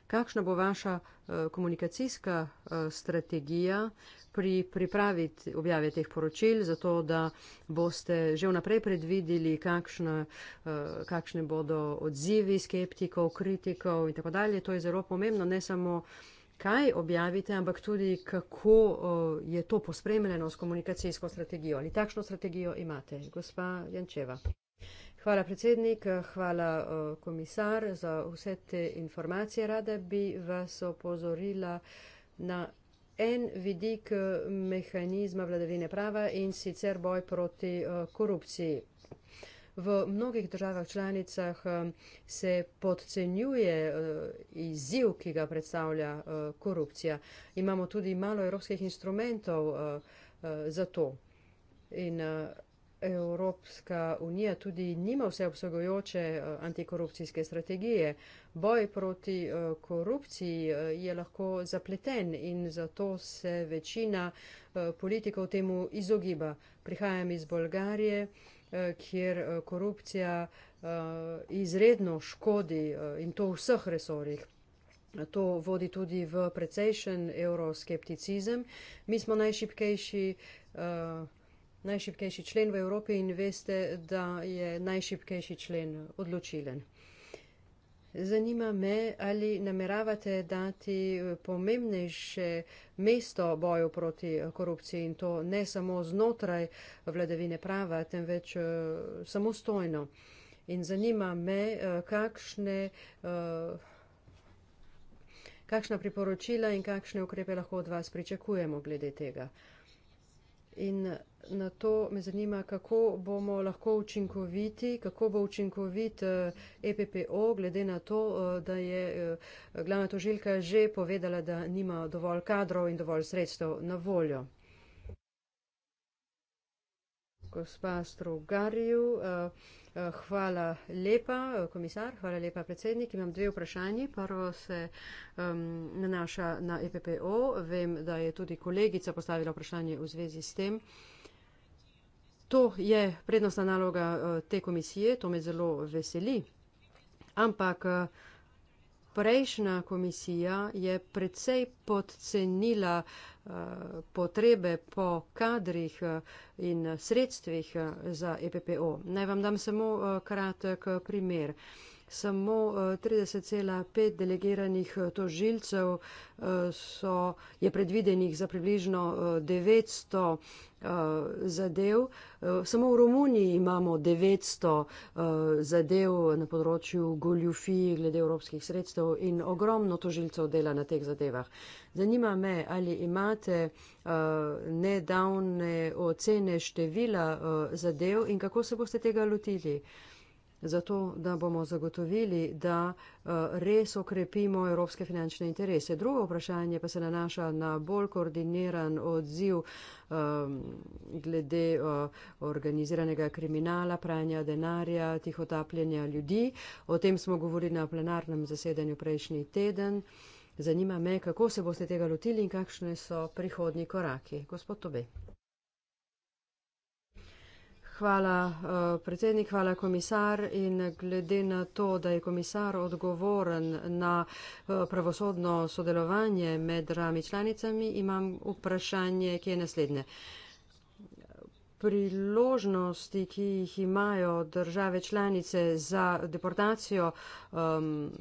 Kakšna bo vaša eh, komunikacijska eh, strategija pri pripravi objave teh poročil, zato da boste že vnaprej predvideli, kakšne, eh, kakšne bodo odzivi skeptikov, kritikov in tako dalje. To je zelo pomembno, ne samo kaj objavite, ampak tudi kako je to pospremljeno s komunikacijsko strategijo. Ali takšno strategijo imate, gospa Jančeva? Hvala predsednik, hvala eh, komisar za vse te informacije. Rada bi vas opozorila na en vidik eh, mehanizma vladavine prava in sicer boj proti eh, korupciji. V mnogih državah članicah se podcenjuje izziv, ki ga predstavlja korupcija. Imamo tudi malo evropskih instrumentov za to. In Evropska unija tudi nima vseobsegojoče eh, antikorupcijske strategije. Boj proti eh, korupciji eh, je lahko zapleten in zato se večina politikov temu izogiba. Prihajam iz Bolgarije, kjer korupcija izredno škodi in to v vseh resorjih. To vodi tudi v precejšen euroskepticizem. Mi smo najšipkejši najšipkejši člen v Evropi in veste, da je najšipkejši člen odločilen. Zanima me, ali nameravate dati pomembnejše mesto boju proti korupciji in to ne samo znotraj vladavine prava, temveč eh, samostojno. In zanima me, eh, kakšne, eh, kakšna priporočila in kakšne ukrepe lahko od vas pričakujemo glede tega. In na to me zanima, kako bomo lahko učinkoviti, kako bo učinkovit EPPO, eh, e glede na to, eh, da je eh, glavna tožilka že povedala, da nima dovolj kadrov in dovolj sredstev na voljo. Gospa Strugarju, hvala lepa, komisar, hvala lepa, predsednik. Imam dve vprašanji. Prvo se um, nanaša na EPPO. Vem, da je tudi kolegica postavila vprašanje v zvezi s tem. Uh, To je prednostna naloga eh, te komisije, to me zelo veseli. Ampak eh, prejšnja komisija je precej podcenila eh, potrebe po kadrih in sredstvih za EPPO. Naj vam dam samo kratek primer. Samo 30,5 delegiranih tožilcev so, je predvidenih za približno 900 Eh, zadev. Eh, samo v Romuniji imamo 900 eh, zadev na področju goljufij glede evropskih sredstev in ogromno tožilcev dela na teh zadevah. Zanima me, ali imate nedavne ocene števila zadev in kako se boste tega lotili zato da bomo zagotovili, da eh, res okrepimo evropske finančne interese. Drugo vprašanje pa se nanaša na bolj koordiniran odziv um, glede uh, organiziranega kriminala, pranja denarja, tih otapljanja ljudi. O tem smo govorili na plenarnem zasedanju prejšnji teden. Zanima me, kako se boste tega lotili in kakšne so prihodni koraki. Gospod Tobe. Hvala, eh, predsednik, hvala, komisar. In glede na to, da je komisar odgovoren na eh, pravosodno sodelovanje med državami članicami, imam vprašanje, ki je naslednje. Priložnosti, ki jih imajo države članice za deportacijo um,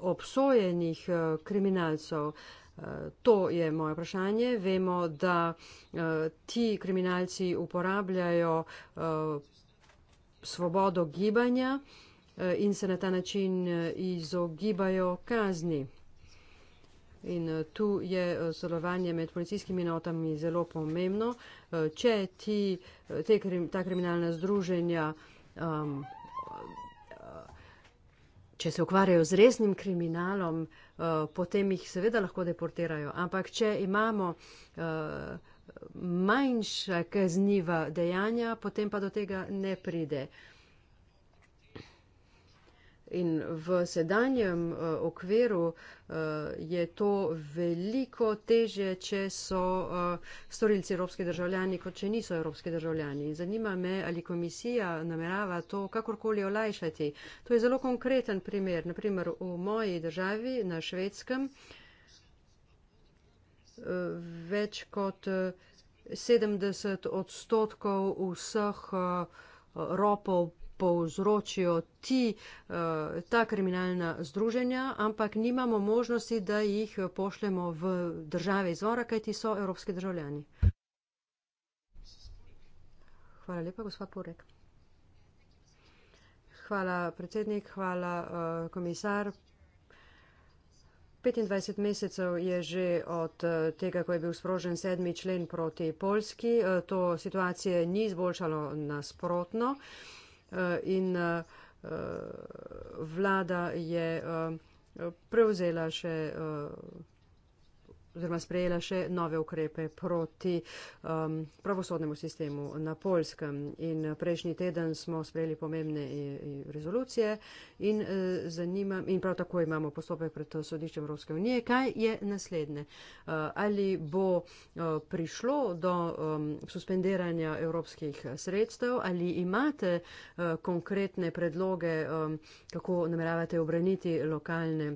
obsojenih eh, kriminalcev, uh, To je moje vprašanje. Vemo, da eh, ti kriminalci uporabljajo eh, svobodo gibanja eh, in se na ta način izogibajo kazni. In tu je sodelovanje med policijskimi notami zelo pomembno. Če ti, te, ta kriminalna združenja, če se ukvarjajo z resnim kriminalom, Eh, potem jih seveda lahko deportirajo. Ampak, če imamo eh, manjša kazniva dejanja, potem pa do tega ne pride. In v sedanjem uh, okviru uh, je to veliko teže, če so uh, storilci evropski državljani, kot če niso evropski državljani. In zanima me, ali komisija namerava to kakorkoli olajšati. To je zelo konkreten primer. Naprimer, v moji državi na švedskem uh, več kot uh, 70 odstotkov vseh uh, ropov povzročijo ti, eh, ta kriminalna združenja, ampak nimamo možnosti, da jih pošljemo v države izvora, kajti so evropski državljani. Hvala lepa, gospod Porek. Hvala, predsednik, hvala, eh, komisar. 25 mesecev je že od eh, tega, ko je bil sprožen sedmi člen proti Polski. To situacije ni izboljšalo nasprotno. Eh, in eh, eh, vlada je prevzela še oziroma sprejela še nove ukrepe proti um, pravosodnemu sistemu na Polskem. In eh, prejšnji teden smo sprejeli pomembne eh, eh, rezolucije in, uh, zanima, in prav tako imamo postopek pred sodiščem Evropske unije. Kaj je naslednje? Uh, ali bo uh, prišlo do um, suspendiranja evropskih sredstev? Ali imate uh, konkretne predloge, um, kako nameravate obraniti lokalne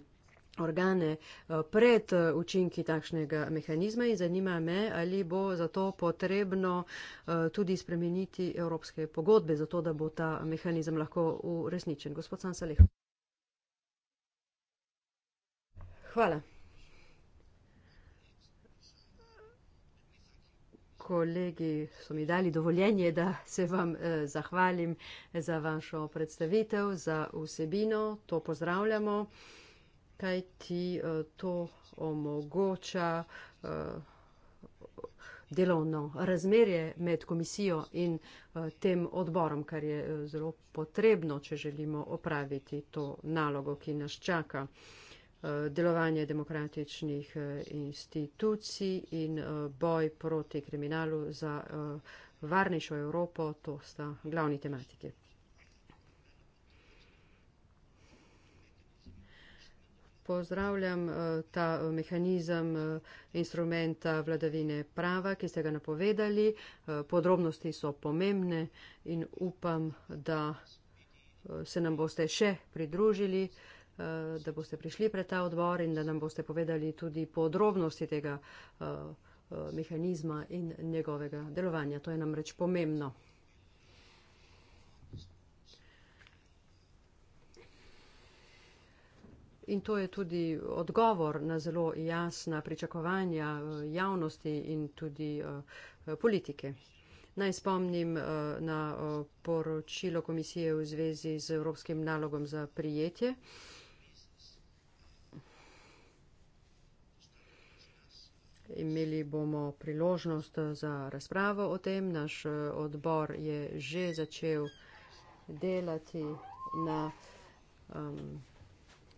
organe eh, pred eh, učinki takšnega mehanizma in zanima me, ali bo zato potrebno eh, tudi spremeniti evropske pogodbe, zato da bo ta mehanizem lahko uresničen. Gospod Sansaleh. Hvala. Kolegi so mi dali dovoljenje, da se vam eh, zahvalim za vašo predstavitev, za vsebino. To pozdravljamo. Eh, kaj ti eh, to omogoča eh, delovno razmerje med komisijo in eh, tem odborom, kar je zelo potrebno, če želimo opraviti to nalogo, ki nas čaka. Delovanje demokratičnih institucij in boj proti kriminalu za varnejšo Evropo, to sta glavni tematiki. pozdravljam eh, ta eh, mehanizem eh, instrumenta vladavine prava, ki ste ga napovedali. Podrobnosti so pomembne in upam, da se nam boste še pridružili, da boste prišli pred ta odbor in da nam boste povedali tudi podrobnosti tega mehanizma in njegovega delovanja. To je namreč pomembno. In to je tudi odgovor na zelo jasna pričakovanja eh, javnosti in tudi eh, politike. Naj spomnim eh, na poročilo komisije v zvezi z evropskim nalogom za prijetje. Imeli bomo priložnost za razpravo o tem. Naš odbor je že začel delati na. Um,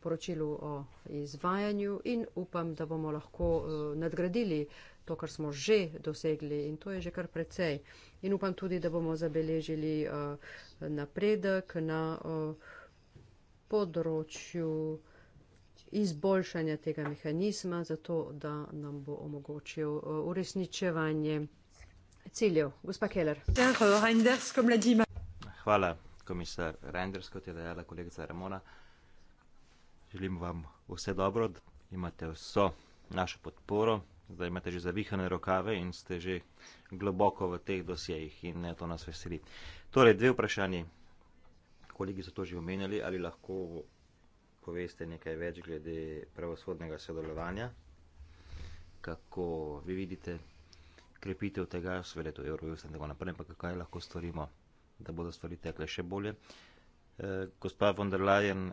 poročilu o izvajanju in upam, da bomo lahko eh, nadgradili to, kar smo že dosegli in to je že kar precej. In upam tudi, da bomo zabeležili eh, napredek na eh, področju izboljšanja tega mehanizma, zato da nam bo omogočil uresničevanje ciljev. Gospa Keller. Hvala, komisar Reinders, kot je dejala kolegica Ramona. Želim vam vse dobro, imate vso našo podporo, zdaj imate že zavihane rokave in ste že globoko v teh dosjejih in ne to nas veseli. Torej, dve vprašanje. Kolegi so to že omenjali, ali lahko poveste nekaj več glede pravosodnega sodelovanja, kako vi vidite krepitev tega, seveda to je Eurojust in tako naprej, pa kaj lahko storimo, da bodo stvari tekle še bolje. E, gospa von der Leyen,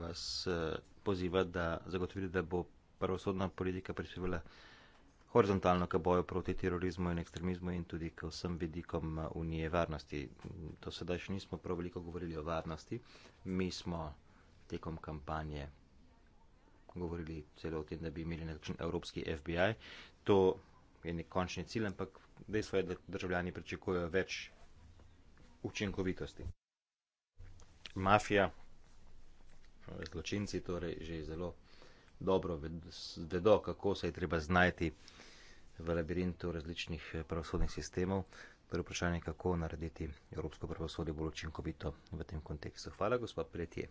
vas eh, poziva, da zagotovite, da bo pravosodna politika prispevala horizontalno k boju proti terorizmu in ekstremizmu in tudi k vsem vidikom eh, unije varnosti. Do sedaj še nismo prav veliko govorili o varnosti. Mi smo tekom kampanje govorili celo o tem, da bi imeli nekakšen evropski FBI. To je nek končni cilj, ampak dejstvo je, da državljani pričakujejo več učinkovitosti. Mafija, Eh, zločinci torej že zelo dobro vedo, kako se je treba znajti v labirintu različnih eh, pravosodnih sistemov. Torej vprašanje, kako narediti Evropsko pravosodje bolj učinkovito v tem kontekstu. Hvala, gospod Pretje.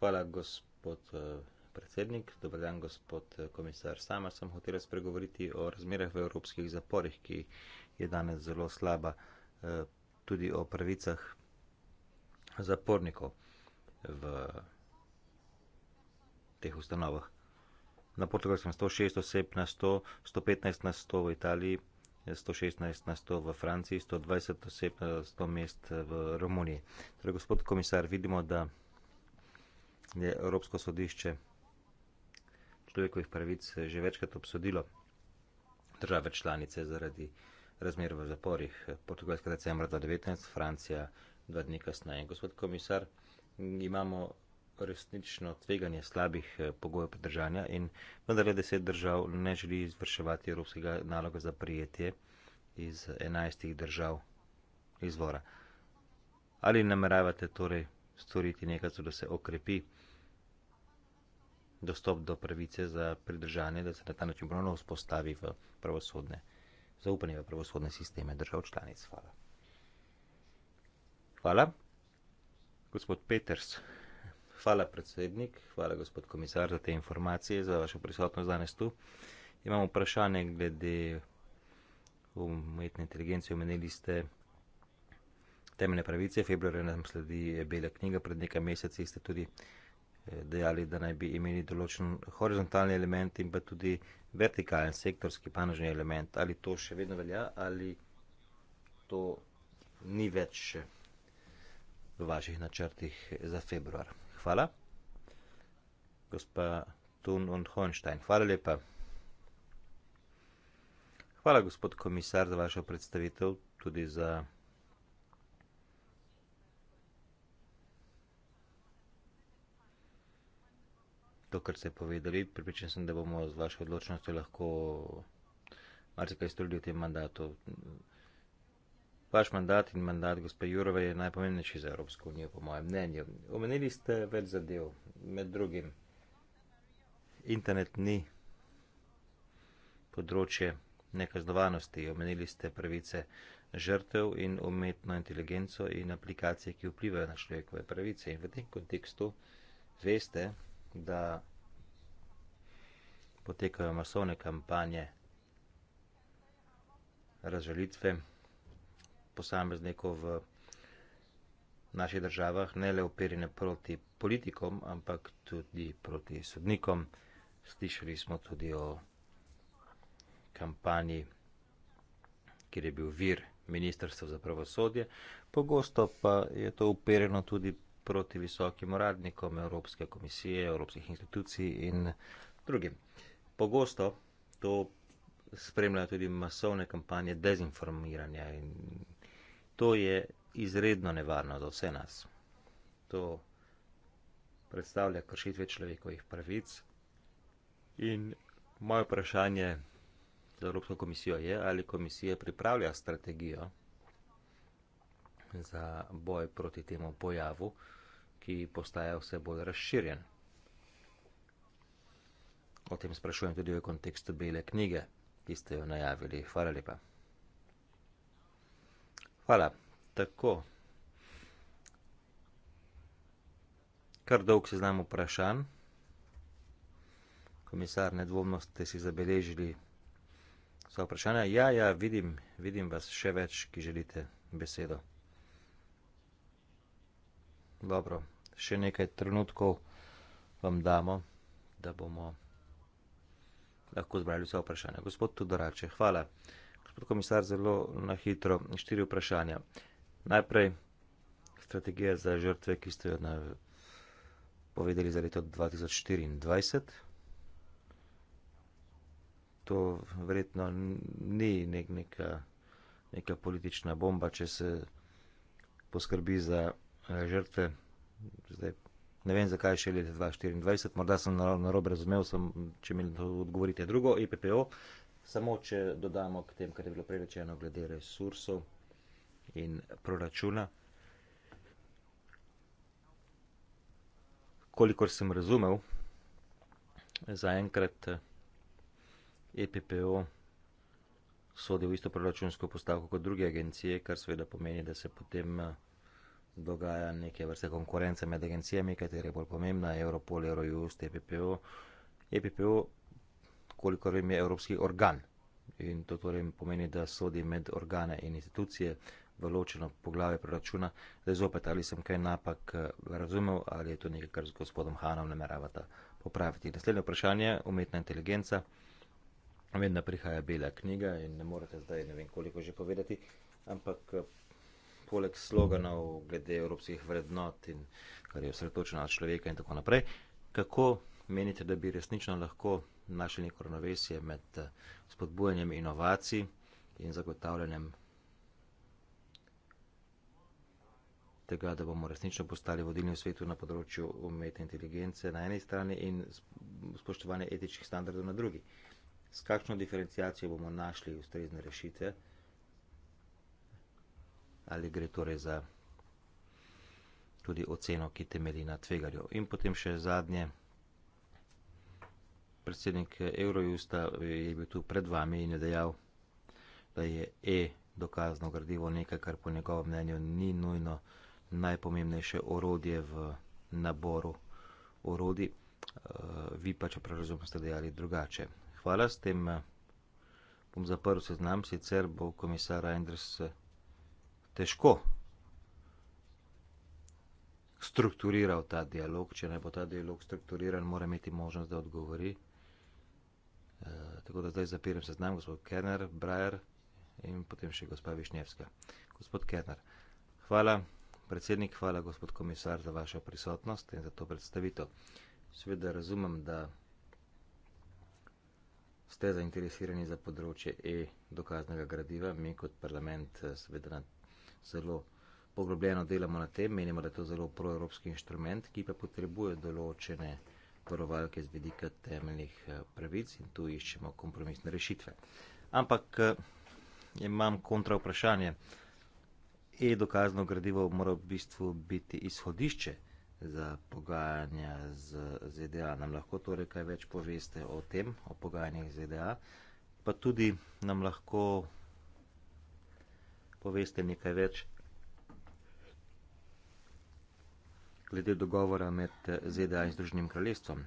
Hvala, gospod eh, predsednik. Dobar dan, gospod komisar. Sama sem hotela spregovoriti o razmerah v evropskih zaporih, ki je danes zelo slaba, tudi o pravicah zapornikov v teh ustanovah. Na portugalskem 106 oseb na 100, 115 na 100 v Italiji, 116 na 100 v Franciji, 120 oseb na 100 mest v Romuniji. Torej, gospod komisar, vidimo, da je Evropsko sodišče človekovih pravic že večkrat obsodilo države članice zaradi razmer v zaporih. Portugalska decembra 2019, Francija dva dni kasneje. Gospod komisar, imamo resnično tveganje slabih eh, pogojev pridržanja in vendar je deset držav ne želi izvrševati evropskega naloga za prijetje iz enajstih držav izvora. Ali nameravate torej storiti nekaj, da se okrepi dostop do pravice za pridržanje, da se na ta način ponovno vzpostavi v pravosodne, zaupanje v pravosodne sisteme držav članic? Hvala. Hvala. Gospod Peters. Hvala, predsednik. Hvala, gospod komisar, za te informacije, za vašo prisotnost danes tu. Imamo vprašanje glede umetne inteligence. Omenili ste temeljne pravice. Februarja nam sledi bela knjiga. Pred nekaj meseci ste tudi eh, dejali, da naj bi imeli določen horizontalni element in pa tudi vertikalen sektorski panožni element. Ali to še vedno velja ali to ni več še? v vaših načrtih za februar. Hvala. Gospa Tun und Hohenstein, hvala lepa. Hvala, gospod komisar, za vašo predstavitev, tudi za to, kar ste povedali. Pripričan sem, da bomo z vašo odločnostjo lahko marsikaj storili v tem mandatu. Vaš mandat in mandat gospe Jurove je najpomembnejši za Evropsko unijo, po mojem mnenju. Omenili ste več zadev, med drugim. Internet ni področje nekaznovanosti. Omenili ste pravice žrtev in umetno inteligenco in aplikacije, ki vplivajo na človekove pravice. In v tem kontekstu veste, da potekajo masovne kampanje razžalitve posameznikov v naših državah, ne le operjene proti politikom, ampak tudi proti sodnikom. Slišali smo tudi o kampanji, kjer je bil vir Ministrstva za pravosodje, pogosto pa je to upereno tudi proti visokim uradnikom Evropske komisije, Evropskih institucij in drugim. Pogosto to spremljajo tudi masovne kampanje dezinformiranja in to je izredno nevarno za vse nas. To predstavlja kršitve človekovih pravic. In moje vprašanje za Evropsko komisijo je, ali komisija pripravlja strategijo za boj proti temu pojavu, ki postaja vse bolj razširjen. O tem sprašujem tudi v kontekstu bele knjige, ki ste jo najavili. Hvala lepa. Hvala. Tako. Kar dolg se znam vprašan. Komisar, nedvomno ste si zabeležili vsa vprašanja. Ja, ja, vidim, vidim vas še več, ki želite besedo. Dobro, še nekaj trenutkov vam damo, da bomo lahko zbrali vsa vprašanja. Gospod Tudorače, hvala. Gospod komisar, zelo na hitro štiri vprašanja. Najprej strategija za žrtve, ki ste jo na, povedali za leto 2024. To verjetno ni nek, neka, neka politična bomba, če se poskrbi za eh, žrtve. Zdaj, ne vem, zakaj še leta 2024, morda sem narobe razumel, sem, če mi odgovorite drugo, IPPO, e Samo če dodamo k tem, kar je bilo prerečeno glede resursov in proračuna. Kolikor sem razumel, zaenkrat EPPO eh, e sodi v isto proračunsko postavko kot druge agencije, kar seveda pomeni, da se potem eh, dogaja neke vrste konkurence med agencijami, katera je bolj pomembna, Europol, Eurojust, EPPO. EPPO kolikor vem, je evropski organ. In to torej pomeni, da sodi med organe in institucije v ločeno poglavje proračuna. Zdaj zopet, ali sem kaj napak eh, razumel, ali je to nekaj, kar z gospodom Hanom nameravata popraviti. Naslednje vprašanje, umetna inteligenca. Vem, da prihaja bela knjiga in ne morete zdaj ne vem koliko že povedati, ampak eh, poleg sloganov glede evropskih vrednot in kar je osredotočeno na človeka in tako naprej, kako menite, da bi resnično lahko našli neko ravnovesje med eh, spodbujanjem inovacij in zagotavljanjem tega, da bomo resnično postali vodilni v svetu na področju umetne inteligence na eni strani in spoštovanje etičnih standardov na drugi. S kakšno diferencijacijo bomo našli ustrezne rešitve? Ali gre torej za tudi oceno, ki temelji na tvegarju? In potem še zadnje predsednik Eurojusta je bil tu pred vami in je dejal, da je E dokazno gradivo nekaj, kar po njegovem mnenju ni nujno najpomembnejše orodje v naboru orodij. Eh, vi pa, če prerazum, ste dejali drugače. Hvala s tem. Eh, bom zaprl seznam, sicer bo komisar Reinders eh, težko strukturiral ta dialog. Če ne bo ta dialog strukturiran, mora imeti možnost, da odgovori. Eh, tako da zdaj zapiram seznam, gospod Kerner, Brajer in potem še gospa Višnjevska. Gospod Kerner, hvala, predsednik, hvala, gospod komisar, za vašo prisotnost in za to predstavitev. Sveda razumem, da ste zainteresirani za področje e-dokaznega gradiva. Mi kot parlament eh, sveda zelo poglobljeno delamo na tem, menimo, da je to zelo proevropski inštrument, ki pa potrebuje določene varovalke z vidika temeljnih eh, pravic in tu iščemo kompromisne rešitve. Ampak eh, imam kontra vprašanje. E-dokazno gradivo mora v bistvu biti izhodišče za pogajanja z ZDA. Nam lahko torej kaj več poveste o tem, o pogajanjih z ZDA, pa tudi nam lahko poveste nekaj več glede dogovora med eh, ZDA in Združenim kraljestvom.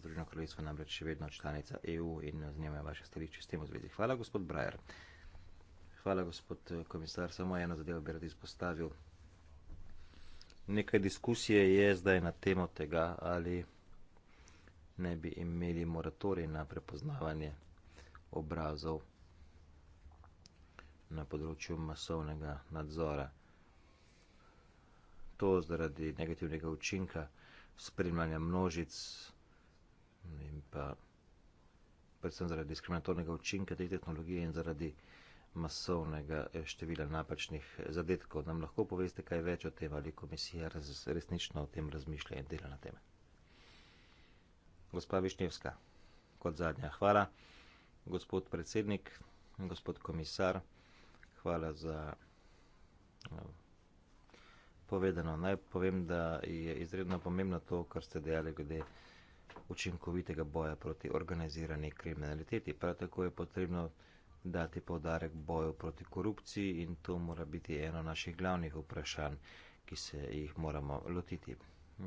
Združeno kraljestvo je namreč še vedno članica EU in eh, z njima je vaše stališče s tem v zvezi. Hvala, gospod Brajer. Hvala, gospod eh, komisar. Samo eno zadevo bi rad izpostavil. Nekaj diskusije je zdaj na temo tega, ali ne bi imeli moratori na prepoznavanje obrazov na področju masovnega nadzora to zaradi negativnega učinka spremljanja množic in pa predvsem zaradi diskriminatornega učinka te tehnologije in zaradi masovnega eh, števila napačnih zadetkov. Nam lahko poveste kaj več o tem ali komisija res, resnično o tem razmišlja in dela na tem. Gospa Višnjevska, kot zadnja hvala. Gospod predsednik, gospod komisar, hvala za no, povedano. Naj povem, da je izredno pomembno to, kar ste dejali, glede učinkovitega boja proti organizirani kriminaliteti. Prav tako je potrebno dati povdarek boju proti korupciji in to mora biti eno naših glavnih vprašanj, ki se jih moramo lotiti.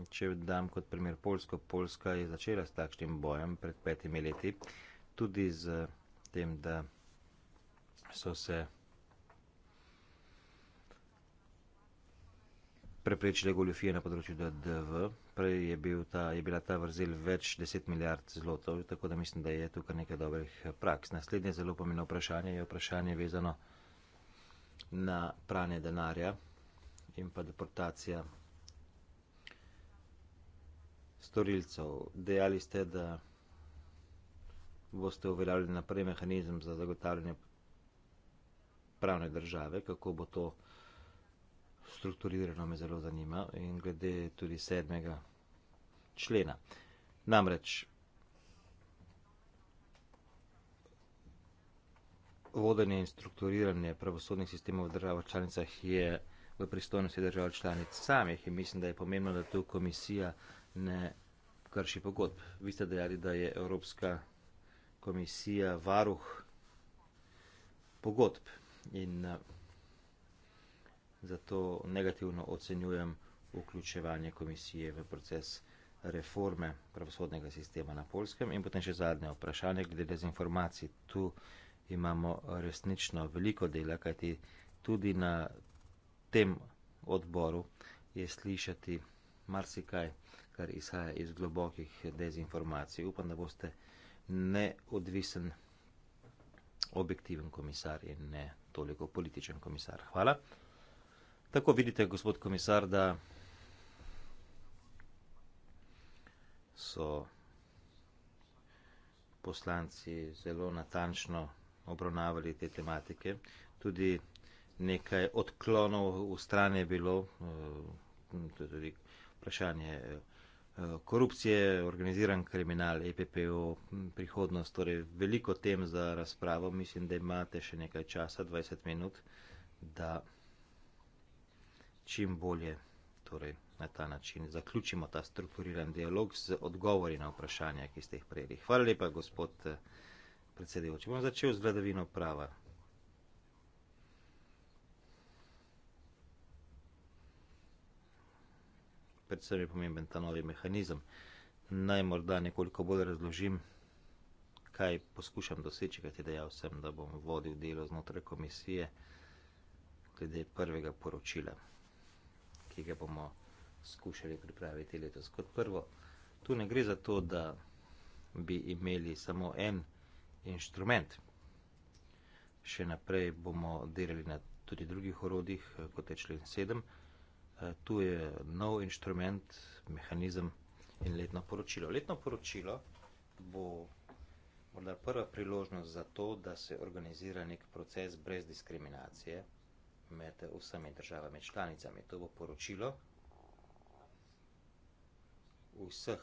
Če dam kot primer Poljsko, Poljska je začela s takšnim bojem pred petimi leti, tudi z tem, da so se preprečile goljofije na področju DDV. Prej je, bil ta, je bila ta vrzel več deset milijard zlotov, tako da mislim, da je tukaj nekaj dobrih praks. Naslednje zelo pomembno vprašanje je vprašanje vezano na pranje denarja in pa deportacija storilcev. Dejali ste, da boste uveljavljali naprej mehanizem za zagotavljanje pravne države, kako bo to strukturirano me zelo zanima in glede tudi sedmega člena. Namreč vodenje in strukturiranje pravosodnih sistemov v državah članicah je v pristojnosti držav članic samih in mislim, da je pomembno, da tu komisija ne krši pogodb. Vi ste dejali, da je Evropska komisija varuh pogodb in eh, zato negativno ocenjujem vključevanje komisije v proces reforme pravosodnega sistema na polskem. In potem še zadnje vprašanje glede dezinformacij. Tu imamo resnično veliko dela, kajti tudi na tem odboru je slišati marsikaj, kar izhaja iz globokih dezinformacij. Upam, da boste neodvisen objektiven komisar in ne toliko političen komisar. Hvala. Tako vidite, gospod komisar, da so poslanci zelo natančno obravnavali te tematike. Tudi nekaj odklonov v stran je bilo, eh, tudi vprašanje eh, korupcije, organiziran kriminal, EPPO, prihodnost, torej veliko tem za razpravo. Mislim, da imate še nekaj časa, 20 minut, da čim bolje torej, na ta način zaključimo ta strukturiran dialog z odgovori na vprašanja, ki ste jih prejeli. Hvala lepa, gospod predsedujoči. Bom začel z vladavino prava. Predvsem je pomemben ta novi mehanizem. Naj morda nekoliko bolj razložim, kaj poskušam doseči, kaj ti dejal sem, da bom vodil delo znotraj komisije glede prvega poročila ki ga bomo skušali pripraviti letos. Kot prvo, tu ne gre za to, da bi imeli samo en inštrument. Še naprej bomo delali na tudi drugih orodjih, kot je člen 7. Eh, tu je nov inštrument, mehanizem in letno poročilo. Letno poročilo bo morda prva priložnost za to, da se organizira nek proces brez diskriminacije med vsemi državami članicami. To bo poročilo vseh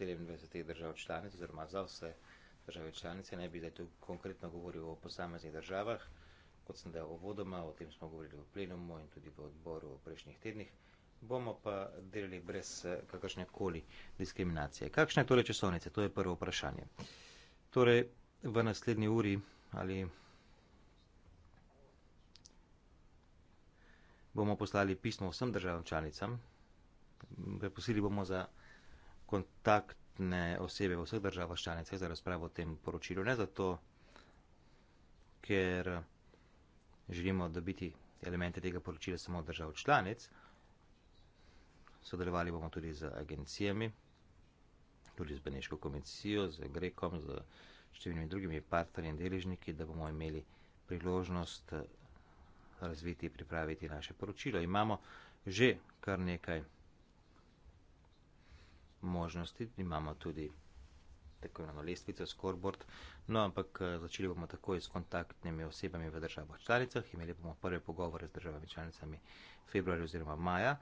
27 eh, držav članic, oziroma za vse države članice. Ne bi zdaj tu konkretno govoril o posameznih državah, kot sem dejal uvodoma, o tem smo govorili v plenumu in tudi v odboru v prejšnjih tednih. Bomo pa delali brez eh, kakršne koli diskriminacije. Kakšne je torej časovnice? To je prvo vprašanje. Torej, v naslednji uri ali bomo poslali pismo vsem državam članicam, preposili bomo za kontaktne osebe v vseh državah članicah za razpravo o tem poročilu. Ne zato, ker želimo dobiti elemente tega poročila samo držav članic, sodelovali bomo tudi z agencijami, tudi z Beneško komisijo, z GRECOM, z številnimi drugimi partnerji in deležniki, da bomo imeli priložnost razviti, pripraviti naše poročilo. Imamo že kar nekaj možnosti, imamo tudi tako imenovano lestvico, scoreboard, no ampak eh, začeli bomo takoj s kontaktnimi osebami v državah članicah, imeli bomo prve pogovore z državami članicami februarja oziroma maja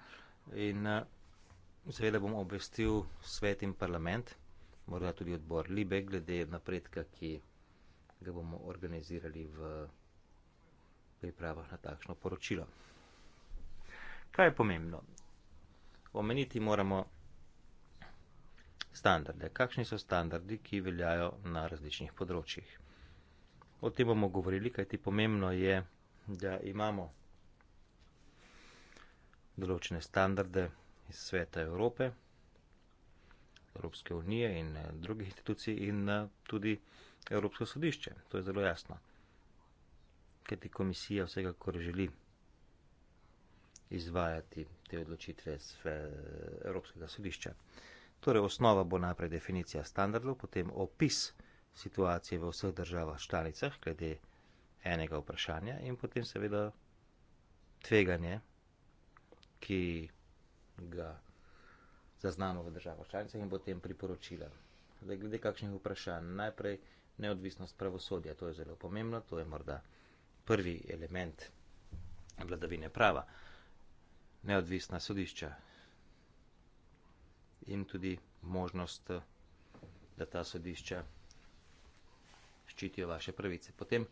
in eh, seveda bom obvestil svet in parlament, morda tudi odbor Libe, glede napredka, ki ga bomo organizirali v pripravah na takšno poročilo. Kaj je pomembno? Omeniti moramo standarde. Kakšni so standardi, ki veljajo na različnih področjih? O tem bomo govorili, kajti pomembno je, da imamo določene standarde iz sveta Evrope, Evropske unije in drugih institucij in eh, tudi Evropsko sodišče. To je zelo jasno ker ti komisija vsekakor želi izvajati te odločitve z Evropskega sodišča. Torej, osnova bo najprej definicija standardov, potem opis situacije v vseh državah članicah, glede enega vprašanja, in potem seveda tveganje, ki ga zaznamo v državah članicah, in potem priporočila. Zdaj, glede kakšnih vprašanj, najprej neodvisnost pravosodja, to je zelo pomembno, to je morda prvi element vladavine prava, neodvisna sodišča in tudi možnost, da ta sodišča ščitijo vaše pravice. Potem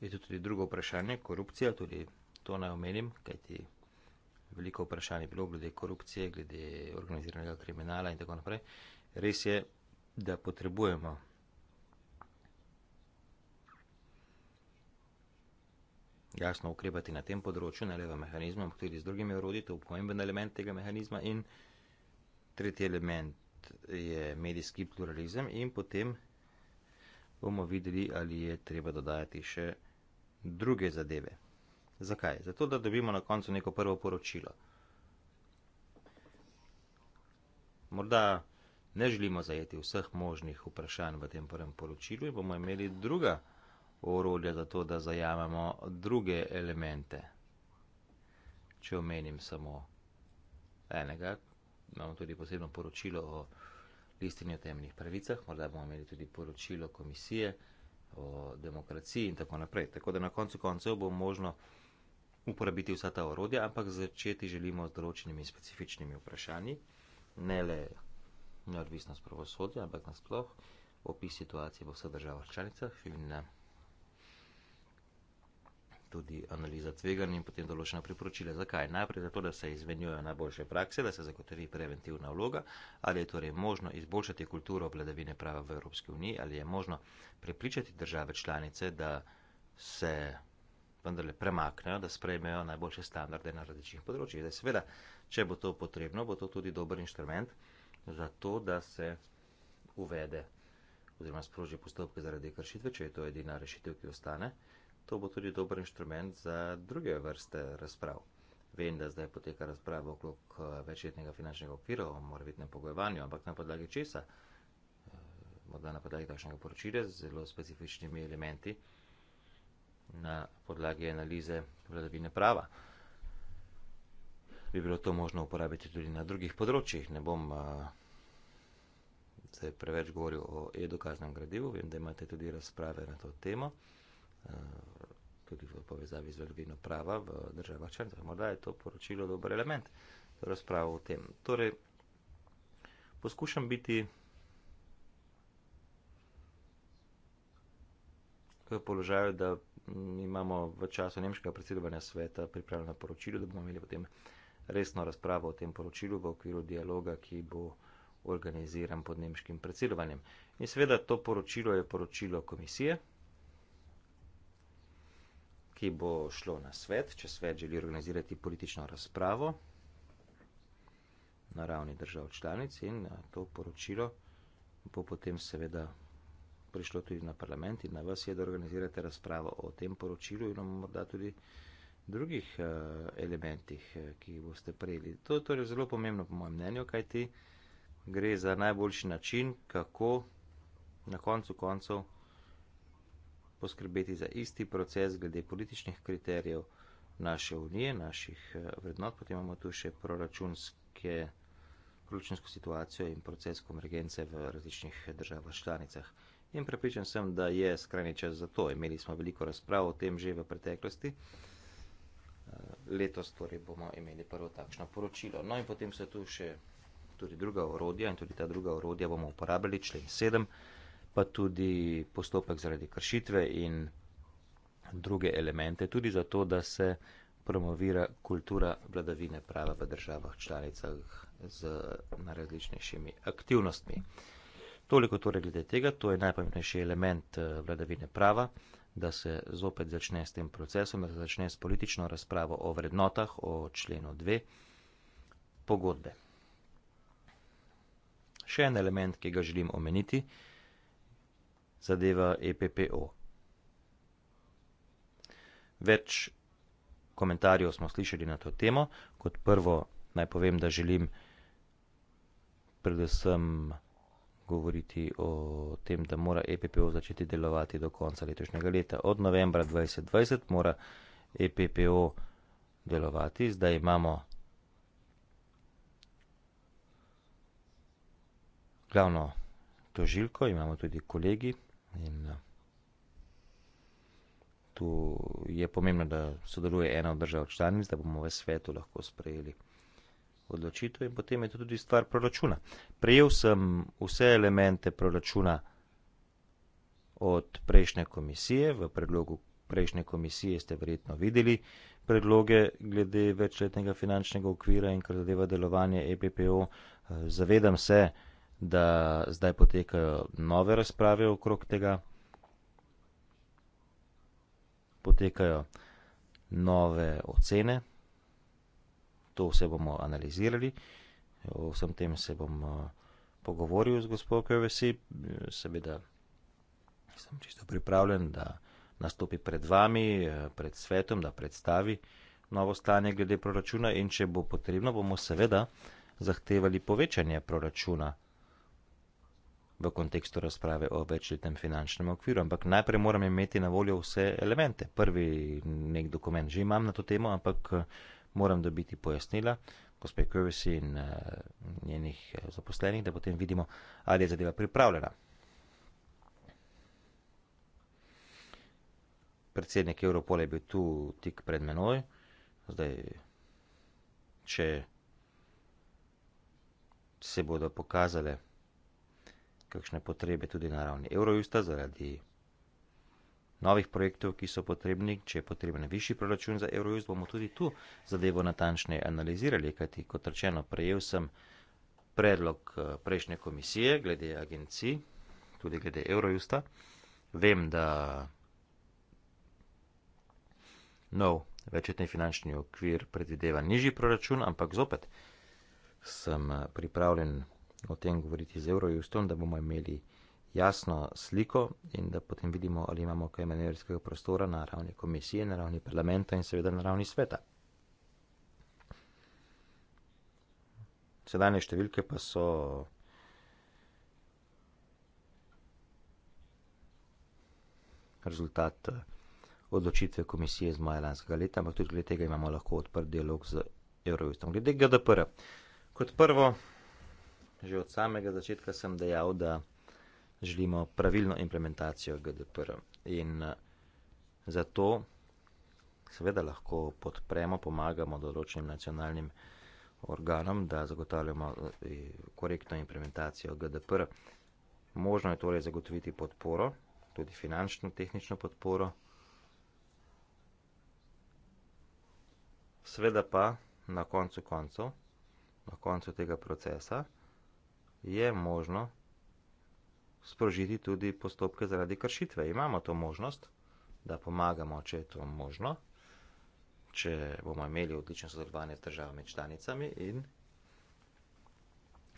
je tu tudi drugo vprašanje, korupcija, tudi to naj omenim, kajti veliko vprašanje je bilo glede korupcije, glede organiziranega kriminala in tako naprej. Res je, da potrebujemo jasno ukrepati na tem področju, ne le v mehanizmu, ampak tudi z drugimi urodji, to je pomemben element tega mehanizma. In tretji element je medijski pluralizem, in potem bomo videli, ali je treba dodajati še druge zadeve. Zakaj? Zato, da dobimo na koncu neko prvo poročilo. Morda ne želimo zajeti vseh možnih vprašanj v tem prvem poročilu in bomo imeli druga orodja za to, da zajamemo druge elemente. Če omenim samo enega, imamo tudi posebno poročilo o listinju temnih pravicah, morda bomo imeli tudi poročilo komisije o demokraciji in tako naprej. Tako da na koncu koncev bo možno uporabiti vsa ta orodja, ampak začeti želimo z določenimi specifičnimi vprašanji, ne le neodvisnost pravosodja, ampak nasploh opis situacije v vseh državah članicah in na tudi analiza tveganja in potem določena priporočila. Zakaj? Najprej zato, da se izmenjujejo najboljše prakse, da se zagotovi preventivna vloga, ali je torej možno izboljšati kulturo vladavine prava v Evropski uniji, ali je možno prepričati države članice, da se vendarle premaknejo, da sprejmejo najboljše standarde na različnih področjih. Zdaj, seveda, če bo to potrebno, bo to tudi dober inštrument za to, da se uvede oziroma sproži postopke zaradi kršitve, če je to edina rešitev, ki ostane to bo tudi dober inštrument za druge vrste razprav. Vem, da zdaj poteka razprava okrog eh, večletnega finančnega okvira o morbitnem pogojevanju, ampak na podlagi česa, eh, morda na podlagi takšnega poročila z zelo specifičnimi elementi, na podlagi analize vladavine prava. Bi bilo to možno uporabiti tudi na drugih področjih. Ne bom uh, eh, se preveč govoril o e-dokaznem gradivu, vem, da imate tudi razprave na to temo. Eh, tudi v povezavi z vladavino prava v državah članicah. Morda je to poročilo dober element razprave o tem. Torej, poskušam biti v položaju, da imamo v času nemškega predsedovanja sveta pripravljeno poročilo, da bomo imeli potem resno razpravo o tem poročilu v okviru dialoga, ki bo organiziran pod nemškim predsedovanjem. In seveda to poročilo je poročilo komisije ki bo šlo na svet, če svet želi organizirati politično razpravo na ravni držav članic in eh, to poročilo bo potem seveda prišlo tudi na parlament in na vas je, da organizirate razpravo o tem poročilu in o morda tudi drugih eh, elementih, eh, ki jih boste prejeli. To je torej zelo pomembno po mojem mnenju, kaj ti gre za najboljši način, kako na koncu koncev poskrbeti za isti proces glede političnih kriterijev naše unije, naših eh, vrednot, potem imamo tu še proračunske, proračunsko situacijo in proces konvergence v različnih državah članicah. In prepričan sem, da je skrajni čas za to. Imeli smo veliko razprav o tem že v preteklosti. Eh, letos torej bomo imeli prvo takšno poročilo. No in potem so tu še tudi druga orodja in tudi ta druga orodja bomo uporabili, člen 7 pa tudi postopek zaradi kršitve in druge elemente, tudi zato, da se promovira kultura vladavine prava v državah članicah z najrazličnejšimi aktivnostmi. Toliko torej glede tega, to je najpomembnejši element eh, vladavine prava, da se zopet začne s tem procesom, da se začne s politično razpravo o vrednotah, o členu 2 pogodbe. Še en element, ki ga želim omeniti, zadeva EPPO. Več komentarjev smo slišali na to temo. Kot prvo naj povem, da želim predvsem govoriti o tem, da mora EPPO začeti delovati do konca letošnjega leta. Od novembra 2020 mora EPPO delovati. Zdaj imamo glavno tožilko, imamo tudi kolegi, In, ja. tu je pomembno, da sodeluje ena od držav članic, da bomo v svetu lahko sprejeli odločitev in potem je to tudi stvar proračuna. Prejel sem vse elemente proračuna od prejšnje komisije, v predlogu prejšnje komisije ste verjetno videli predloge glede večletnega finančnega okvira in kar zadeva delovanje EPPO. Zavedam se, da da zdaj potekajo nove razprave okrog tega. Potekajo nove ocene, to vse bomo analizirali, o vsem tem se bom eh, pogovoril z gospodom Kovesi, seveda sem čisto pripravljen, da nastopi pred vami, eh, pred svetom, da predstavi novo stanje glede proračuna in če bo potrebno, bomo seveda zahtevali povečanje proračuna v kontekstu razprave o večletnem finančnem okviru, ampak najprej moram imeti na voljo vse elemente. Prvi nek dokument že imam na to temo, ampak eh, moram dobiti pojasnila gospe Kövesi in eh, njenih eh, zaposlenih, da potem vidimo, ali je zadeva pripravljena. Predsednik Evropol je bil tu tik pred menoj. Zdaj, če se bodo pokazale kakšne potrebe tudi na ravni Eurojusta zaradi novih projektov, ki so potrebni, če je potreben višji proračun za Eurojust, bomo tudi tu zadevo natančneje analizirali, kajti kot rečeno, prejel sem predlog eh, prejšnje komisije glede agencij, tudi glede Eurojusta. Vem, da nov večetni finančni okvir predvideva nižji proračun, ampak zopet sem eh, pripravljen o tem govoriti z Eurojustom, da bomo imeli jasno sliko in da potem vidimo, ali imamo kaj manevrskega prostora na ravni komisije, na ravni parlamenta in seveda na ravni sveta. Sedajne številke pa so rezultat eh, odločitve komisije iz maja lanskega leta, ampak tudi glede tega imamo lahko odprt dialog z Eurojustom. Glede GDPR. Kot prvo, že od samega začetka sem dejal, da želimo pravilno implementacijo GDPR. In eh, zato seveda lahko podpremo, pomagamo določenim nacionalnim organom, da zagotavljamo eh, korektno implementacijo GDPR. Možno je torej zagotoviti podporo, tudi finančno, tehnično podporo. Sveda pa na koncu koncev, na koncu tega procesa, je možno sprožiti tudi postopke zaradi kršitve. Imamo to možnost, da pomagamo, če je to možno, če bomo imeli odlično sodelovanje z državami članicami in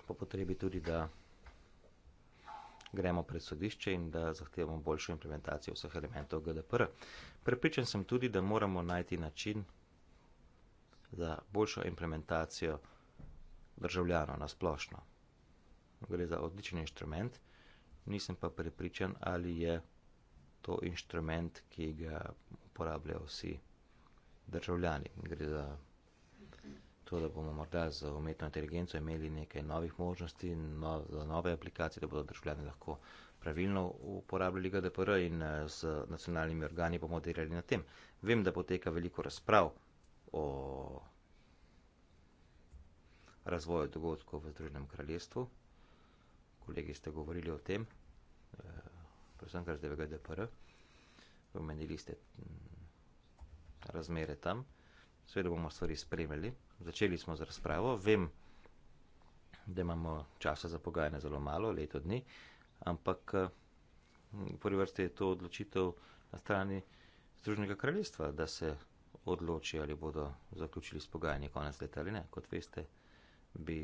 po potrebi tudi, da gremo pred sodišče in da zahtevamo boljšo implementacijo vseh elementov GDPR. Prepričan sem tudi, da moramo najti način za boljšo implementacijo državljano na splošno gre za odličen inštrument, nisem pa prepričan, ali je to inštrument, ki ga uporabljajo vsi državljani. Gre za to, da bomo morda z umetno inteligenco imeli nekaj novih možnosti, no, za nove aplikacije, da bodo državljani lahko pravilno uporabljali GDPR in eh, z nacionalnimi organi bomo delali na tem. Vem, da poteka veliko razprav o razvoju dogodkov v Združenem kraljestvu kolegi ste govorili o tem, eh, predvsem kar zdaj v GDPR, omenili ste mm, razmere tam, seveda bomo stvari spremljali. Začeli smo z razpravo, vem, da imamo časa za pogajanje zelo malo, leto dni, ampak eh, v prvi vrsti je to odločitev na strani Združenega kraljestva, da se odloči, ali bodo zaključili s pogajanje konec leta ali ne. Kot veste, bi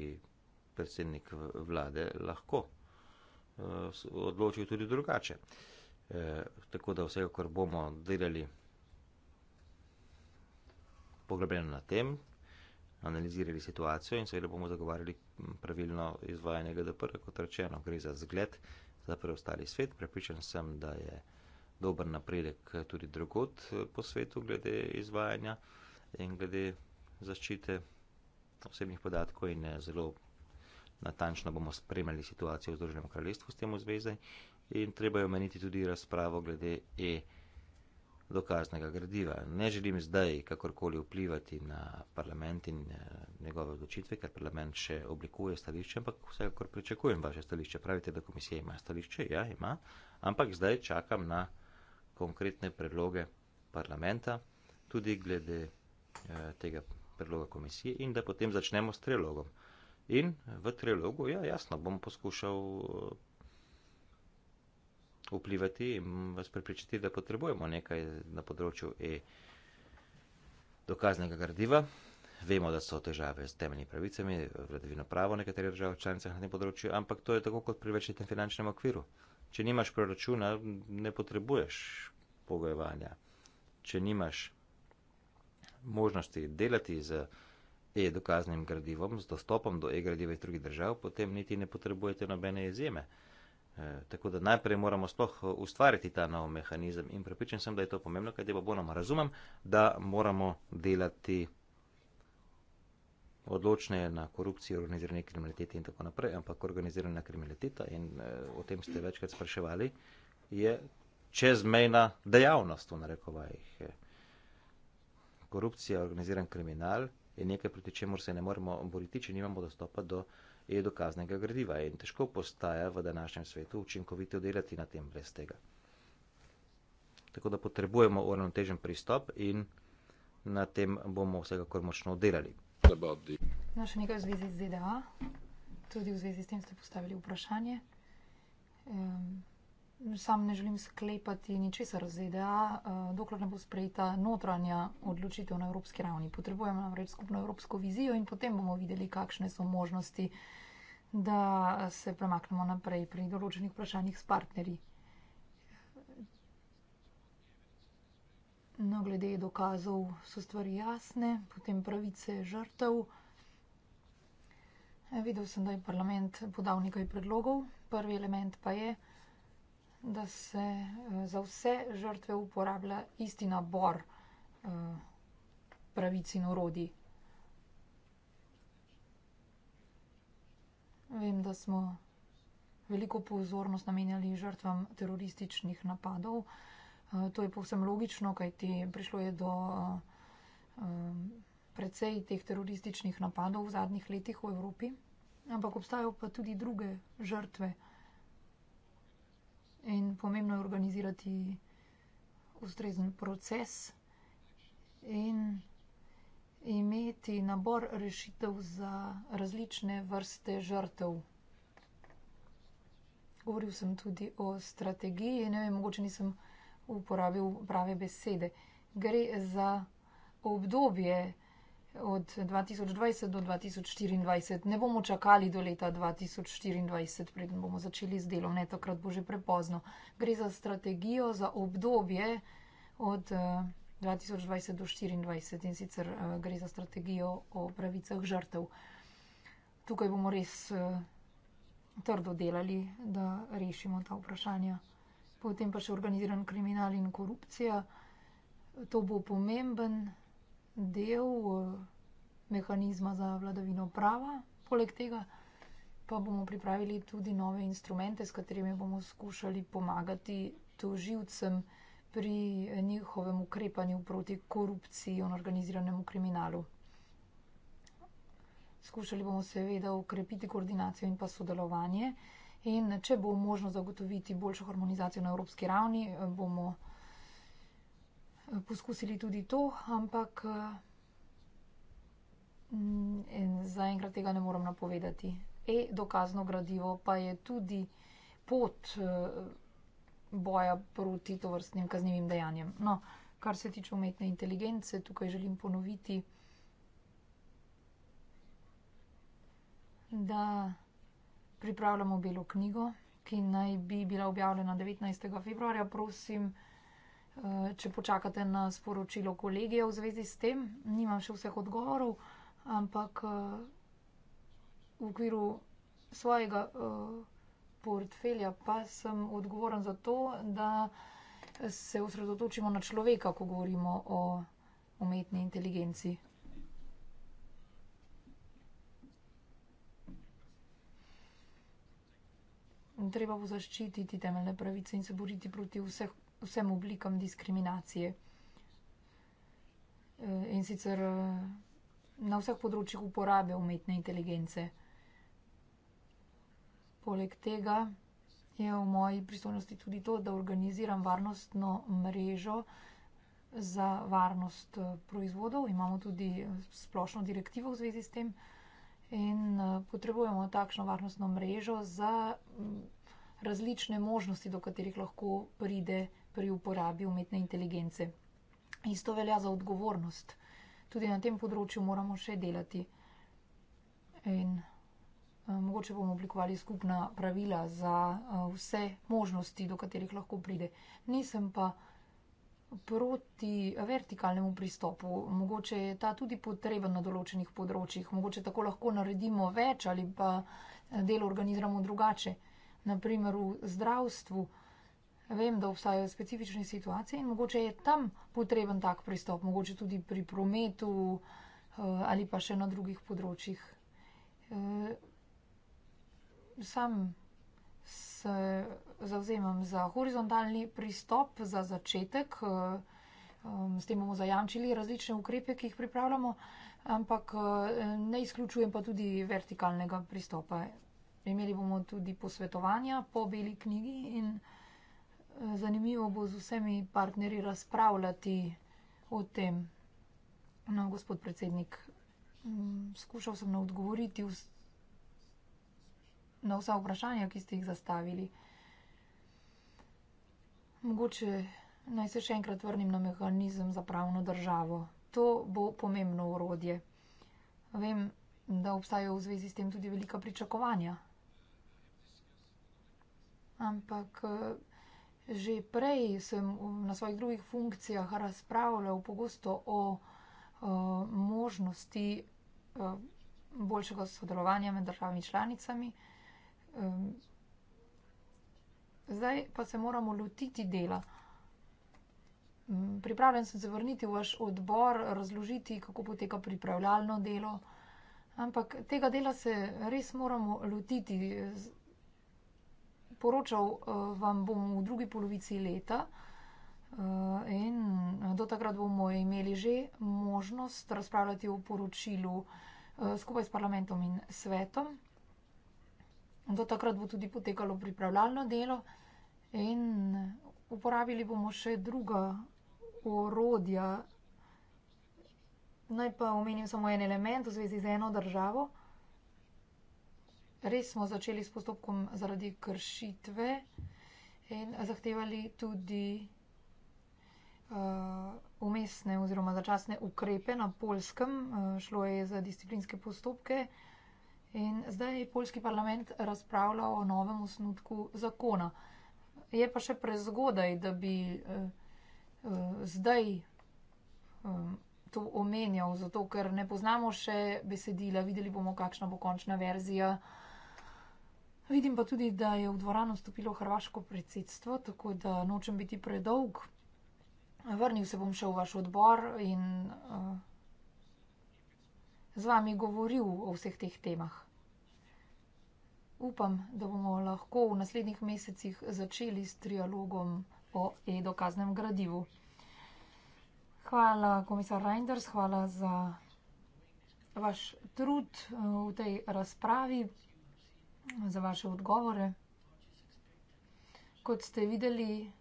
predsednik vlade lahko eh, odločil tudi drugače. Eh, tako da vse, kar bomo delali, poglobljeno na tem, analizirali situacijo in seveda bomo zagovarjali pravilno izvajanje GDPR, kot rečeno, gre za zgled za preostali svet. Prepričan sem, da je dober napredek tudi drugot eh, po svetu glede izvajanja in glede zaščite osebnih podatkov in je zelo natančno bomo spremljali situacijo v Združenem kraljestvu s tem v zvezi in treba je omeniti tudi razpravo glede e dokaznega gradiva. Ne želim zdaj kakorkoli vplivati na parlament in eh, njegove odločitve, ker parlament še oblikuje stališče, ampak vsekakor pričakujem vaše stališče. Pravite, da komisija ima stališče, ja, ima, ampak zdaj čakam na konkretne predloge parlamenta, tudi glede eh, tega predloga komisije in da potem začnemo s trilogom. In v trilogu, ja, jasno, bom poskušal eh, vplivati in vas pripričati, da potrebujemo nekaj na področju e-dokaznega gradiva. Vemo, da so težave s temeljnimi pravicami, vladavino pravo nekateri držav članicah na tem področju, ampak to je tako kot pri večletnem finančnem okviru. Če nimaš proračuna, ne potrebuješ pogojevanja. Če nimaš možnosti delati z e-dokaznim gradivom, z dostopom do e-gradiva iz drugih držav, potem niti ne potrebujete nobene izjeme. E, tako da najprej moramo sploh ustvariti ta nov mehanizem in prepričan sem, da je to pomembno, kaj debo bonom razumem, da moramo delati odločne na korupciji, organizirane kriminalitete in tako naprej, ampak organizirana kriminaliteta in e, o tem ste večkrat spraševali, je čezmejna dejavnost v narekovajih. E. Korupcija, organiziran kriminal, je nekaj, proti čemur se ne moremo boriti, če nimamo dostopa do e-dokaznega gradiva. In težko postaja v današnjem svetu učinkovito delati na tem brez tega. Tako da potrebujemo uravnotežen pristop in na tem bomo vsekakor močno delali. No, še nekaj v zvezi z ZDA. Tudi v zvezi s tem ste postavili vprašanje. Um, Sam ne želim sklepati ničesar ZDA, eh, dokler ne bo sprejeta notranja odločitev na evropski ravni. Potrebujemo namreč skupno evropsko vizijo in potem bomo videli, kakšne so možnosti, da se premaknemo naprej pri določenih vprašanjih s partnerji. No, glede dokazov so stvari jasne, potem pravice žrtev. Videl sem, da je parlament podal nekaj predlogov. Prvi element pa je, da da se eh, za vse žrtve uporablja isti nabor eh, pravic in urodi. Vem, da smo veliko pozornost namenjali žrtvam terorističnih napadov. Eh, to je povsem logično, kajti prišlo je do precej teh terorističnih napadov v zadnjih letih v Evropi. Ampak obstajajo pa tudi druge žrtve in pomembno je organizirati ustrezen proces in imeti nabor rešitev za različne vrste žrtev. Govoril sem tudi o strategiji, ne vem, mogoče nisem uporabil prave besede. Gre za obdobje, od 2020 do 2024. Ne bomo čakali do leta 2024, preden bomo začeli z delom, ne takrat bo že prepozno. Gre za strategijo za obdobje od 2020 eh, do 2024 in sicer eh, gre za strategijo o pravicah žrtev. Tukaj bomo res eh, trdo delali, da rešimo ta vprašanja. Potem pa še organiziran kriminal in korupcija. To bo pomemben del uh, mehanizma za vladavino prava. Poleg tega pa bomo pripravili tudi nove instrumente, s katerimi bomo skušali pomagati toživcem pri njihovem ukrepanju proti korupciji in organiziranemu kriminalu. Skušali bomo seveda ukrepiti koordinacijo in pa sodelovanje in če bo možno zagotoviti boljšo harmonizacijo na evropski ravni, eh, bomo poskusili tudi to, ampak mm, zaenkrat tega ne moram napovedati. E, dokazno gradivo pa je tudi pot boja proti tovrstnim kaznjivim dejanjem. No, kar se tiče umetne inteligence, tukaj želim ponoviti, da pripravljamo belo knjigo, ki naj bi bila objavljena 19. februarja. Prosim, Eh, če počakate na sporočilo kolegije v zvezi s tem. Nimam še vseh odgovorov, ampak eh, v okviru svojega eh, portfelja pa sem odgovoren za to, da se osredotočimo na človeka, ko govorimo o umetni inteligenci. Treba bo zaščititi temeljne pravice in se boriti proti vseh vsem oblikam diskriminacije. Eh, in sicer eh, na vseh področjih uporabe umetne inteligence. Poleg tega je v moji pristojnosti tudi to, da organiziram varnostno mrežo za varnost eh, proizvodov. Imamo tudi splošno direktivo v zvezi s tem in potrebujemo takšno varnostno mrežo za mm, različne možnosti, do katerih lahko pride pri uporabi umetne inteligence. Isto velja za odgovornost. Tudi na tem področju moramo še delati. In eh, mogoče bomo oblikovali skupna pravila za eh, vse možnosti, do katerih lahko pride. Nisem pa proti vertikalnemu pristopu. Mogoče je ta tudi potreben na določenih področjih. Mogoče tako lahko naredimo več ali pa eh, delo organiziramo drugače. Naprimer v zdravstvu. Vem, da obstajajo specifične situacije in mogoče je tam potreben tak pristop, mogoče tudi pri prometu eh, ali pa še na drugih področjih. Eh, sam se zavzemam za horizontalni pristop, za začetek. Eh, s tem bomo zajamčili različne ukrepe, ki jih pripravljamo, ampak ne izključujem pa tudi vertikalnega pristopa. Imeli bomo tudi posvetovanja po beli knjigi in zanimivo bo z vsemi partnerji razpravljati o tem. No, gospod predsednik, mm, skušal sem odgovoriti na vsa vprašanja, ki ste jih zastavili. Mogoče naj se še enkrat vrnim na mehanizem za pravno državo. To bo pomembno urodje. Vem, da obstajajo v zvezi s tem tudi velika pričakovanja. Ampak eh, Že prej sem na svojih drugih funkcijah razpravljal pogosto o možnosti boljšega sodelovanja med državami članicami. Zdaj pa se moramo lotiti dela. Pripravljen sem se vrniti v vaš odbor, razložiti, kako poteka pripravljalno delo, ampak tega dela se res moramo lotiti poročal eh, vam bom v drugi polovici leta eh, in eh, do takrat bomo imeli že možnost razpravljati o poročilu skupaj s parlamentom in svetom. Do takrat bo tudi potekalo pripravljalno delo in uporabili bomo še druga orodja. Naj pa omenim samo en element v zvezi z eno državo res smo začeli s postopkom zaradi kršitve in zahtevali tudi eh, umestne oziroma začasne ukrepe na polskem. Eh, šlo je za disciplinske postopke. In zdaj je polski parlament razpravljal o novem osnutku zakona. Je pa še prezgodaj, da bi eh, eh, zdaj eh, to omenjal, zato ker ne poznamo še besedila, videli bomo, kakšna bo končna verzija. Eh, Vidim pa tudi, da je v dvorano stopilo hrvaško predsedstvo, tako da nočem biti predolg. Vrnil se bom še v vaš odbor in uh, z vami govoril o vseh teh temah. Upam, da bomo lahko v naslednjih mesecih začeli s trialogom o e-dokaznem gradivu. Hvala, komisar Reinders, hvala za vaš trud eh, v tej razpravi za vaše odgovore. Kot ste videli,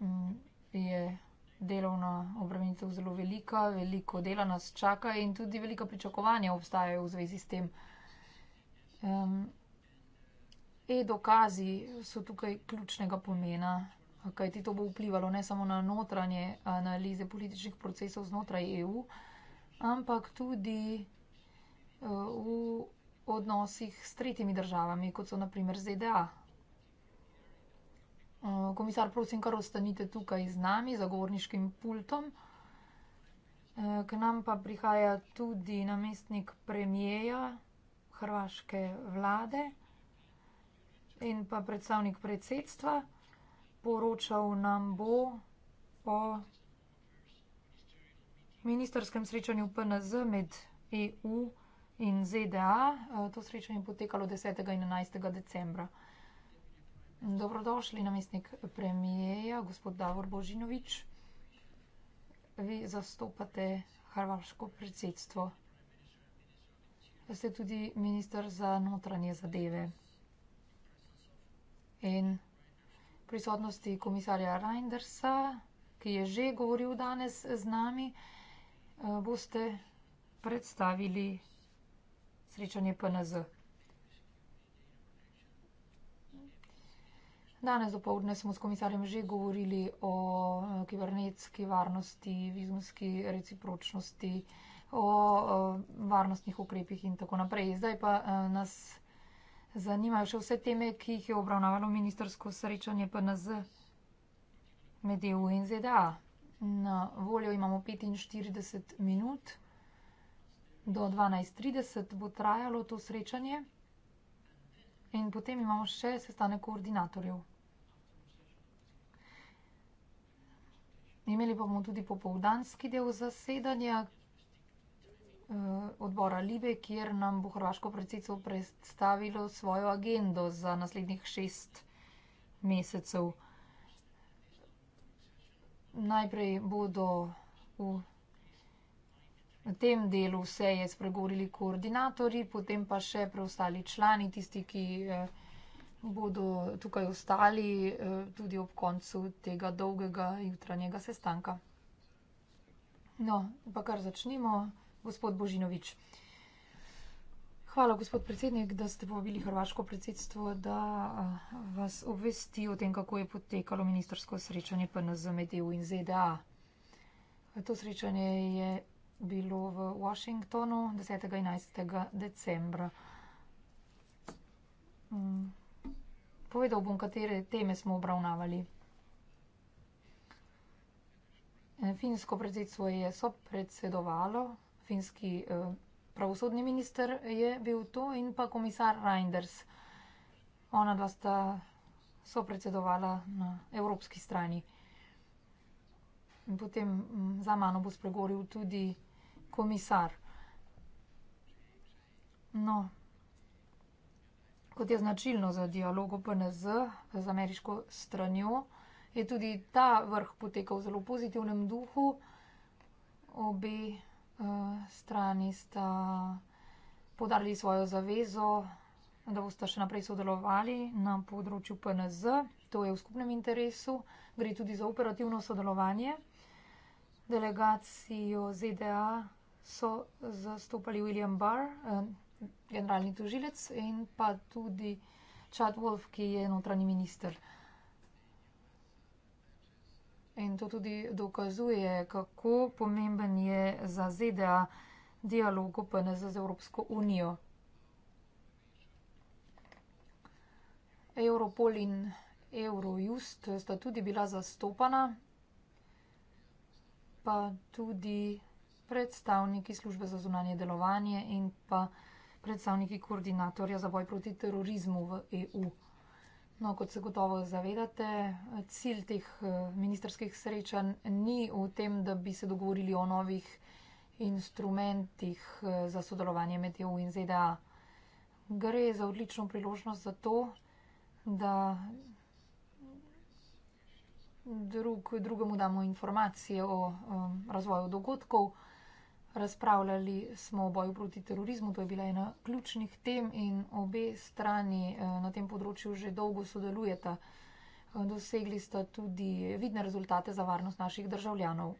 mm, je delovna obremenitev zelo velika, veliko dela nas čaka in tudi velika pričakovanja obstajajo v zvezi s tem. E-dokazi so tukaj ključnega pomena, kaj ti to bo vplivalo ne samo na notranje analize političnih procesov znotraj EU, ampak tudi eh, v v odnosih s tretjimi državami, kot so naprimer ZDA. Eh, komisar, prosim, kar ostanite tukaj z nami, zagovorniškim pultom. Eh, k nam pa prihaja tudi namestnik premijeja Hrvaške vlade in pa predstavnik predsedstva. Poročal nam bo o ministerskem srečanju PNZ med EU in EU in ZDA. Eh, to srečanje je potekalo 10. in 11. decembra. Dobrodošli, namestnik premijeja, gospod Davor Božinovič. Vi zastopate hrvaško predsedstvo. Ste tudi minister za notranje zadeve. In prisotnosti komisarja Reindersa, ki je že govoril danes z nami, eh, boste predstavili srečanje PNZ. Danes do povdne smo s komisarjem že govorili o eh, kibernetski varnosti, vizumski recipročnosti, o eh, varnostnih ukrepih in tako naprej. Zdaj pa eh, nas zanimajo še vse teme, ki jih je obravnavalo ministersko srečanje PNZ med EU in ZDA. Na voljo imamo 45 minut do 12.30 bo trajalo to srečanje in potem imamo še sestanek koordinatorjev. Imeli bomo tudi popovdanski del zasedanja eh, odbora Libe, kjer nam bo Hrvaško predsedstvo predstavilo svojo agendo za naslednjih šest mesecev. Najprej bodo v Na tem delu vse je spregovorili koordinatori, potem pa še preostali člani, tisti, ki eh, bodo tukaj ostali eh, tudi ob koncu tega dolgega jutranjega sestanka. No, pa kar začnimo. Gospod Božinovič. Hvala, gospod predsednik, da ste povabili hrvaško predsedstvo, da eh, vas obvesti o tem, kako je potekalo ministersko srečanje PNZ med EU in ZDA. To srečanje je bilo v Washingtonu 10. in 11. decembra. Mm. Povedal bom, katere teme smo obravnavali. E, finsko predsedstvo je sopredsedovalo, finski e, pravosodni minister je bil to in pa komisar Reinders. Ona dva sta sopredsedovala na evropski strani. In potem za mano bo spregovoril tudi komisar. No, kot je značilno za dialogo PNZ z ameriško stranjo, je tudi ta vrh potekal v zelo pozitivnem duhu. Obe uh, strani sta podarili svojo zavezo, da boste še naprej sodelovali na področju PNZ. To je v skupnem interesu. Gre tudi za operativno sodelovanje. Delegacijo ZDA so zastopali William Barr, eh, generalni tožilec, in pa tudi Chad Wolf, ki je notranji minister. In to tudi dokazuje, kako pomemben je za ZDA dialog OPNZ z Evropsko unijo. Europol in Eurojust sta tudi bila zastopana, pa tudi predstavniki službe za zunanje delovanje in pa predstavniki koordinatorja za boj proti terorizmu v EU. No, kot se gotovo zavedate, cilj teh eh, ministerskih srečanj ni v tem, da bi se dogovorili o novih instrumentih eh, za sodelovanje med EU in ZDA. Gre za odlično priložnost za to, da drug, drugemu damo informacije o um, razvoju dogodkov. Razpravljali smo o boju proti terorizmu, to je bila ena ključnih tem in obe strani eh, na tem področju že dolgo sodelujeta. Eh, dosegli sta tudi vidne rezultate za varnost naših državljanov.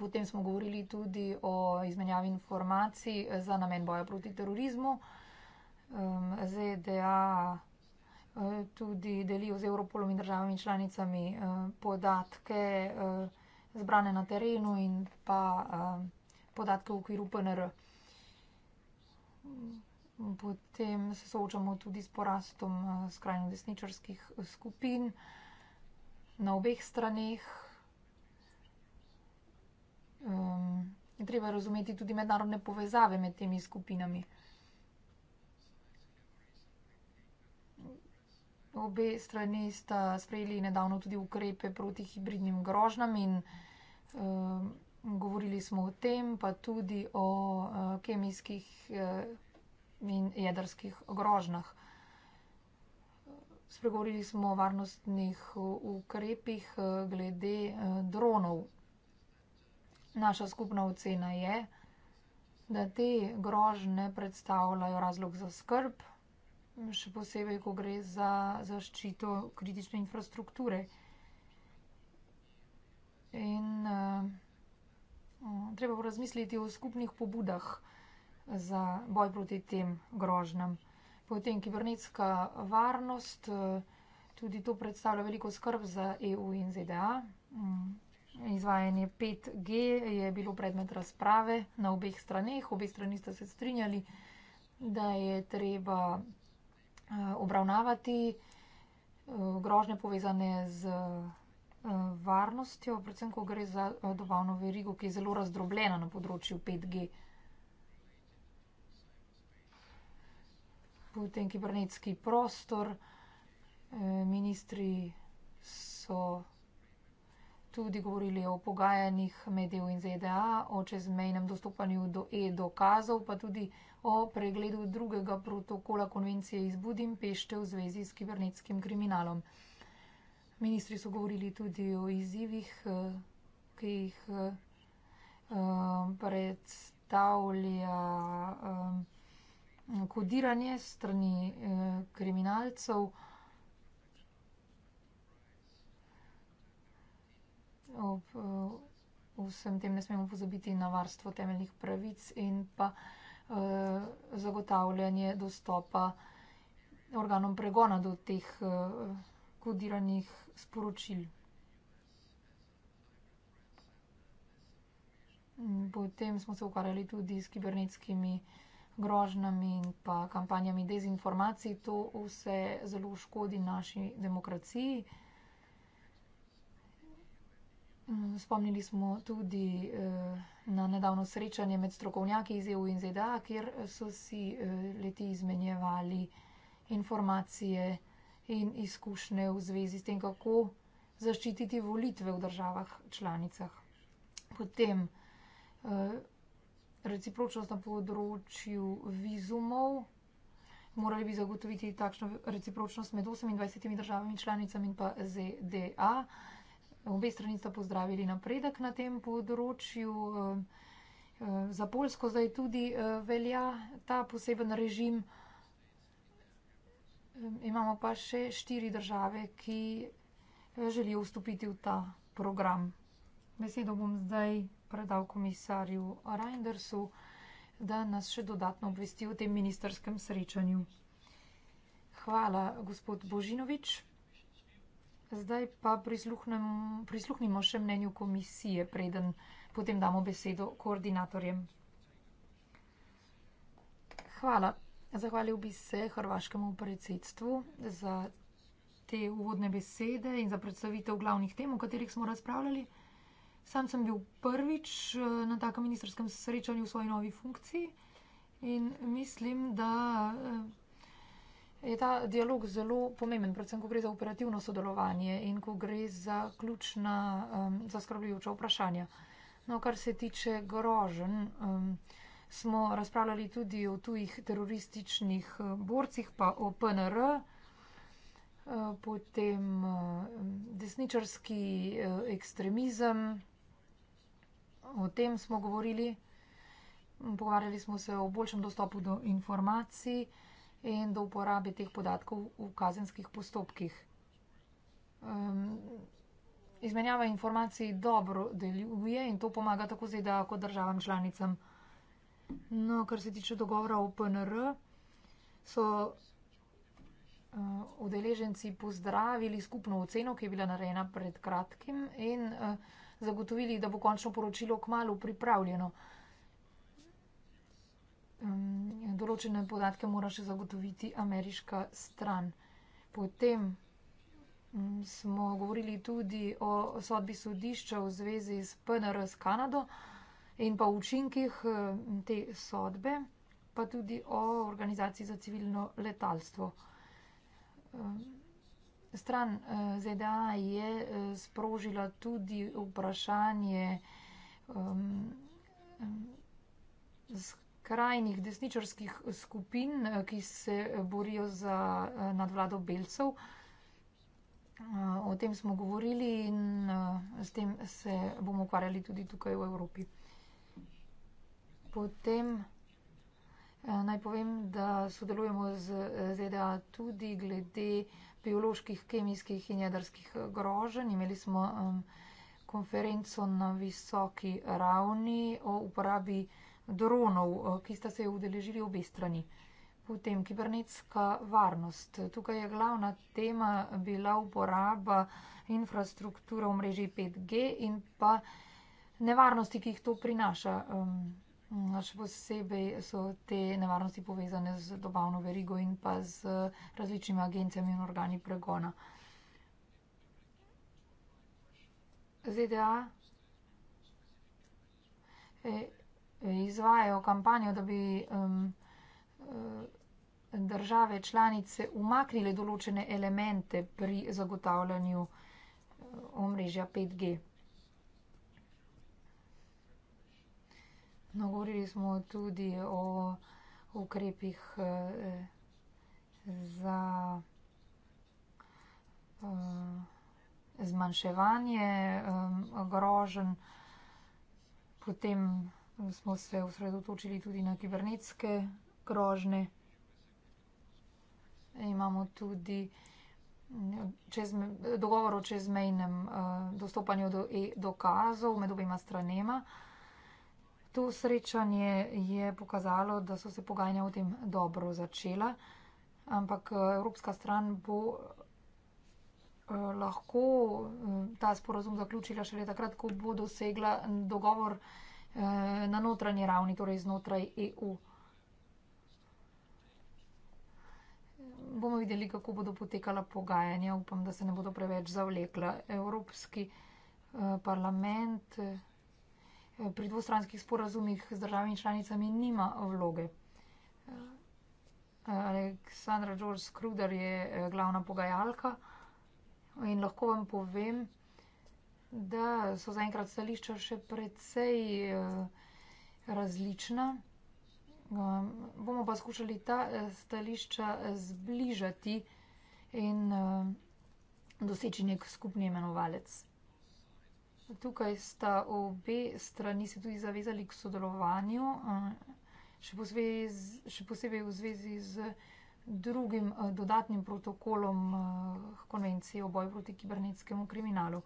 Potem smo govorili tudi o izmenjavi informacij eh, za namen boja proti terorizmu. Ehm, ZDA tudi delijo z Europolom in državami članicami podatke zbrane na terenu in pa podatke v okviru PNR. Potem se soočamo tudi s porastom eh, skrajno desničarskih eh, skupin na obeh straneh. Um, je treba razumeti tudi mednarodne povezave med temi skupinami. Obe strani sta sprejeli nedavno tudi ukrepe proti hibridnim grožnam in um, govorili smo o tem, pa tudi o eh, kemijskih eh, in jedrskih grožnah. Spregovorili smo o varnostnih eh, ukrepih glede dronov. Naša skupna ocena je, da te grožne predstavljajo razlog za skrb, še posebej, ko gre za zaščito kritične infrastrukture. In uh, Mm, treba bo razmisliti o skupnih pobudah za boj proti tem grožnjam. Potem kibernetska varnost, eh, tudi to predstavlja veliko skrb za EU in ZDA. Mm, izvajanje 5G je bilo predmet razprave na obeh straneh. Obe strani sta se strinjali, da je treba eh, obravnavati eh, grožne povezane z. Eh, varnostjo, predvsem, ko gre za eh, dobavno verigo, ki je zelo razdrobljena na področju 5G. Potem kibernetski prostor, eh, ministri so tudi govorili o pogajanjih med EU in ZDA, o čezmejnem dostopanju do e-dokazov, pa tudi o pregledu drugega protokola konvencije iz Budimpešte v zvezi s kibernetskim kriminalom. Ministri so govorili tudi o izzivih, eh, ki jih eh, eh, predstavlja kodiranje strani kriminalcev. Ob vsem tem ne smemo pozabiti na varstvo temeljnih pravic in pa zagotavljanje dostopa organom pregona do teh kodiranih sporočil. Potem smo se ukvarjali tudi s kibernetskimi grožnami in pa kampanjami dezinformacij. To vse zelo škodi naši demokraciji. Spomnili smo tudi eh, na nedavno srečanje med strokovnjaki iz EU in ZDA, kjer so si eh, leti izmenjevali informacije in izkušnje v zvezi s tem, kako zaščititi volitve v državah članicah. Potem eh, recipročnost na področju vizumov. Morali bi zagotoviti takšno recipročnost med 28 državami članicami in pa ZDA. Obe strani sta pozdravili napredek na tem področju. Eh, eh, za Polsko zdaj tudi velja ta poseben režim imamo pa še štiri države, ki eh, želijo vstopiti v ta program. Besedo bom zdaj predal komisarju Reindersu, da nas še dodatno obvesti o tem ministerskem srečanju. Hvala, gospod Božinovič. Zdaj pa prisluhnimo še mnenju komisije, preden potem damo besedo koordinatorjem. Hvala. Zahvalil bi se hrvaškemu predsedstvu za te uvodne besede in za predstavitev glavnih tem, o katerih smo razpravljali. Sam sem bil prvič eh, na takem ministerskem srečanju v svoji novi funkciji in mislim, da eh, je ta dialog zelo pomemben, predvsem, ko gre za operativno sodelovanje in ko gre za ključna, um, zaskrbljujoča vprašanja. No, kar se tiče grožen. Um, smo razpravljali tudi o tujih terorističnih eh, borcih, pa o PNR, eh, potem eh, desničarski ekstremizem, o tem smo govorili, pogovarjali smo se o boljšem dostopu do informacij in do uporabe teh podatkov v kazenskih postopkih. Izmenjava informacij dobro deluje in to pomaga tako zdaj, da kot državam članicam. No, kar se tiče dogovora v PNR, so uh, udeleženci pozdravili skupno oceno, ki je bila narejena pred kratkim in uh, zagotovili, da bo končno poročilo kmalo pripravljeno. Um, določene podatke mora še zagotoviti ameriška stran. Potem um, smo govorili tudi o sodbi sodišča v zvezi s PNR s Kanado. Uh, in pa o učinkih eh, te sodbe, pa tudi o organizaciji za civilno letalstvo. Eh, stran eh, ZDA je sprožila tudi vprašanje skrajnih desničarskih skupin, ki se borijo za nadvlado belcev. O tem smo govorili in s tem se bomo ukvarjali tudi tukaj v Evropi potem eh, naj povem, da sodelujemo z eh, ZDA tudi glede bioloških, kemijskih in jedrskih eh, groženj. Imeli smo konferenco na visoki ravni o uporabi dronov, ki sta se udeležili obe strani. Potem kibernetska varnost. Tukaj je glavna tema bila uporaba infrastrukture v mreži 5G in pa nevarnosti, ki jih to prinaša. No, še posebej so te nevarnosti povezane z dobavno verigo in pa z različnimi agencijami in organi pregona. ZDA eh, izvajajo kampanjo, da bi eh, države članice umaknile določene elemente pri zagotavljanju eh, omrežja 5G. No, govorili smo tudi o ukrepih eh, za eh, zmanjševanje eh, grožen. Potem smo se usredotočili tudi na kibernetske grožne. Imamo tudi mm, čez, dogovor o čezmejnem eh, dostopanju do e dokazov med obima stranema. Eh, to srečanje je pokazalo, da so se pogajanja o tem dobro začela, ampak eh, evropska stran bo eh, lahko eh, ta sporozum zaključila šele takrat, ko bo dosegla dogovor na notranji ravni, torej znotraj EU. Bomo videli, kako bodo potekala pogajanja. Upam, da se ne bodo preveč zavlekla. Evropski parlament pri dvostranskih sporazumih z državami članicami nima vloge. Eh, Aleksandra George Kruder je eh, glavna pogajalka in lahko vam povem, da so zaenkrat stališča še precej eh, različna. Ehm, bomo pa skušali ta stališča zbližati in doseči nek skupni imenovalec. Tukaj sta obe strani se tudi zavezali k sodelovanju, še posebej, še posebej v zvezi z drugim dodatnim protokolom konvencije o boju proti kibernetskemu kriminalu.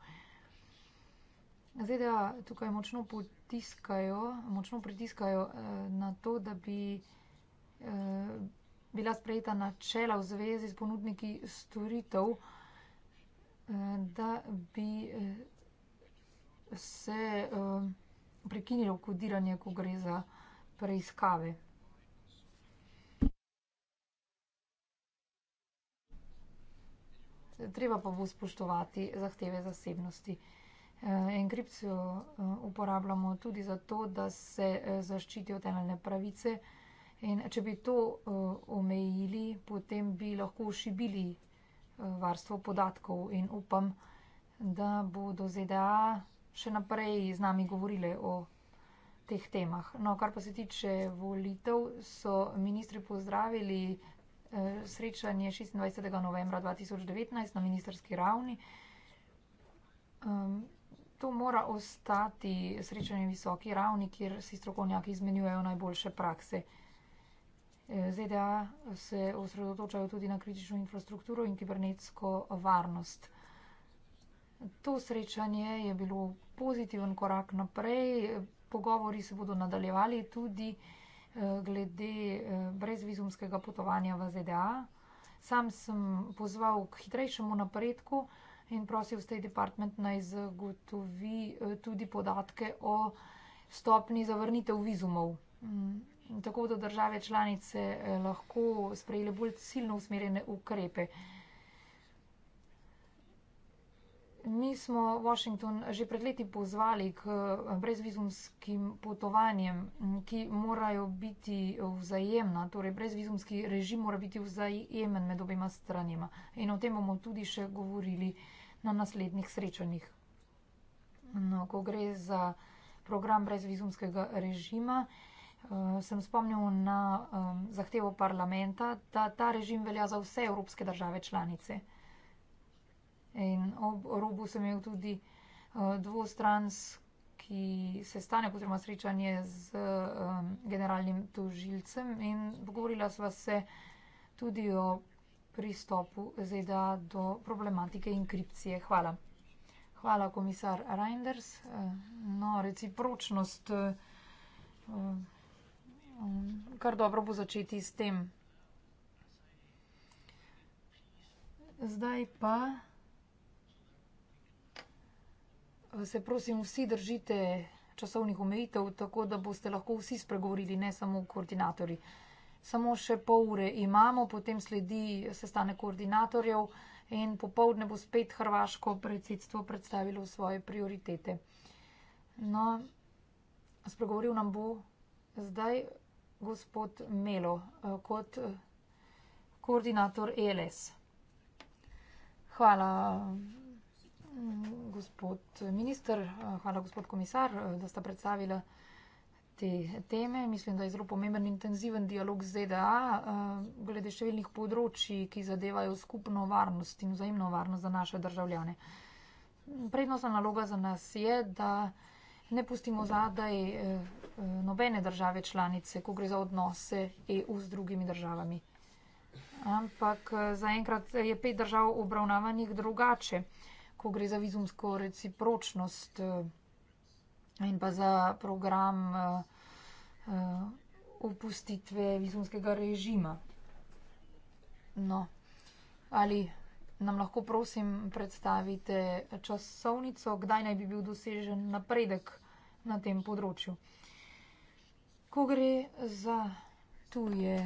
ZDA tukaj močno potiskajo, močno pritiskajo na to, da bi bila sprejeta načela v zvezi z ponudniki storitev, da bi se uh, prekinilo kodiranje, ko gre za preiskave. Treba pa bo spoštovati zahteve zasebnosti. Eh, enkripcijo eh, uporabljamo tudi zato, da se zaščitijo temeljne pravice in če bi to omejili, potem bi lahko ošibili varstvo podatkov in upam, da bodo ZDA še naprej z nami govorile o teh temah. No, kar pa se tiče volitev, so ministri pozdravili eh, srečanje 26. novembra 2019 na ministerski ravni. Um, to mora ostati srečanje visoki ravni, kjer si strokovnjaki izmenjujejo najboljše prakse. Eh, ZDA se osredotočajo tudi na kritično infrastrukturo in kibernetsko varnost. To srečanje je bilo pozitiven korak naprej. Pogovori se bodo nadaljevali tudi eh, glede eh, brezvizumskega potovanja v ZDA. Sam sem pozval k hitrejšemu napredku in prosil State Department naj zagotovi eh, tudi podatke o stopni zavrnitev vizumov. Mm, tako bodo države članice lahko sprejele bolj ciljno usmerjene ukrepe. mi smo Washington že pred leti pozvali k eh, brezvizumskim potovanjem, ki morajo biti vzajemna, torej brezvizumski režim mora biti vzajemen med obima stranima. In o tem bomo tudi še govorili na naslednjih srečanjih. No, ko gre za program brezvizumskega režima, eh, sem spomnil na eh, zahtevo parlamenta, da ta režim velja za vse evropske države članice. In ob robu sem imel tudi uh, dvostranski sestanek oziroma srečanje z um, generalnim tožilcem in pogovorila sva se tudi o pristopu ZDA do problematike inkripcije. Hvala. Hvala, komisar Reinders. Eh, no, recipročnost. Eh, kar dobro bo začeti s tem. Zdaj pa se prosim vsi držite časovnih omejitev, tako da boste lahko vsi spregovorili, ne samo koordinatorji. Samo še pol ure imamo, potem sledi sestane koordinatorjev in popovdne bo spet Hrvaško predsedstvo predstavilo svoje prioritete. No, spregovoril nam bo zdaj gospod Melo eh, kot eh, koordinator ELS. Hvala gospod eh, minister, eh, hvala gospod komisar, eh, da sta predstavila te teme. Mislim, da je zelo pomemben intenziven dialog z ZDA glede številnih področji, ki zadevajo skupno varnost in vzajemno varnost za naše državljane. Prednostna naloga za nas je, da ne pustimo zadaj nobene države članice, ko gre za odnose EU z drugimi državami. Ampak zaenkrat je pet držav obravnavanih drugače ko gre za vizumsko recipročnost eh, in pa za program eh, eh, opustitve vizumskega režima. No, ali nam lahko prosim predstavite časovnico, kdaj naj bi bil dosežen napredek na tem področju? Ko gre za tuje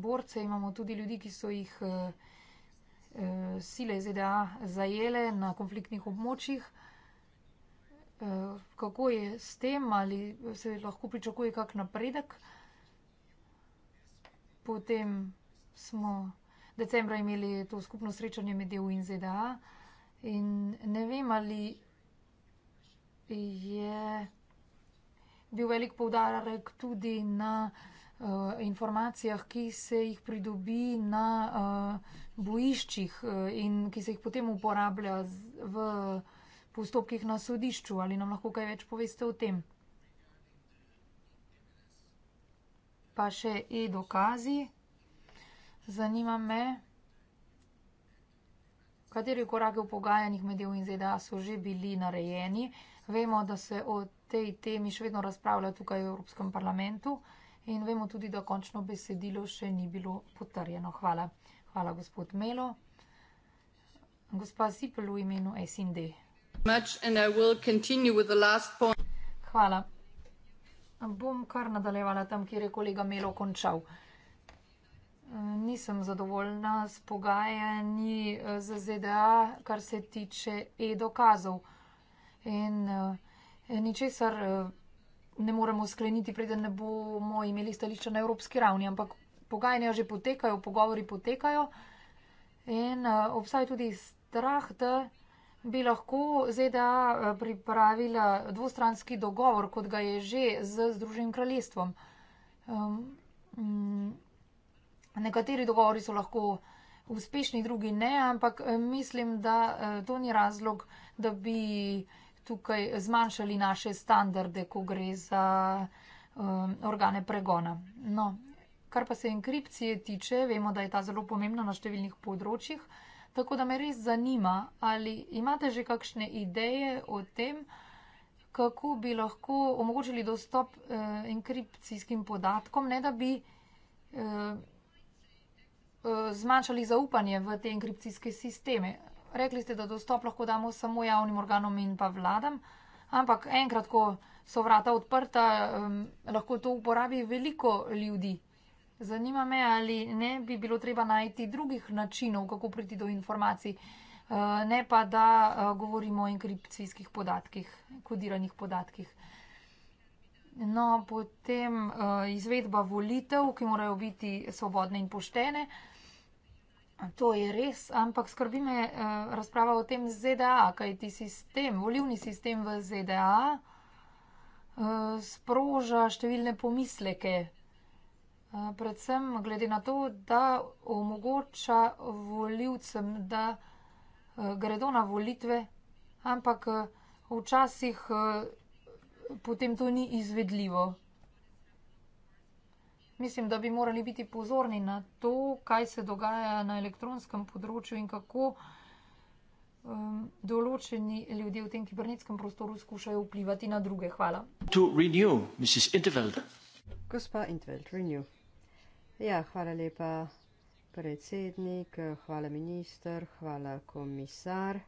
borce, imamo tudi ljudi, ki so jih vizumili, sile ZDA zajele na konfliktnih območjih. Eh, kako je s tem, ali se lahko pričakuje kak napredek? Potem smo decembra imeli to skupno srečanje med EU in ZDA in ne vem, ali je bil velik poudarek tudi na. Eh, informacijah, ki se jih pridobi na uh, bojiščih eh, in ki se jih potem uporablja z, v postopkih na sodišču. Ali nam lahko kaj več poveste o tem? Pa še e-dokazi. Zanima me, kateri korake v pogajanjih med EU in ZDA so že bili narejeni. Vemo, da se o tej temi še vedno razpravlja tukaj v Evropskem parlamentu. Uh, in vemo tudi, da končno besedilo še ni bilo potrjeno. Hvala. Hvala, gospod Melo. Gospa Sipel v imenu SND. Hvala. Bom kar nadaljevala tam, kjer je kolega Melo končal. Nisem zadovoljna s pogajanji z ZDA, kar se tiče e-dokazov. In eh, ničesar eh, ne moremo skleniti, preden ne bomo imeli stališča na evropski ravni, ampak pogajanja že potekajo, pogovori potekajo in uh, obstaja tudi strah, da bi lahko ZDA eh, pripravila dvostranski dogovor, kot ga je že z Združenim kraljestvom. Um, um, nekateri dogovori so lahko uspešni, drugi ne, ampak eh, mislim, da uh, to ni razlog, da bi uh, tukaj zmanjšali naše standarde, ko gre za um, organe pregona. No, kar pa se enkripcije tiče, vemo, da je ta zelo pomembna na številnih področjih, tako da me res zanima, ali imate že kakšne ideje o tem, kako bi lahko omogočili dostop uh, enkripcijskim podatkom, ne da bi. Uh, Zmanjšali zaupanje v te enkripcijske sisteme rekli ste, da dostop lahko damo samo javnim organom in pa vladam, ampak enkrat, ko so vrata odprta, um, lahko to uporabi veliko ljudi. Zanima me, ali ne bi bilo treba najti drugih načinov, kako priti do informacij, eh, ne pa da eh, govorimo o enkripcijskih podatkih, kodiranih podatkih. No, potem eh, izvedba volitev, ki morajo biti svobodne in poštene. To je res, ampak skrbi me eh, razprava o tem ZDA, kaj ti sistem, volivni sistem v ZDA eh, sproža številne pomisleke. Eh, predvsem glede na to, da omogoča voljivcem, da gredo na volitve, ampak včasih potem to ni izvedljivo. Mislim, da bi morali biti pozorni na to, kaj se dogaja na elektronskem področju in kako um, določeni ljudje v tem kibernetskem prostoru skušajo vplivati na druge. Hvala. To renew, Mrs. Intervelde. Gospa Intervelde, renew. Ja, hvala lepa, predsednik, hvala minister, hvala komisar.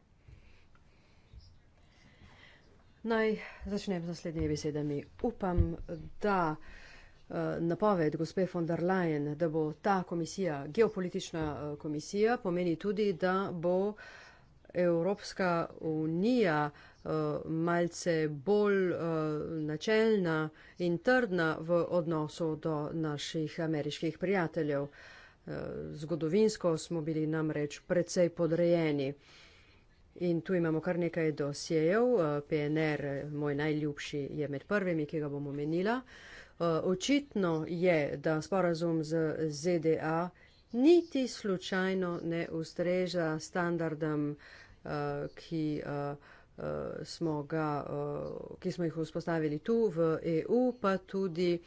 Naj začnem z naslednje besedami. Upam, da. Eh, napoved gospe von der Leyen, da bo ta komisija, geopolitična eh, komisija, pomeni tudi, da bo Evropska unija eh, malce bolj načelna in trdna v odnosu do naših ameriških prijateljev. Zgodovinsko smo bili namreč precej podrejeni. In tu imamo kar nekaj dosjejev. PNR, moj najljubši, je med prvimi, ki ga bom omenila. Eh, očitno je, da sporazum z ZDA niti slučajno ne ustreža standardam, eh, ki, eh, smo ga, ki smo jih vzpostavili tu v EU, pa tudi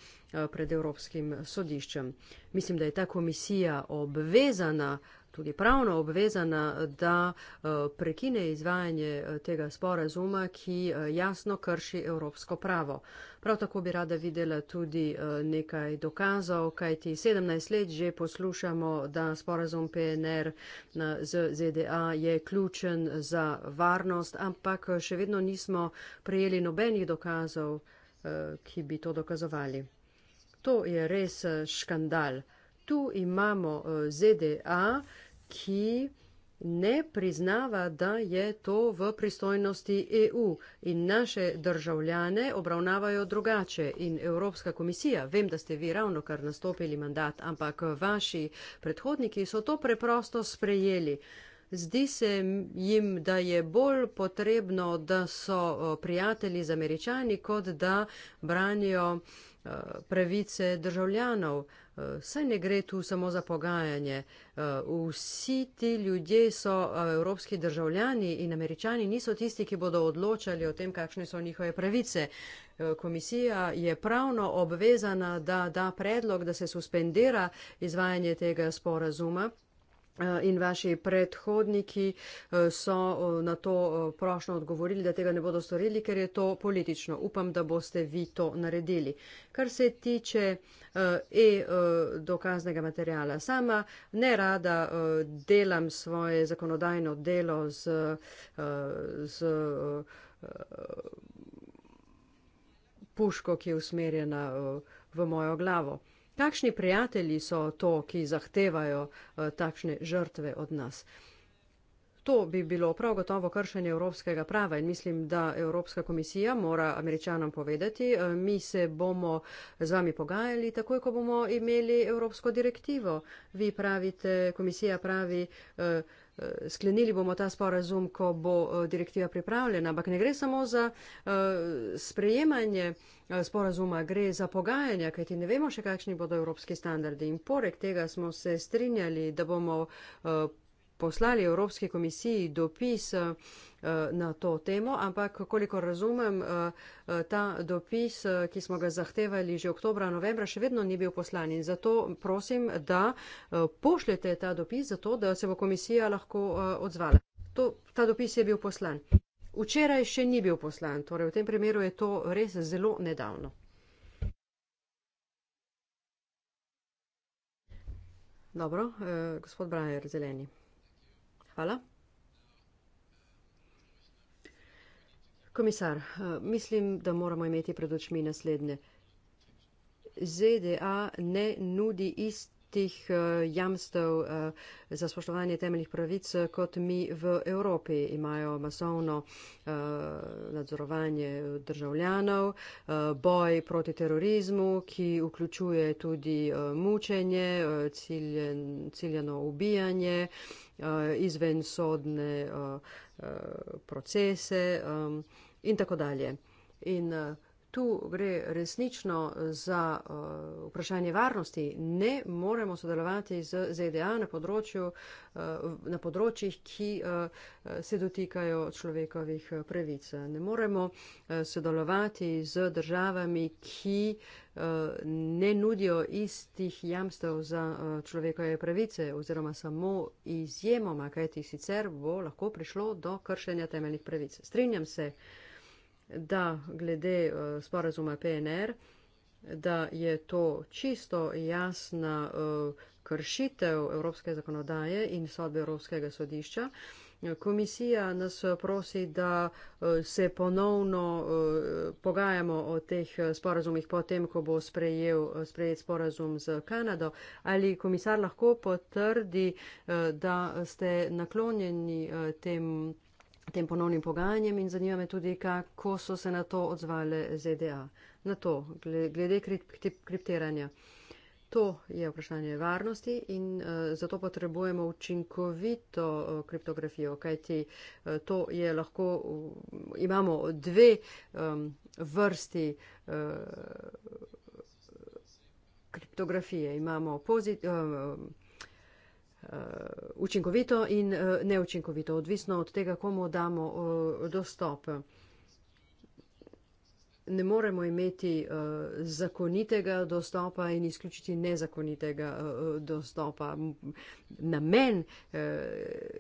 pred Evropskim sodiščem. Mislim, da je ta komisija obvezana tudi pravno obvezana, da eh, prekine izvajanje eh, tega sporazuma, ki eh, jasno krši evropsko pravo. Prav tako bi rada videla tudi nekaj dokazov, kajti 17 let že poslušamo, da sporazum PNR z ZDA je ključen za varnost, ampak še vedno nismo prejeli nobenih dokazov, ki bi to dokazovali. To je res škandal tu imamo eh, ZDA, ki ne priznava, da je to v pristojnosti EU in naše državljane obravnavajo drugače. In Evropska komisija, vem, da ste vi ravno kar nastopili mandat, ampak eh, vaši predhodniki so to preprosto sprejeli. Zdi se jim, da je bolj potrebno, da so eh, prijatelji z američani, kot da branijo uh, Eh, pravice državljanov. Eh, saj ne gre tu samo za pogajanje. Eh, vsi ti ljudje so evropski državljani in američani niso tisti, ki bodo odločali o tem, kakšne so njihove pravice. Komisija je pravno obvezana, da da predlog, da se suspendira izvajanje tega sporazuma. Eh, in vaši predhodniki eh, so eh, na to prošlo odgovorili, da tega ne bodo storili, ker je to politično. Upam, da boste vi to naredili. Kar se tiče e-dokaznega materijala, sama ne rada delam svoje zakonodajno delo z. z puško, ki je usmerjena v mojo glavo. Kakšni prijatelji so to, ki zahtevajo uh, takšne žrtve od nas? To bi bilo prav gotovo kršenje evropskega prava in mislim, da Evropska komisija mora američanom povedati, eh, mi se bomo z vami pogajali takoj, ko bomo imeli evropsko direktivo. Vi pravite, komisija pravi, uh, Eh, sklenili bomo ta sporazum, ko bo eh, direktiva pripravljena, ampak ne gre samo za eh, sprejemanje sporazuma, gre za pogajanja, kajti ne vemo še, kakšni bodo evropski standardi. In poleg tega smo se strinjali, da bomo poslali Evropski komisiji dopis eh, na to temo, ampak koliko razumem, eh, eh, ta dopis, ki smo ga zahtevali že oktobra, novembra, še vedno ni bil poslan. In zato prosim, da pošljete ta dopis, zato da se bo komisija lahko odzvala. To, ta dopis je bil poslan. Včeraj še ni bil poslan, torej v tem primeru je to res zelo nedavno. Dobro, gospod Brajer, zeleni. Hvala. Komisar, eh, mislim, da moramo imeti pred očmi naslednje. ZDA ne nudi isto teh eh, jamstev eh, za spoštovanje temeljih pravic, eh, kot mi v Evropi imajo masovno nadzorovanje državljanov, boj proti terorizmu, ki vključuje tudi mučenje, ciljen, ciljeno ubijanje, izven sodne procese in tako dalje. In uh, Tu gre resnično za uh, vprašanje varnosti. Ne moremo sodelovati z ZDA na, področju, uh, na področjih, ki uh, se dotikajo človekovih pravic. Ne moremo uh, sodelovati z državami, ki uh, ne nudijo istih jamstev za uh, človekove pravice oziroma samo izjemoma, kajti sicer bo lahko prišlo do kršenja temeljnih pravic. Strinjam se. Uh, da glede eh, sporazuma PNR, da je to čisto jasna eh, kršitev evropske zakonodaje in sodbe Evropskega sodišča. Komisija nas eh, prosi, da se ponovno pogajamo o teh sporazumih, potem, ko bo sprejel, sprejet sporazum z Kanado. Ali komisar lahko potrdi, da ste naklonjeni tem tem ponovnim pogajanjem in zanima me tudi, kako so se na to odzvale ZDA. Na to, glede kriptiranja. To je vprašanje varnosti in uh, zato potrebujemo učinkovito uh, kriptografijo, kajti uh, to je lahko, uh, imamo dve um, vrsti. Uh, kriptografije. Imamo pozit, uh, Eh, učinkovito in eh, neučinkovito, odvisno od tega, komu damo eh, dostop. Ne moremo imeti zakonitega dostopa in izključiti nezakonitega dostopa. Namen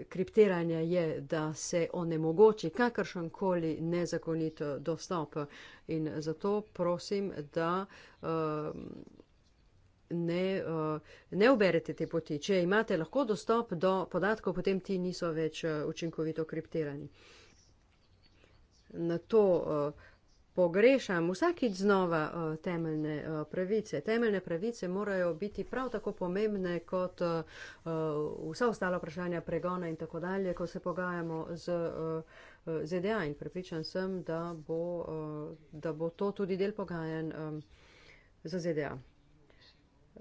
kriptiranja je, da se onemogoči kakršen koli nezakonit dostop. In zato prosim, da ne, eh, ne oberete te poti. Če imate lahko dostop do podatkov, potem ti niso več eh, učinkovito kriptirani. Na to eh, pogrešam vsakič znova temeljne pravice. Temeljne pravice morajo biti prav tako pomembne kot vsa ostala vprašanja pregona in tako dalje, ko se pogajamo z. ZDA in prepričan sem, da bo, da bo to tudi del pogajanj za ZDA.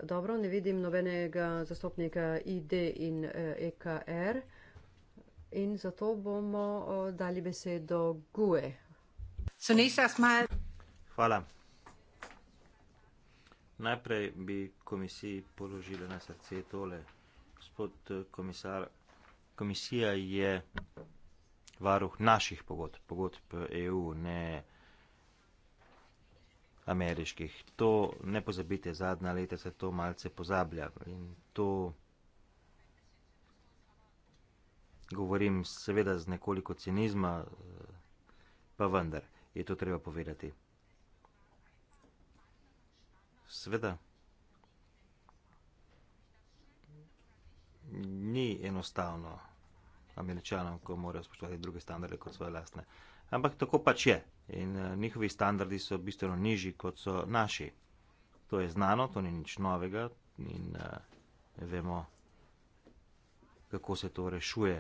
Dobro, ne vidim nobenega zastopnika ID in EKR eh, e in zato bomo dali besedo GUE. Sonisa Smal. Hvala. Najprej bi komisiji položila na srce tole. Gospod eh, komisar, komisija je varuh naših pogodb, pogodb EU, eh, e ne ameriških. To ne pozabite, zadnja leta se to malce pozablja in to govorim seveda z nekoliko cinizma, pa vendar je to treba povedati. Sveda. Ni enostavno američanom, ko morajo spoštovati druge standarde kot svoje lastne. Uh, Ampak tako pač je. In eh, njihovi standardi so bistveno nižji, kot so naši. To je znano, to ni nič novega in uh, vemo, kako se to rešuje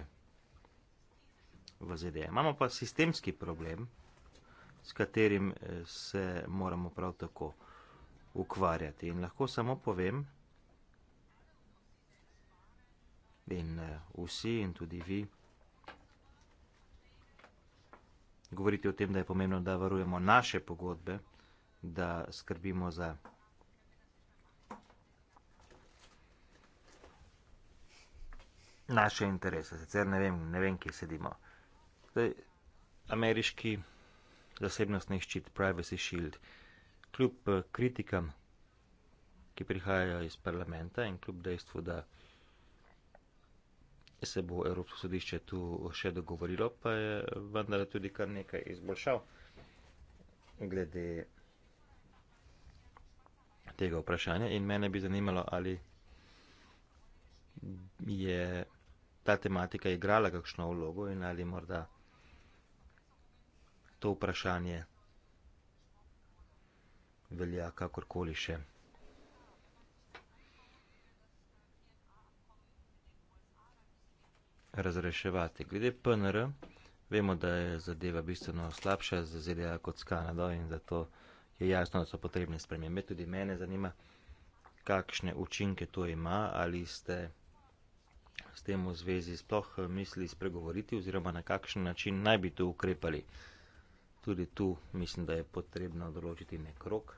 v ZDA. Imamo pa sistemski problem, s katerim eh, se moramo prav tako ukvarjati. In lahko samo povem, in uh, vsi in tudi vi. govoriti o tem, da je pomembno, da varujemo naše pogodbe, da skrbimo za. Naše interese, sicer ne vem, ne vem kje sedimo. Zdaj, ameriški zasebnostni ščit, Privacy Shield, kljub eh, kritikam, ki prihajajo iz parlamenta in kljub dejstvu, da se bo Evropsko sodišče tu še dogovorilo, pa je vendar tudi kar nekaj izboljšal glede tega vprašanja. In mene bi zanimalo, ali je ta tematika igrala kakšno vlogo in ali morda to vprašanje velja kakorkoli še. razreševati. Glede PNR, vemo, da je zadeva bistveno slabša za ZDA kot Kanada in zato je jasno, da so potrebne spremembe. Tudi mene zanima, kakšne učinke to ima, ali ste s tem v zvezi sploh eh, mislili spregovoriti oziroma na kakšen način naj bi to ukrepali. Tudi tu mislim, da je potrebno določiti nek rok,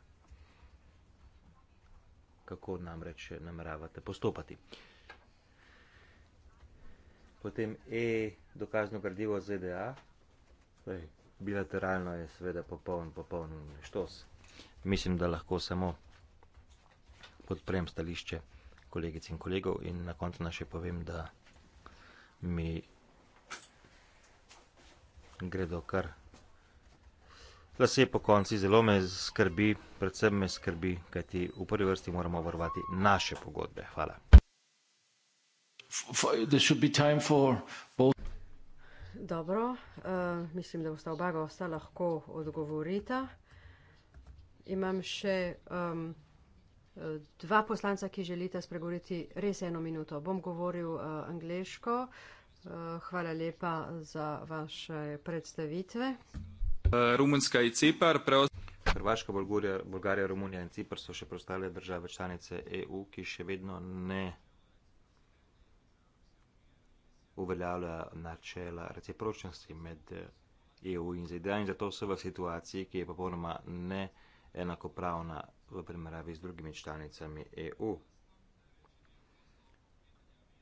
kako namreč eh, nameravate postopati potem E, dokazno gradivo ZDA. Torej, bilateralno je seveda popoln, popoln štos. Mislim, da lahko samo podprem stališče kolegic in kolegov in na koncu naše povem, da mi gredo kar. Lase po konci zelo me skrbi, predvsem me skrbi, kajti v prvi vrsti moramo varovati naše pogodbe. Hvala. Dobro, uh, mislim, da bosta oba gosta lahko odgovorita. Imam še um, dva poslanca, ki želita spregovoriti res eno minuto. Bom govoril uh, eh, angliško. Uh, eh, hvala lepa za vaše predstavitve. Rumunska in Cipar. Hrvaška, Bolgarija, Bolgarija, Romunija in Cipar so še preostale države članice EU, ki še vedno ne uveljavlja načela recipročnosti med EU eh, e in ZDA in zato so v situaciji, ki je popolnoma neenakopravna v primeravi z drugimi članicami EU.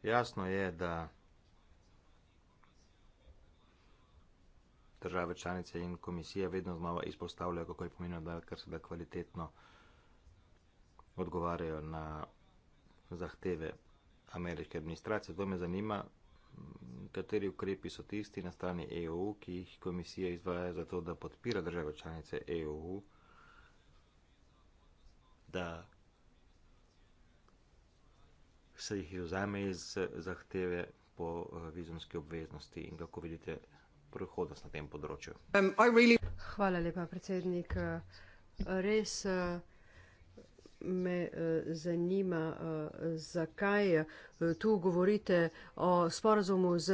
Jasno je, da države članice in komisija vedno znova izpostavljajo, kako je pomenilo, da kar seveda kvalitetno odgovarjajo na zahteve ameriške administracije. To me zanima, kateri ukrepi so tisti na strani EU, ki jih komisija izvaja za to, da podpira države članice EU, da se jih izvzame iz zahteve po eh, vizumski obveznosti in kako vidite prihodnost na tem področju. Um, Hvala lepa, predsednik. Eh, res. Eh, me eh, zanima, eh, zakaj eh, tu govorite o sporazumu z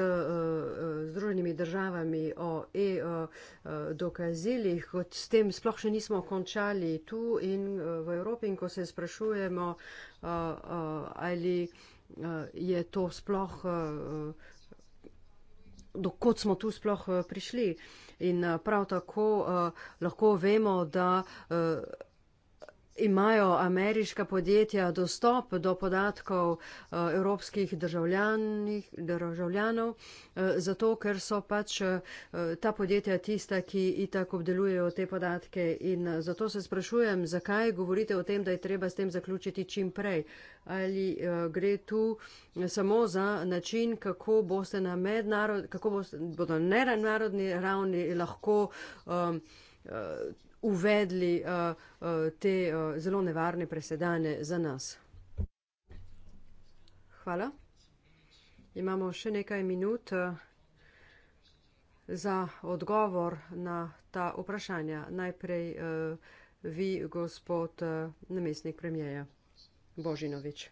Združenimi državami, o e-dokazilih, kot s tem sploh še nismo končali tu in v Evropi in ko se sprašujemo, ali je to sploh, dokot smo tu sploh prišli. In prav tako lahko vemo, da Imajo ameriška podjetja dostop do podatkov eh, evropskih državljanov, eh, zato ker so pač eh, ta podjetja tista, ki itak obdelujejo te podatke. In zato se sprašujem, zakaj govorite o tem, da je treba s tem zaključiti čim prej. Ali gre tu samo za način, kako, boste na kako boste, bodo na mednarodni ravni lahko. Um, uvedli uh, uh, te uh, zelo nevarne presedane za nas. Hvala. Imamo še nekaj minut uh, za odgovor na ta vprašanja. Najprej uh, vi, gospod uh, namestnik premjeja Božinovič.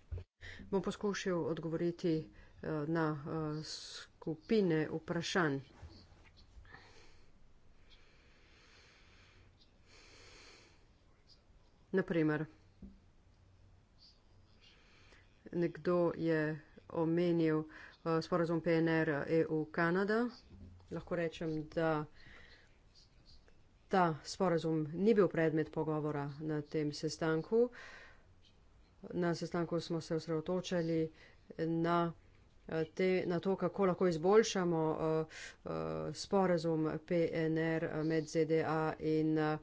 Bom poskušal odgovoriti uh, na uh, skupine vprašanj. Naprimer, nekdo je omenil uh, sporazum PNR EU-Kanada. Lahko rečem, da ta sporazum ni bil predmet pogovora na tem sestanku. Na sestanku smo se osredotočali na Eh, te, na to, kako lahko izboljšamo uh, uh, sporazum PNR med ZDA in uh,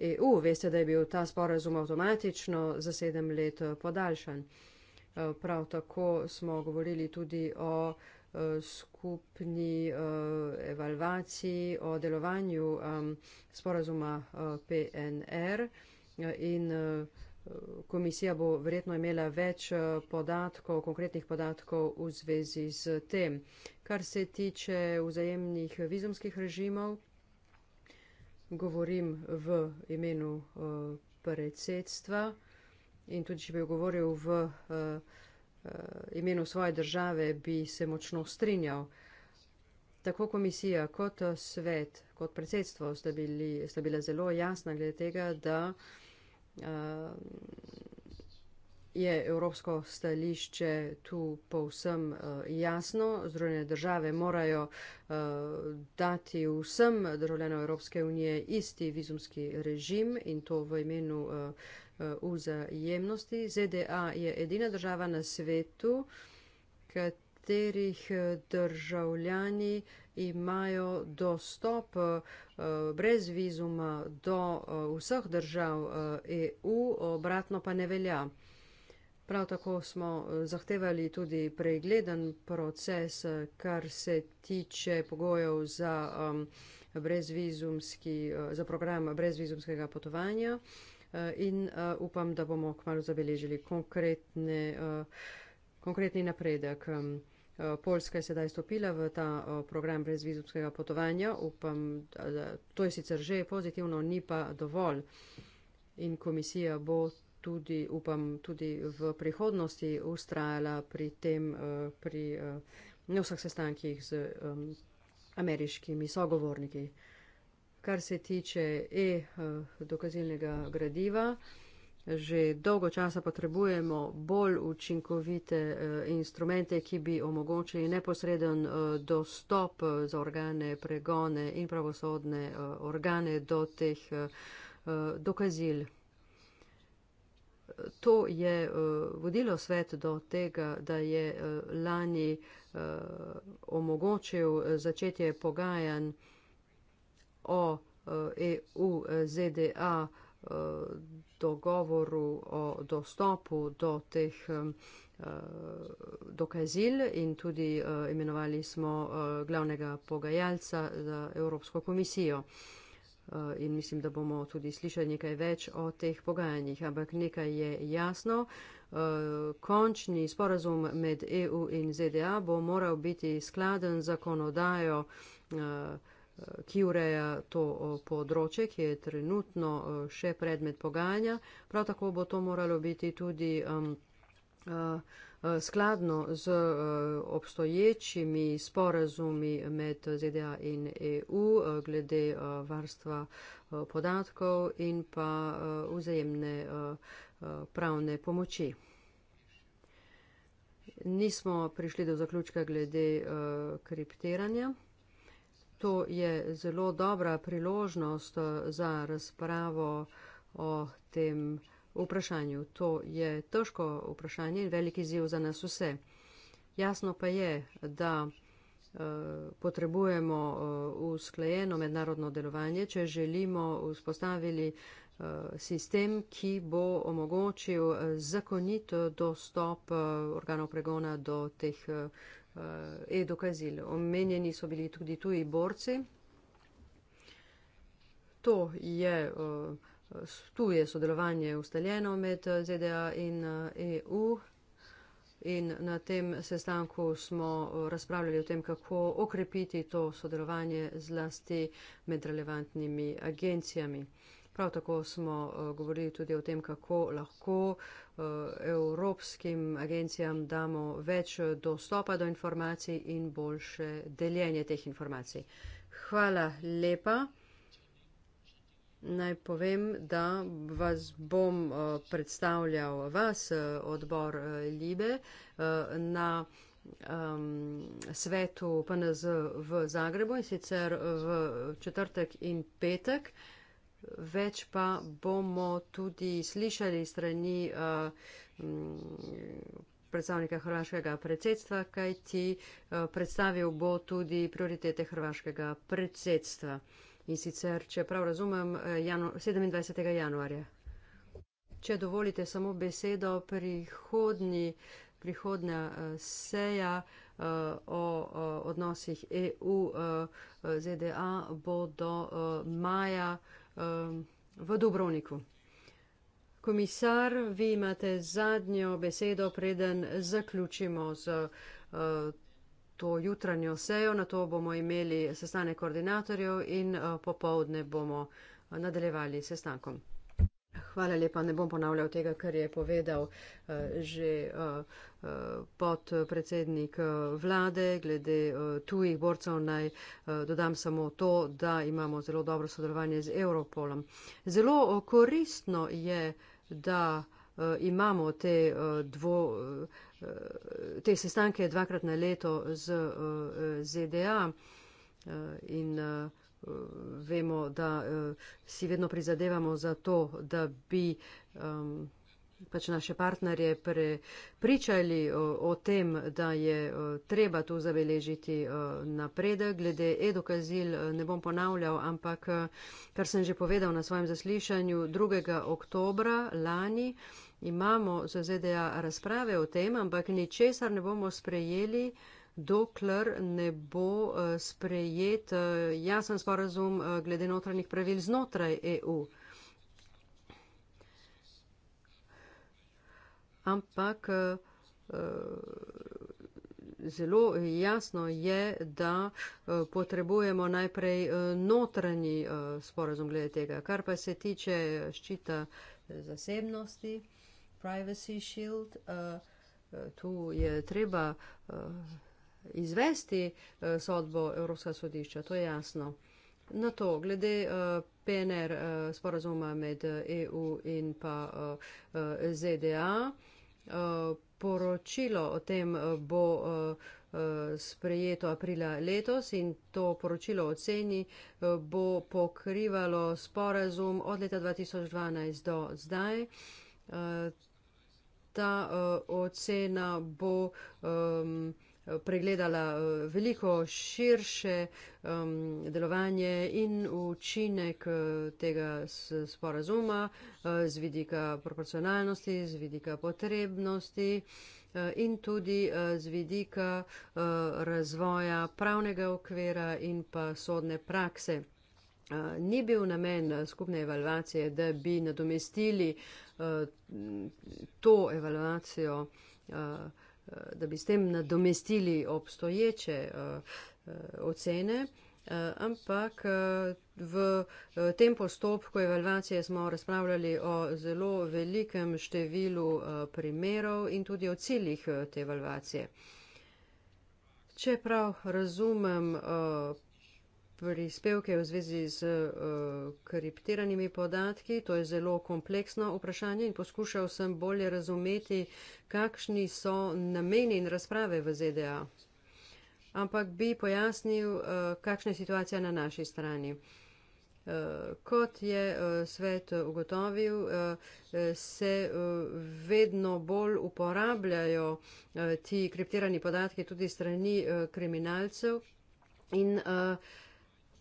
EU. Veste, da je bil ta sporazum avtomatično za sedem let podaljšan. Uh, prav tako smo govorili tudi o skupni uh, evalvaciji o delovanju um, sporazuma uh, PNR in uh, Komisija bo verjetno imela več eh, podatkov, konkretnih podatkov v zvezi z tem. Kar se tiče vzajemnih vizumskih režimov, govorim v imenu eh, predsedstva in tudi, če bi govoril v eh, imenu svoje države, bi se močno strinjal. Tako komisija kot svet, kot predsedstvo sta, bili, sta bila zelo jasna glede tega, da Eh, je evropsko stališče tu povsem eh, jasno. Združene države morajo eh, dati vsem državljanom Evropske unije isti vizumski režim in to v imenu vzajemnosti. ZDA je edina država na svetu, katerih državljani imajo dostop uh, Eh, brez vizuma do eh, vseh držav EU, eh, e obratno pa ne velja. Prav tako smo zahtevali tudi pregleden proces, kar se tiče pogojev za, um, za program brezvizumskega potovanja in uh, upam, da bomo kmalo zabeležili konkretne, uh, konkretni napredek. Um, Eh, Poljska je sedaj stopila v ta eh, program brezvizumskega potovanja. Upam, da to je sicer že pozitivno, ni pa dovolj. In komisija bo tudi, upam, tudi v prihodnosti ustrajala pri tem, eh, pri ne vseh sestankih z ameriškimi sogovorniki. Kar se tiče e-dokazilnega gradiva, že dolgo časa potrebujemo bolj učinkovite eh, instrumente, ki bi omogočili neposreden eh, dostop eh, za organe pregone in pravosodne organe do teh dokazil. To je vodilo svet do tega, da je lani omogočil začetje pogajanj o EU-ZDA e dogovoru o dostopu do teh eh, dokazil in tudi eh, imenovali smo eh, glavnega pogajalca za Evropsko komisijo. In mislim, da bomo tudi slišali nekaj več o teh pogajanjih. Ampak nekaj je jasno. Končni sporazum med EU in ZDA bo moral biti skladen zakonodajo ki ureja to področje, ki je trenutno še predmet pogajanja. Prav tako bo to moralo biti tudi um, skladno z obstoječimi sporazumi med ZDA in EU glede varstva podatkov in pa vzajemne pravne pomoči. Nismo prišli do zaključka glede kriptiranja to je zelo dobra priložnost eh, za razpravo o tem vprašanju. To je težko vprašanje in veliki ziv za nas vse. Jasno pa je, da eh, potrebujemo eh, usklajeno mednarodno delovanje, če želimo vzpostaviti sistem, ki bo omogočil zakonito dostop organov pregona do teh uh, eh, e-dokazil. Omenjeni so bili tudi tuji borci. To je uh, eh, tuje sodelovanje ustaljeno med eh, ZDA in uh, EU. In na tem sestanku smo razpravljali o tem, kako okrepiti to sodelovanje zlasti med relevantnimi agencijami. Uh, Prav tako smo eh, govorili tudi o tem, kako lahko eh, evropskim agencijam damo več eh, dostopa do informacij in boljše deljenje teh informacij. Hvala lepa. Naj povem, da vas bom predstavljal vas, odbor Libe, na ehm, svetu PNZ v Zagrebu in sicer v četrtek in petek več pa bomo tudi slišali strani eh, mm, predstavnika hrvaškega predsedstva, kaj ti eh, predstavil bo tudi prioritete hrvaškega predsedstva. In sicer, če prav razumem, 27. Eh, januarja. Če dovolite samo besedo, prihodnji, prihodnja seja o odnosih EU-ZDA bo do maja Um, v Dubrovniku. Komisar, vi imate zadnjo besedo, preden zaključimo z uh, to jutranjo sejo, na to bomo imeli sestanek koordinatorjev in uh, popovdne bomo uh, nadaljevali sestankom. Hvala lepa. Ne bom ponavljal tega, kar je povedal eh, že eh, eh, podpredsednik vlade glede tujih borcev. Naj dodam samo to, da imamo zelo dobro sodelovanje z Europolom. Zelo koristno je, da imamo te, dvo, te sestanke dvakrat na leto z ZDA in vemo, da eh, si vedno prizadevamo za to, da bi um, pač naše partnerje prepričali o, o tem, da je o, eh, treba tu zabeležiti o, eh, napredek. Glede e-dokazil ne bom ponavljal, ampak kar sem že povedal na svojem zaslišanju 2. oktobra lani. Imamo za ZDA razprave o tem, ampak ničesar ne bomo sprejeli, uh, dokler ne bo eh, sprejet eh, jasen sporazum eh, glede notranjih pravil znotraj EU. Ampak zelo jasno je, da potrebujemo najprej notranji sporazum glede tega. Kar pa se tiče ščita zasebnosti, privacy shield, tu je treba izvesti eh, sodbo Evropska sodišča, to je jasno. Na to, glede eh, PNR eh, sporazuma med EU e in pa ZDA, poročilo o tem bo sprejeto aprila letos in to poročilo o ceni bo pokrivalo sporazum od leta 2012 do zdaj. Ta ocena bo. Um, pregledala eh, veliko širše um, delovanje in učinek eh, tega sporazuma eh, z vidika proporcionalnosti, z vidika potrebnosti in tudi z vidika razvoja pravnega okvira in pa sodne prakse. Ni bil namen skupne evalvacije, da bi nadomestili to evalvacijo Eh, da bi s tem nadomestili obstoječe eh, eh, ocene, ampak v tem postopku evalvacije smo razpravljali o zelo velikem številu primerov in tudi o ciljih te evalvacije. Čeprav razumem prispevke v zvezi z uh, kriptiranimi podatki. To je zelo kompleksno vprašanje in poskušal sem bolje razumeti, kakšni so nameni in razprave v ZDA. Ampak bi pojasnil, uh, kakšna je situacija na naši strani. Uh, kot je uh, svet ugotovil, uh, se uh, vedno bolj uporabljajo uh, ti kriptirani podatki tudi strani uh, kriminalcev in uh,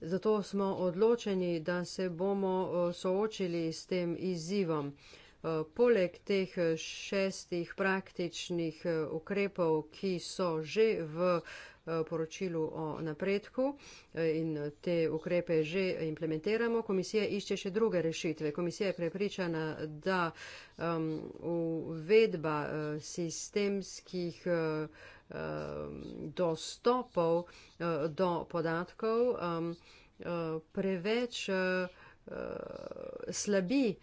Zato smo odločeni, da se bomo eh, soočili s tem izzivom. Eh, poleg teh eh, šestih praktičnih ukrepov, ki so že v poročilu o napredku in te ukrepe že implementiramo, komisija išče še druge rešitve. Komisija je prepričana, da ehm, uvedba sistemskih Um, dostopov uh, do podatkov um, uh, preveč uh, slabi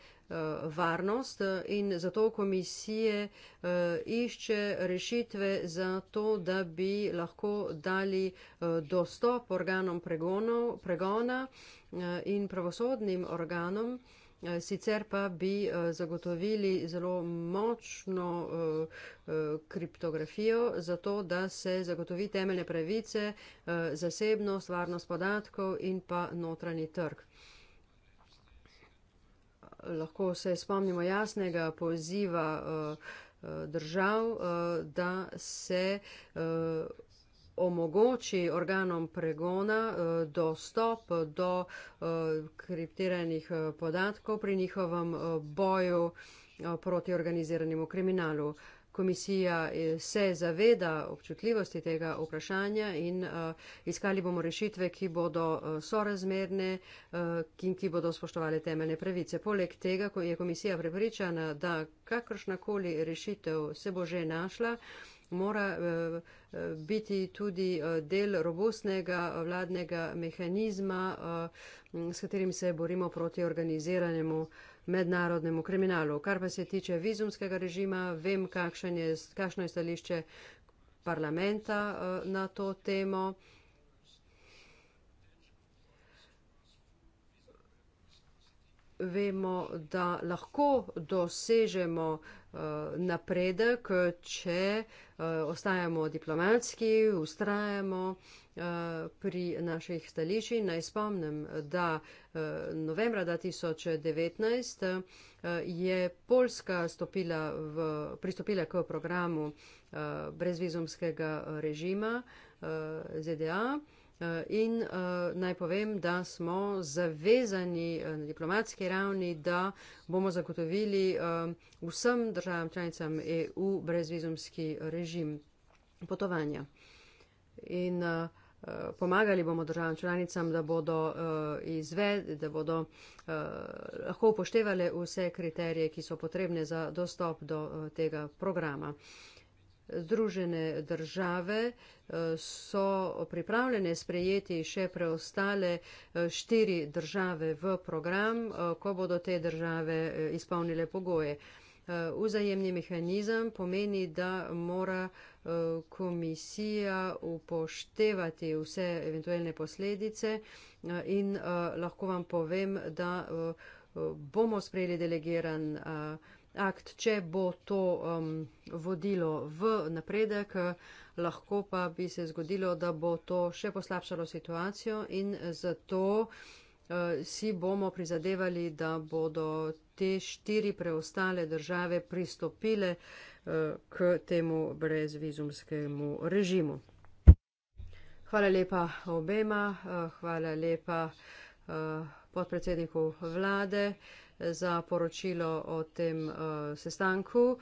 varnost in zato komisije išče rešitve za to, da bi lahko dali dostop organom pregonov, pregona in pravosodnim organom Eh, sicer pa bi eh, zagotovili zelo močno eh, kriptografijo, zato da se zagotovi temeljne pravice, zasebnost, varnost podatkov in pa notranji trg. Lahko se spomnimo jasnega poziva držav, da se omogoči organom pregona eh, dostop do eh, kriptiranih eh, podatkov pri njihovem boju proti organiziranemu kriminalu. Komisija se zaveda občutljivosti tega vprašanja in iskali bomo rešitve, ki bodo sorazmerne in ki bodo spoštovali temeljne pravice. Poleg tega je komisija prepričana, da kakršnakoli rešitev se bo že našla, mora eh, eh, biti tudi eh, del robustnega vladnega mehanizma, s katerim se borimo proti organiziranemu mednarodnemu kriminalu. Kar pa se tiče vizumskega režima, vem, je, kakšno je stališče parlamenta na to temo. vemo, da lahko dosežemo eh, napredek, če eh, ostajamo diplomatski, ustrajamo eh, pri naših stališčih. Naj spomnim, da novembra 2019 je Poljska v, pristopila k programu brezvizumskega režima ZDA. Eh, in eh, naj povem, da smo zavezani eh, na diplomatski ravni, da bomo zagotovili vsem državam članicam EU brezvizumski režim potovanja. In pomagali bomo državam članicam, da bodo izvedli, da bodo lahko upoštevali vse kriterije, ki so potrebne za dostop do tega programa. Združene države eh, so pripravljene sprejeti še preostale eh, štiri države v program, eh, ko bodo te države izpolnile pogoje. Vzajemni mehanizem pomeni, da mora komisija upoštevati vse eventualne posledice in lahko vam povem, da bomo sprejeli delegiran akt, če bo to um, vodilo v napredek, lahko pa bi se zgodilo, da bo to še poslabšalo situacijo in zato uh, si bomo prizadevali, da bodo te štiri preostale države pristopile uh, k temu brezvizumskemu režimu. Hvala lepa obema, uh, hvala lepa podpredsedniku vlade za poročilo o tem uh, sestanku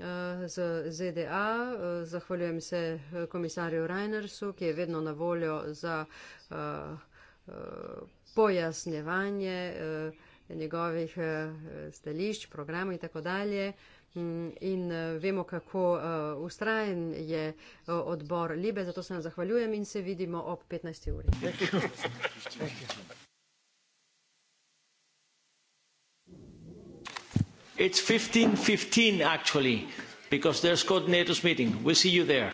eh, z ZDA. Eh, zahvaljujem se komisarju Reinersu, ki je vedno na voljo za uh, pojasnjevanje uh, njegovih uh, stališč, programov in tako dalje. Mm, in vemo, kako uh, ustrajen je uh, odbor Libe, zato se vam zahvaljujem in se vidimo ob 15. uri. Thank you. Thank you. it's fifteen fifteen actually because there's coordinators' meeting. we'll see you there.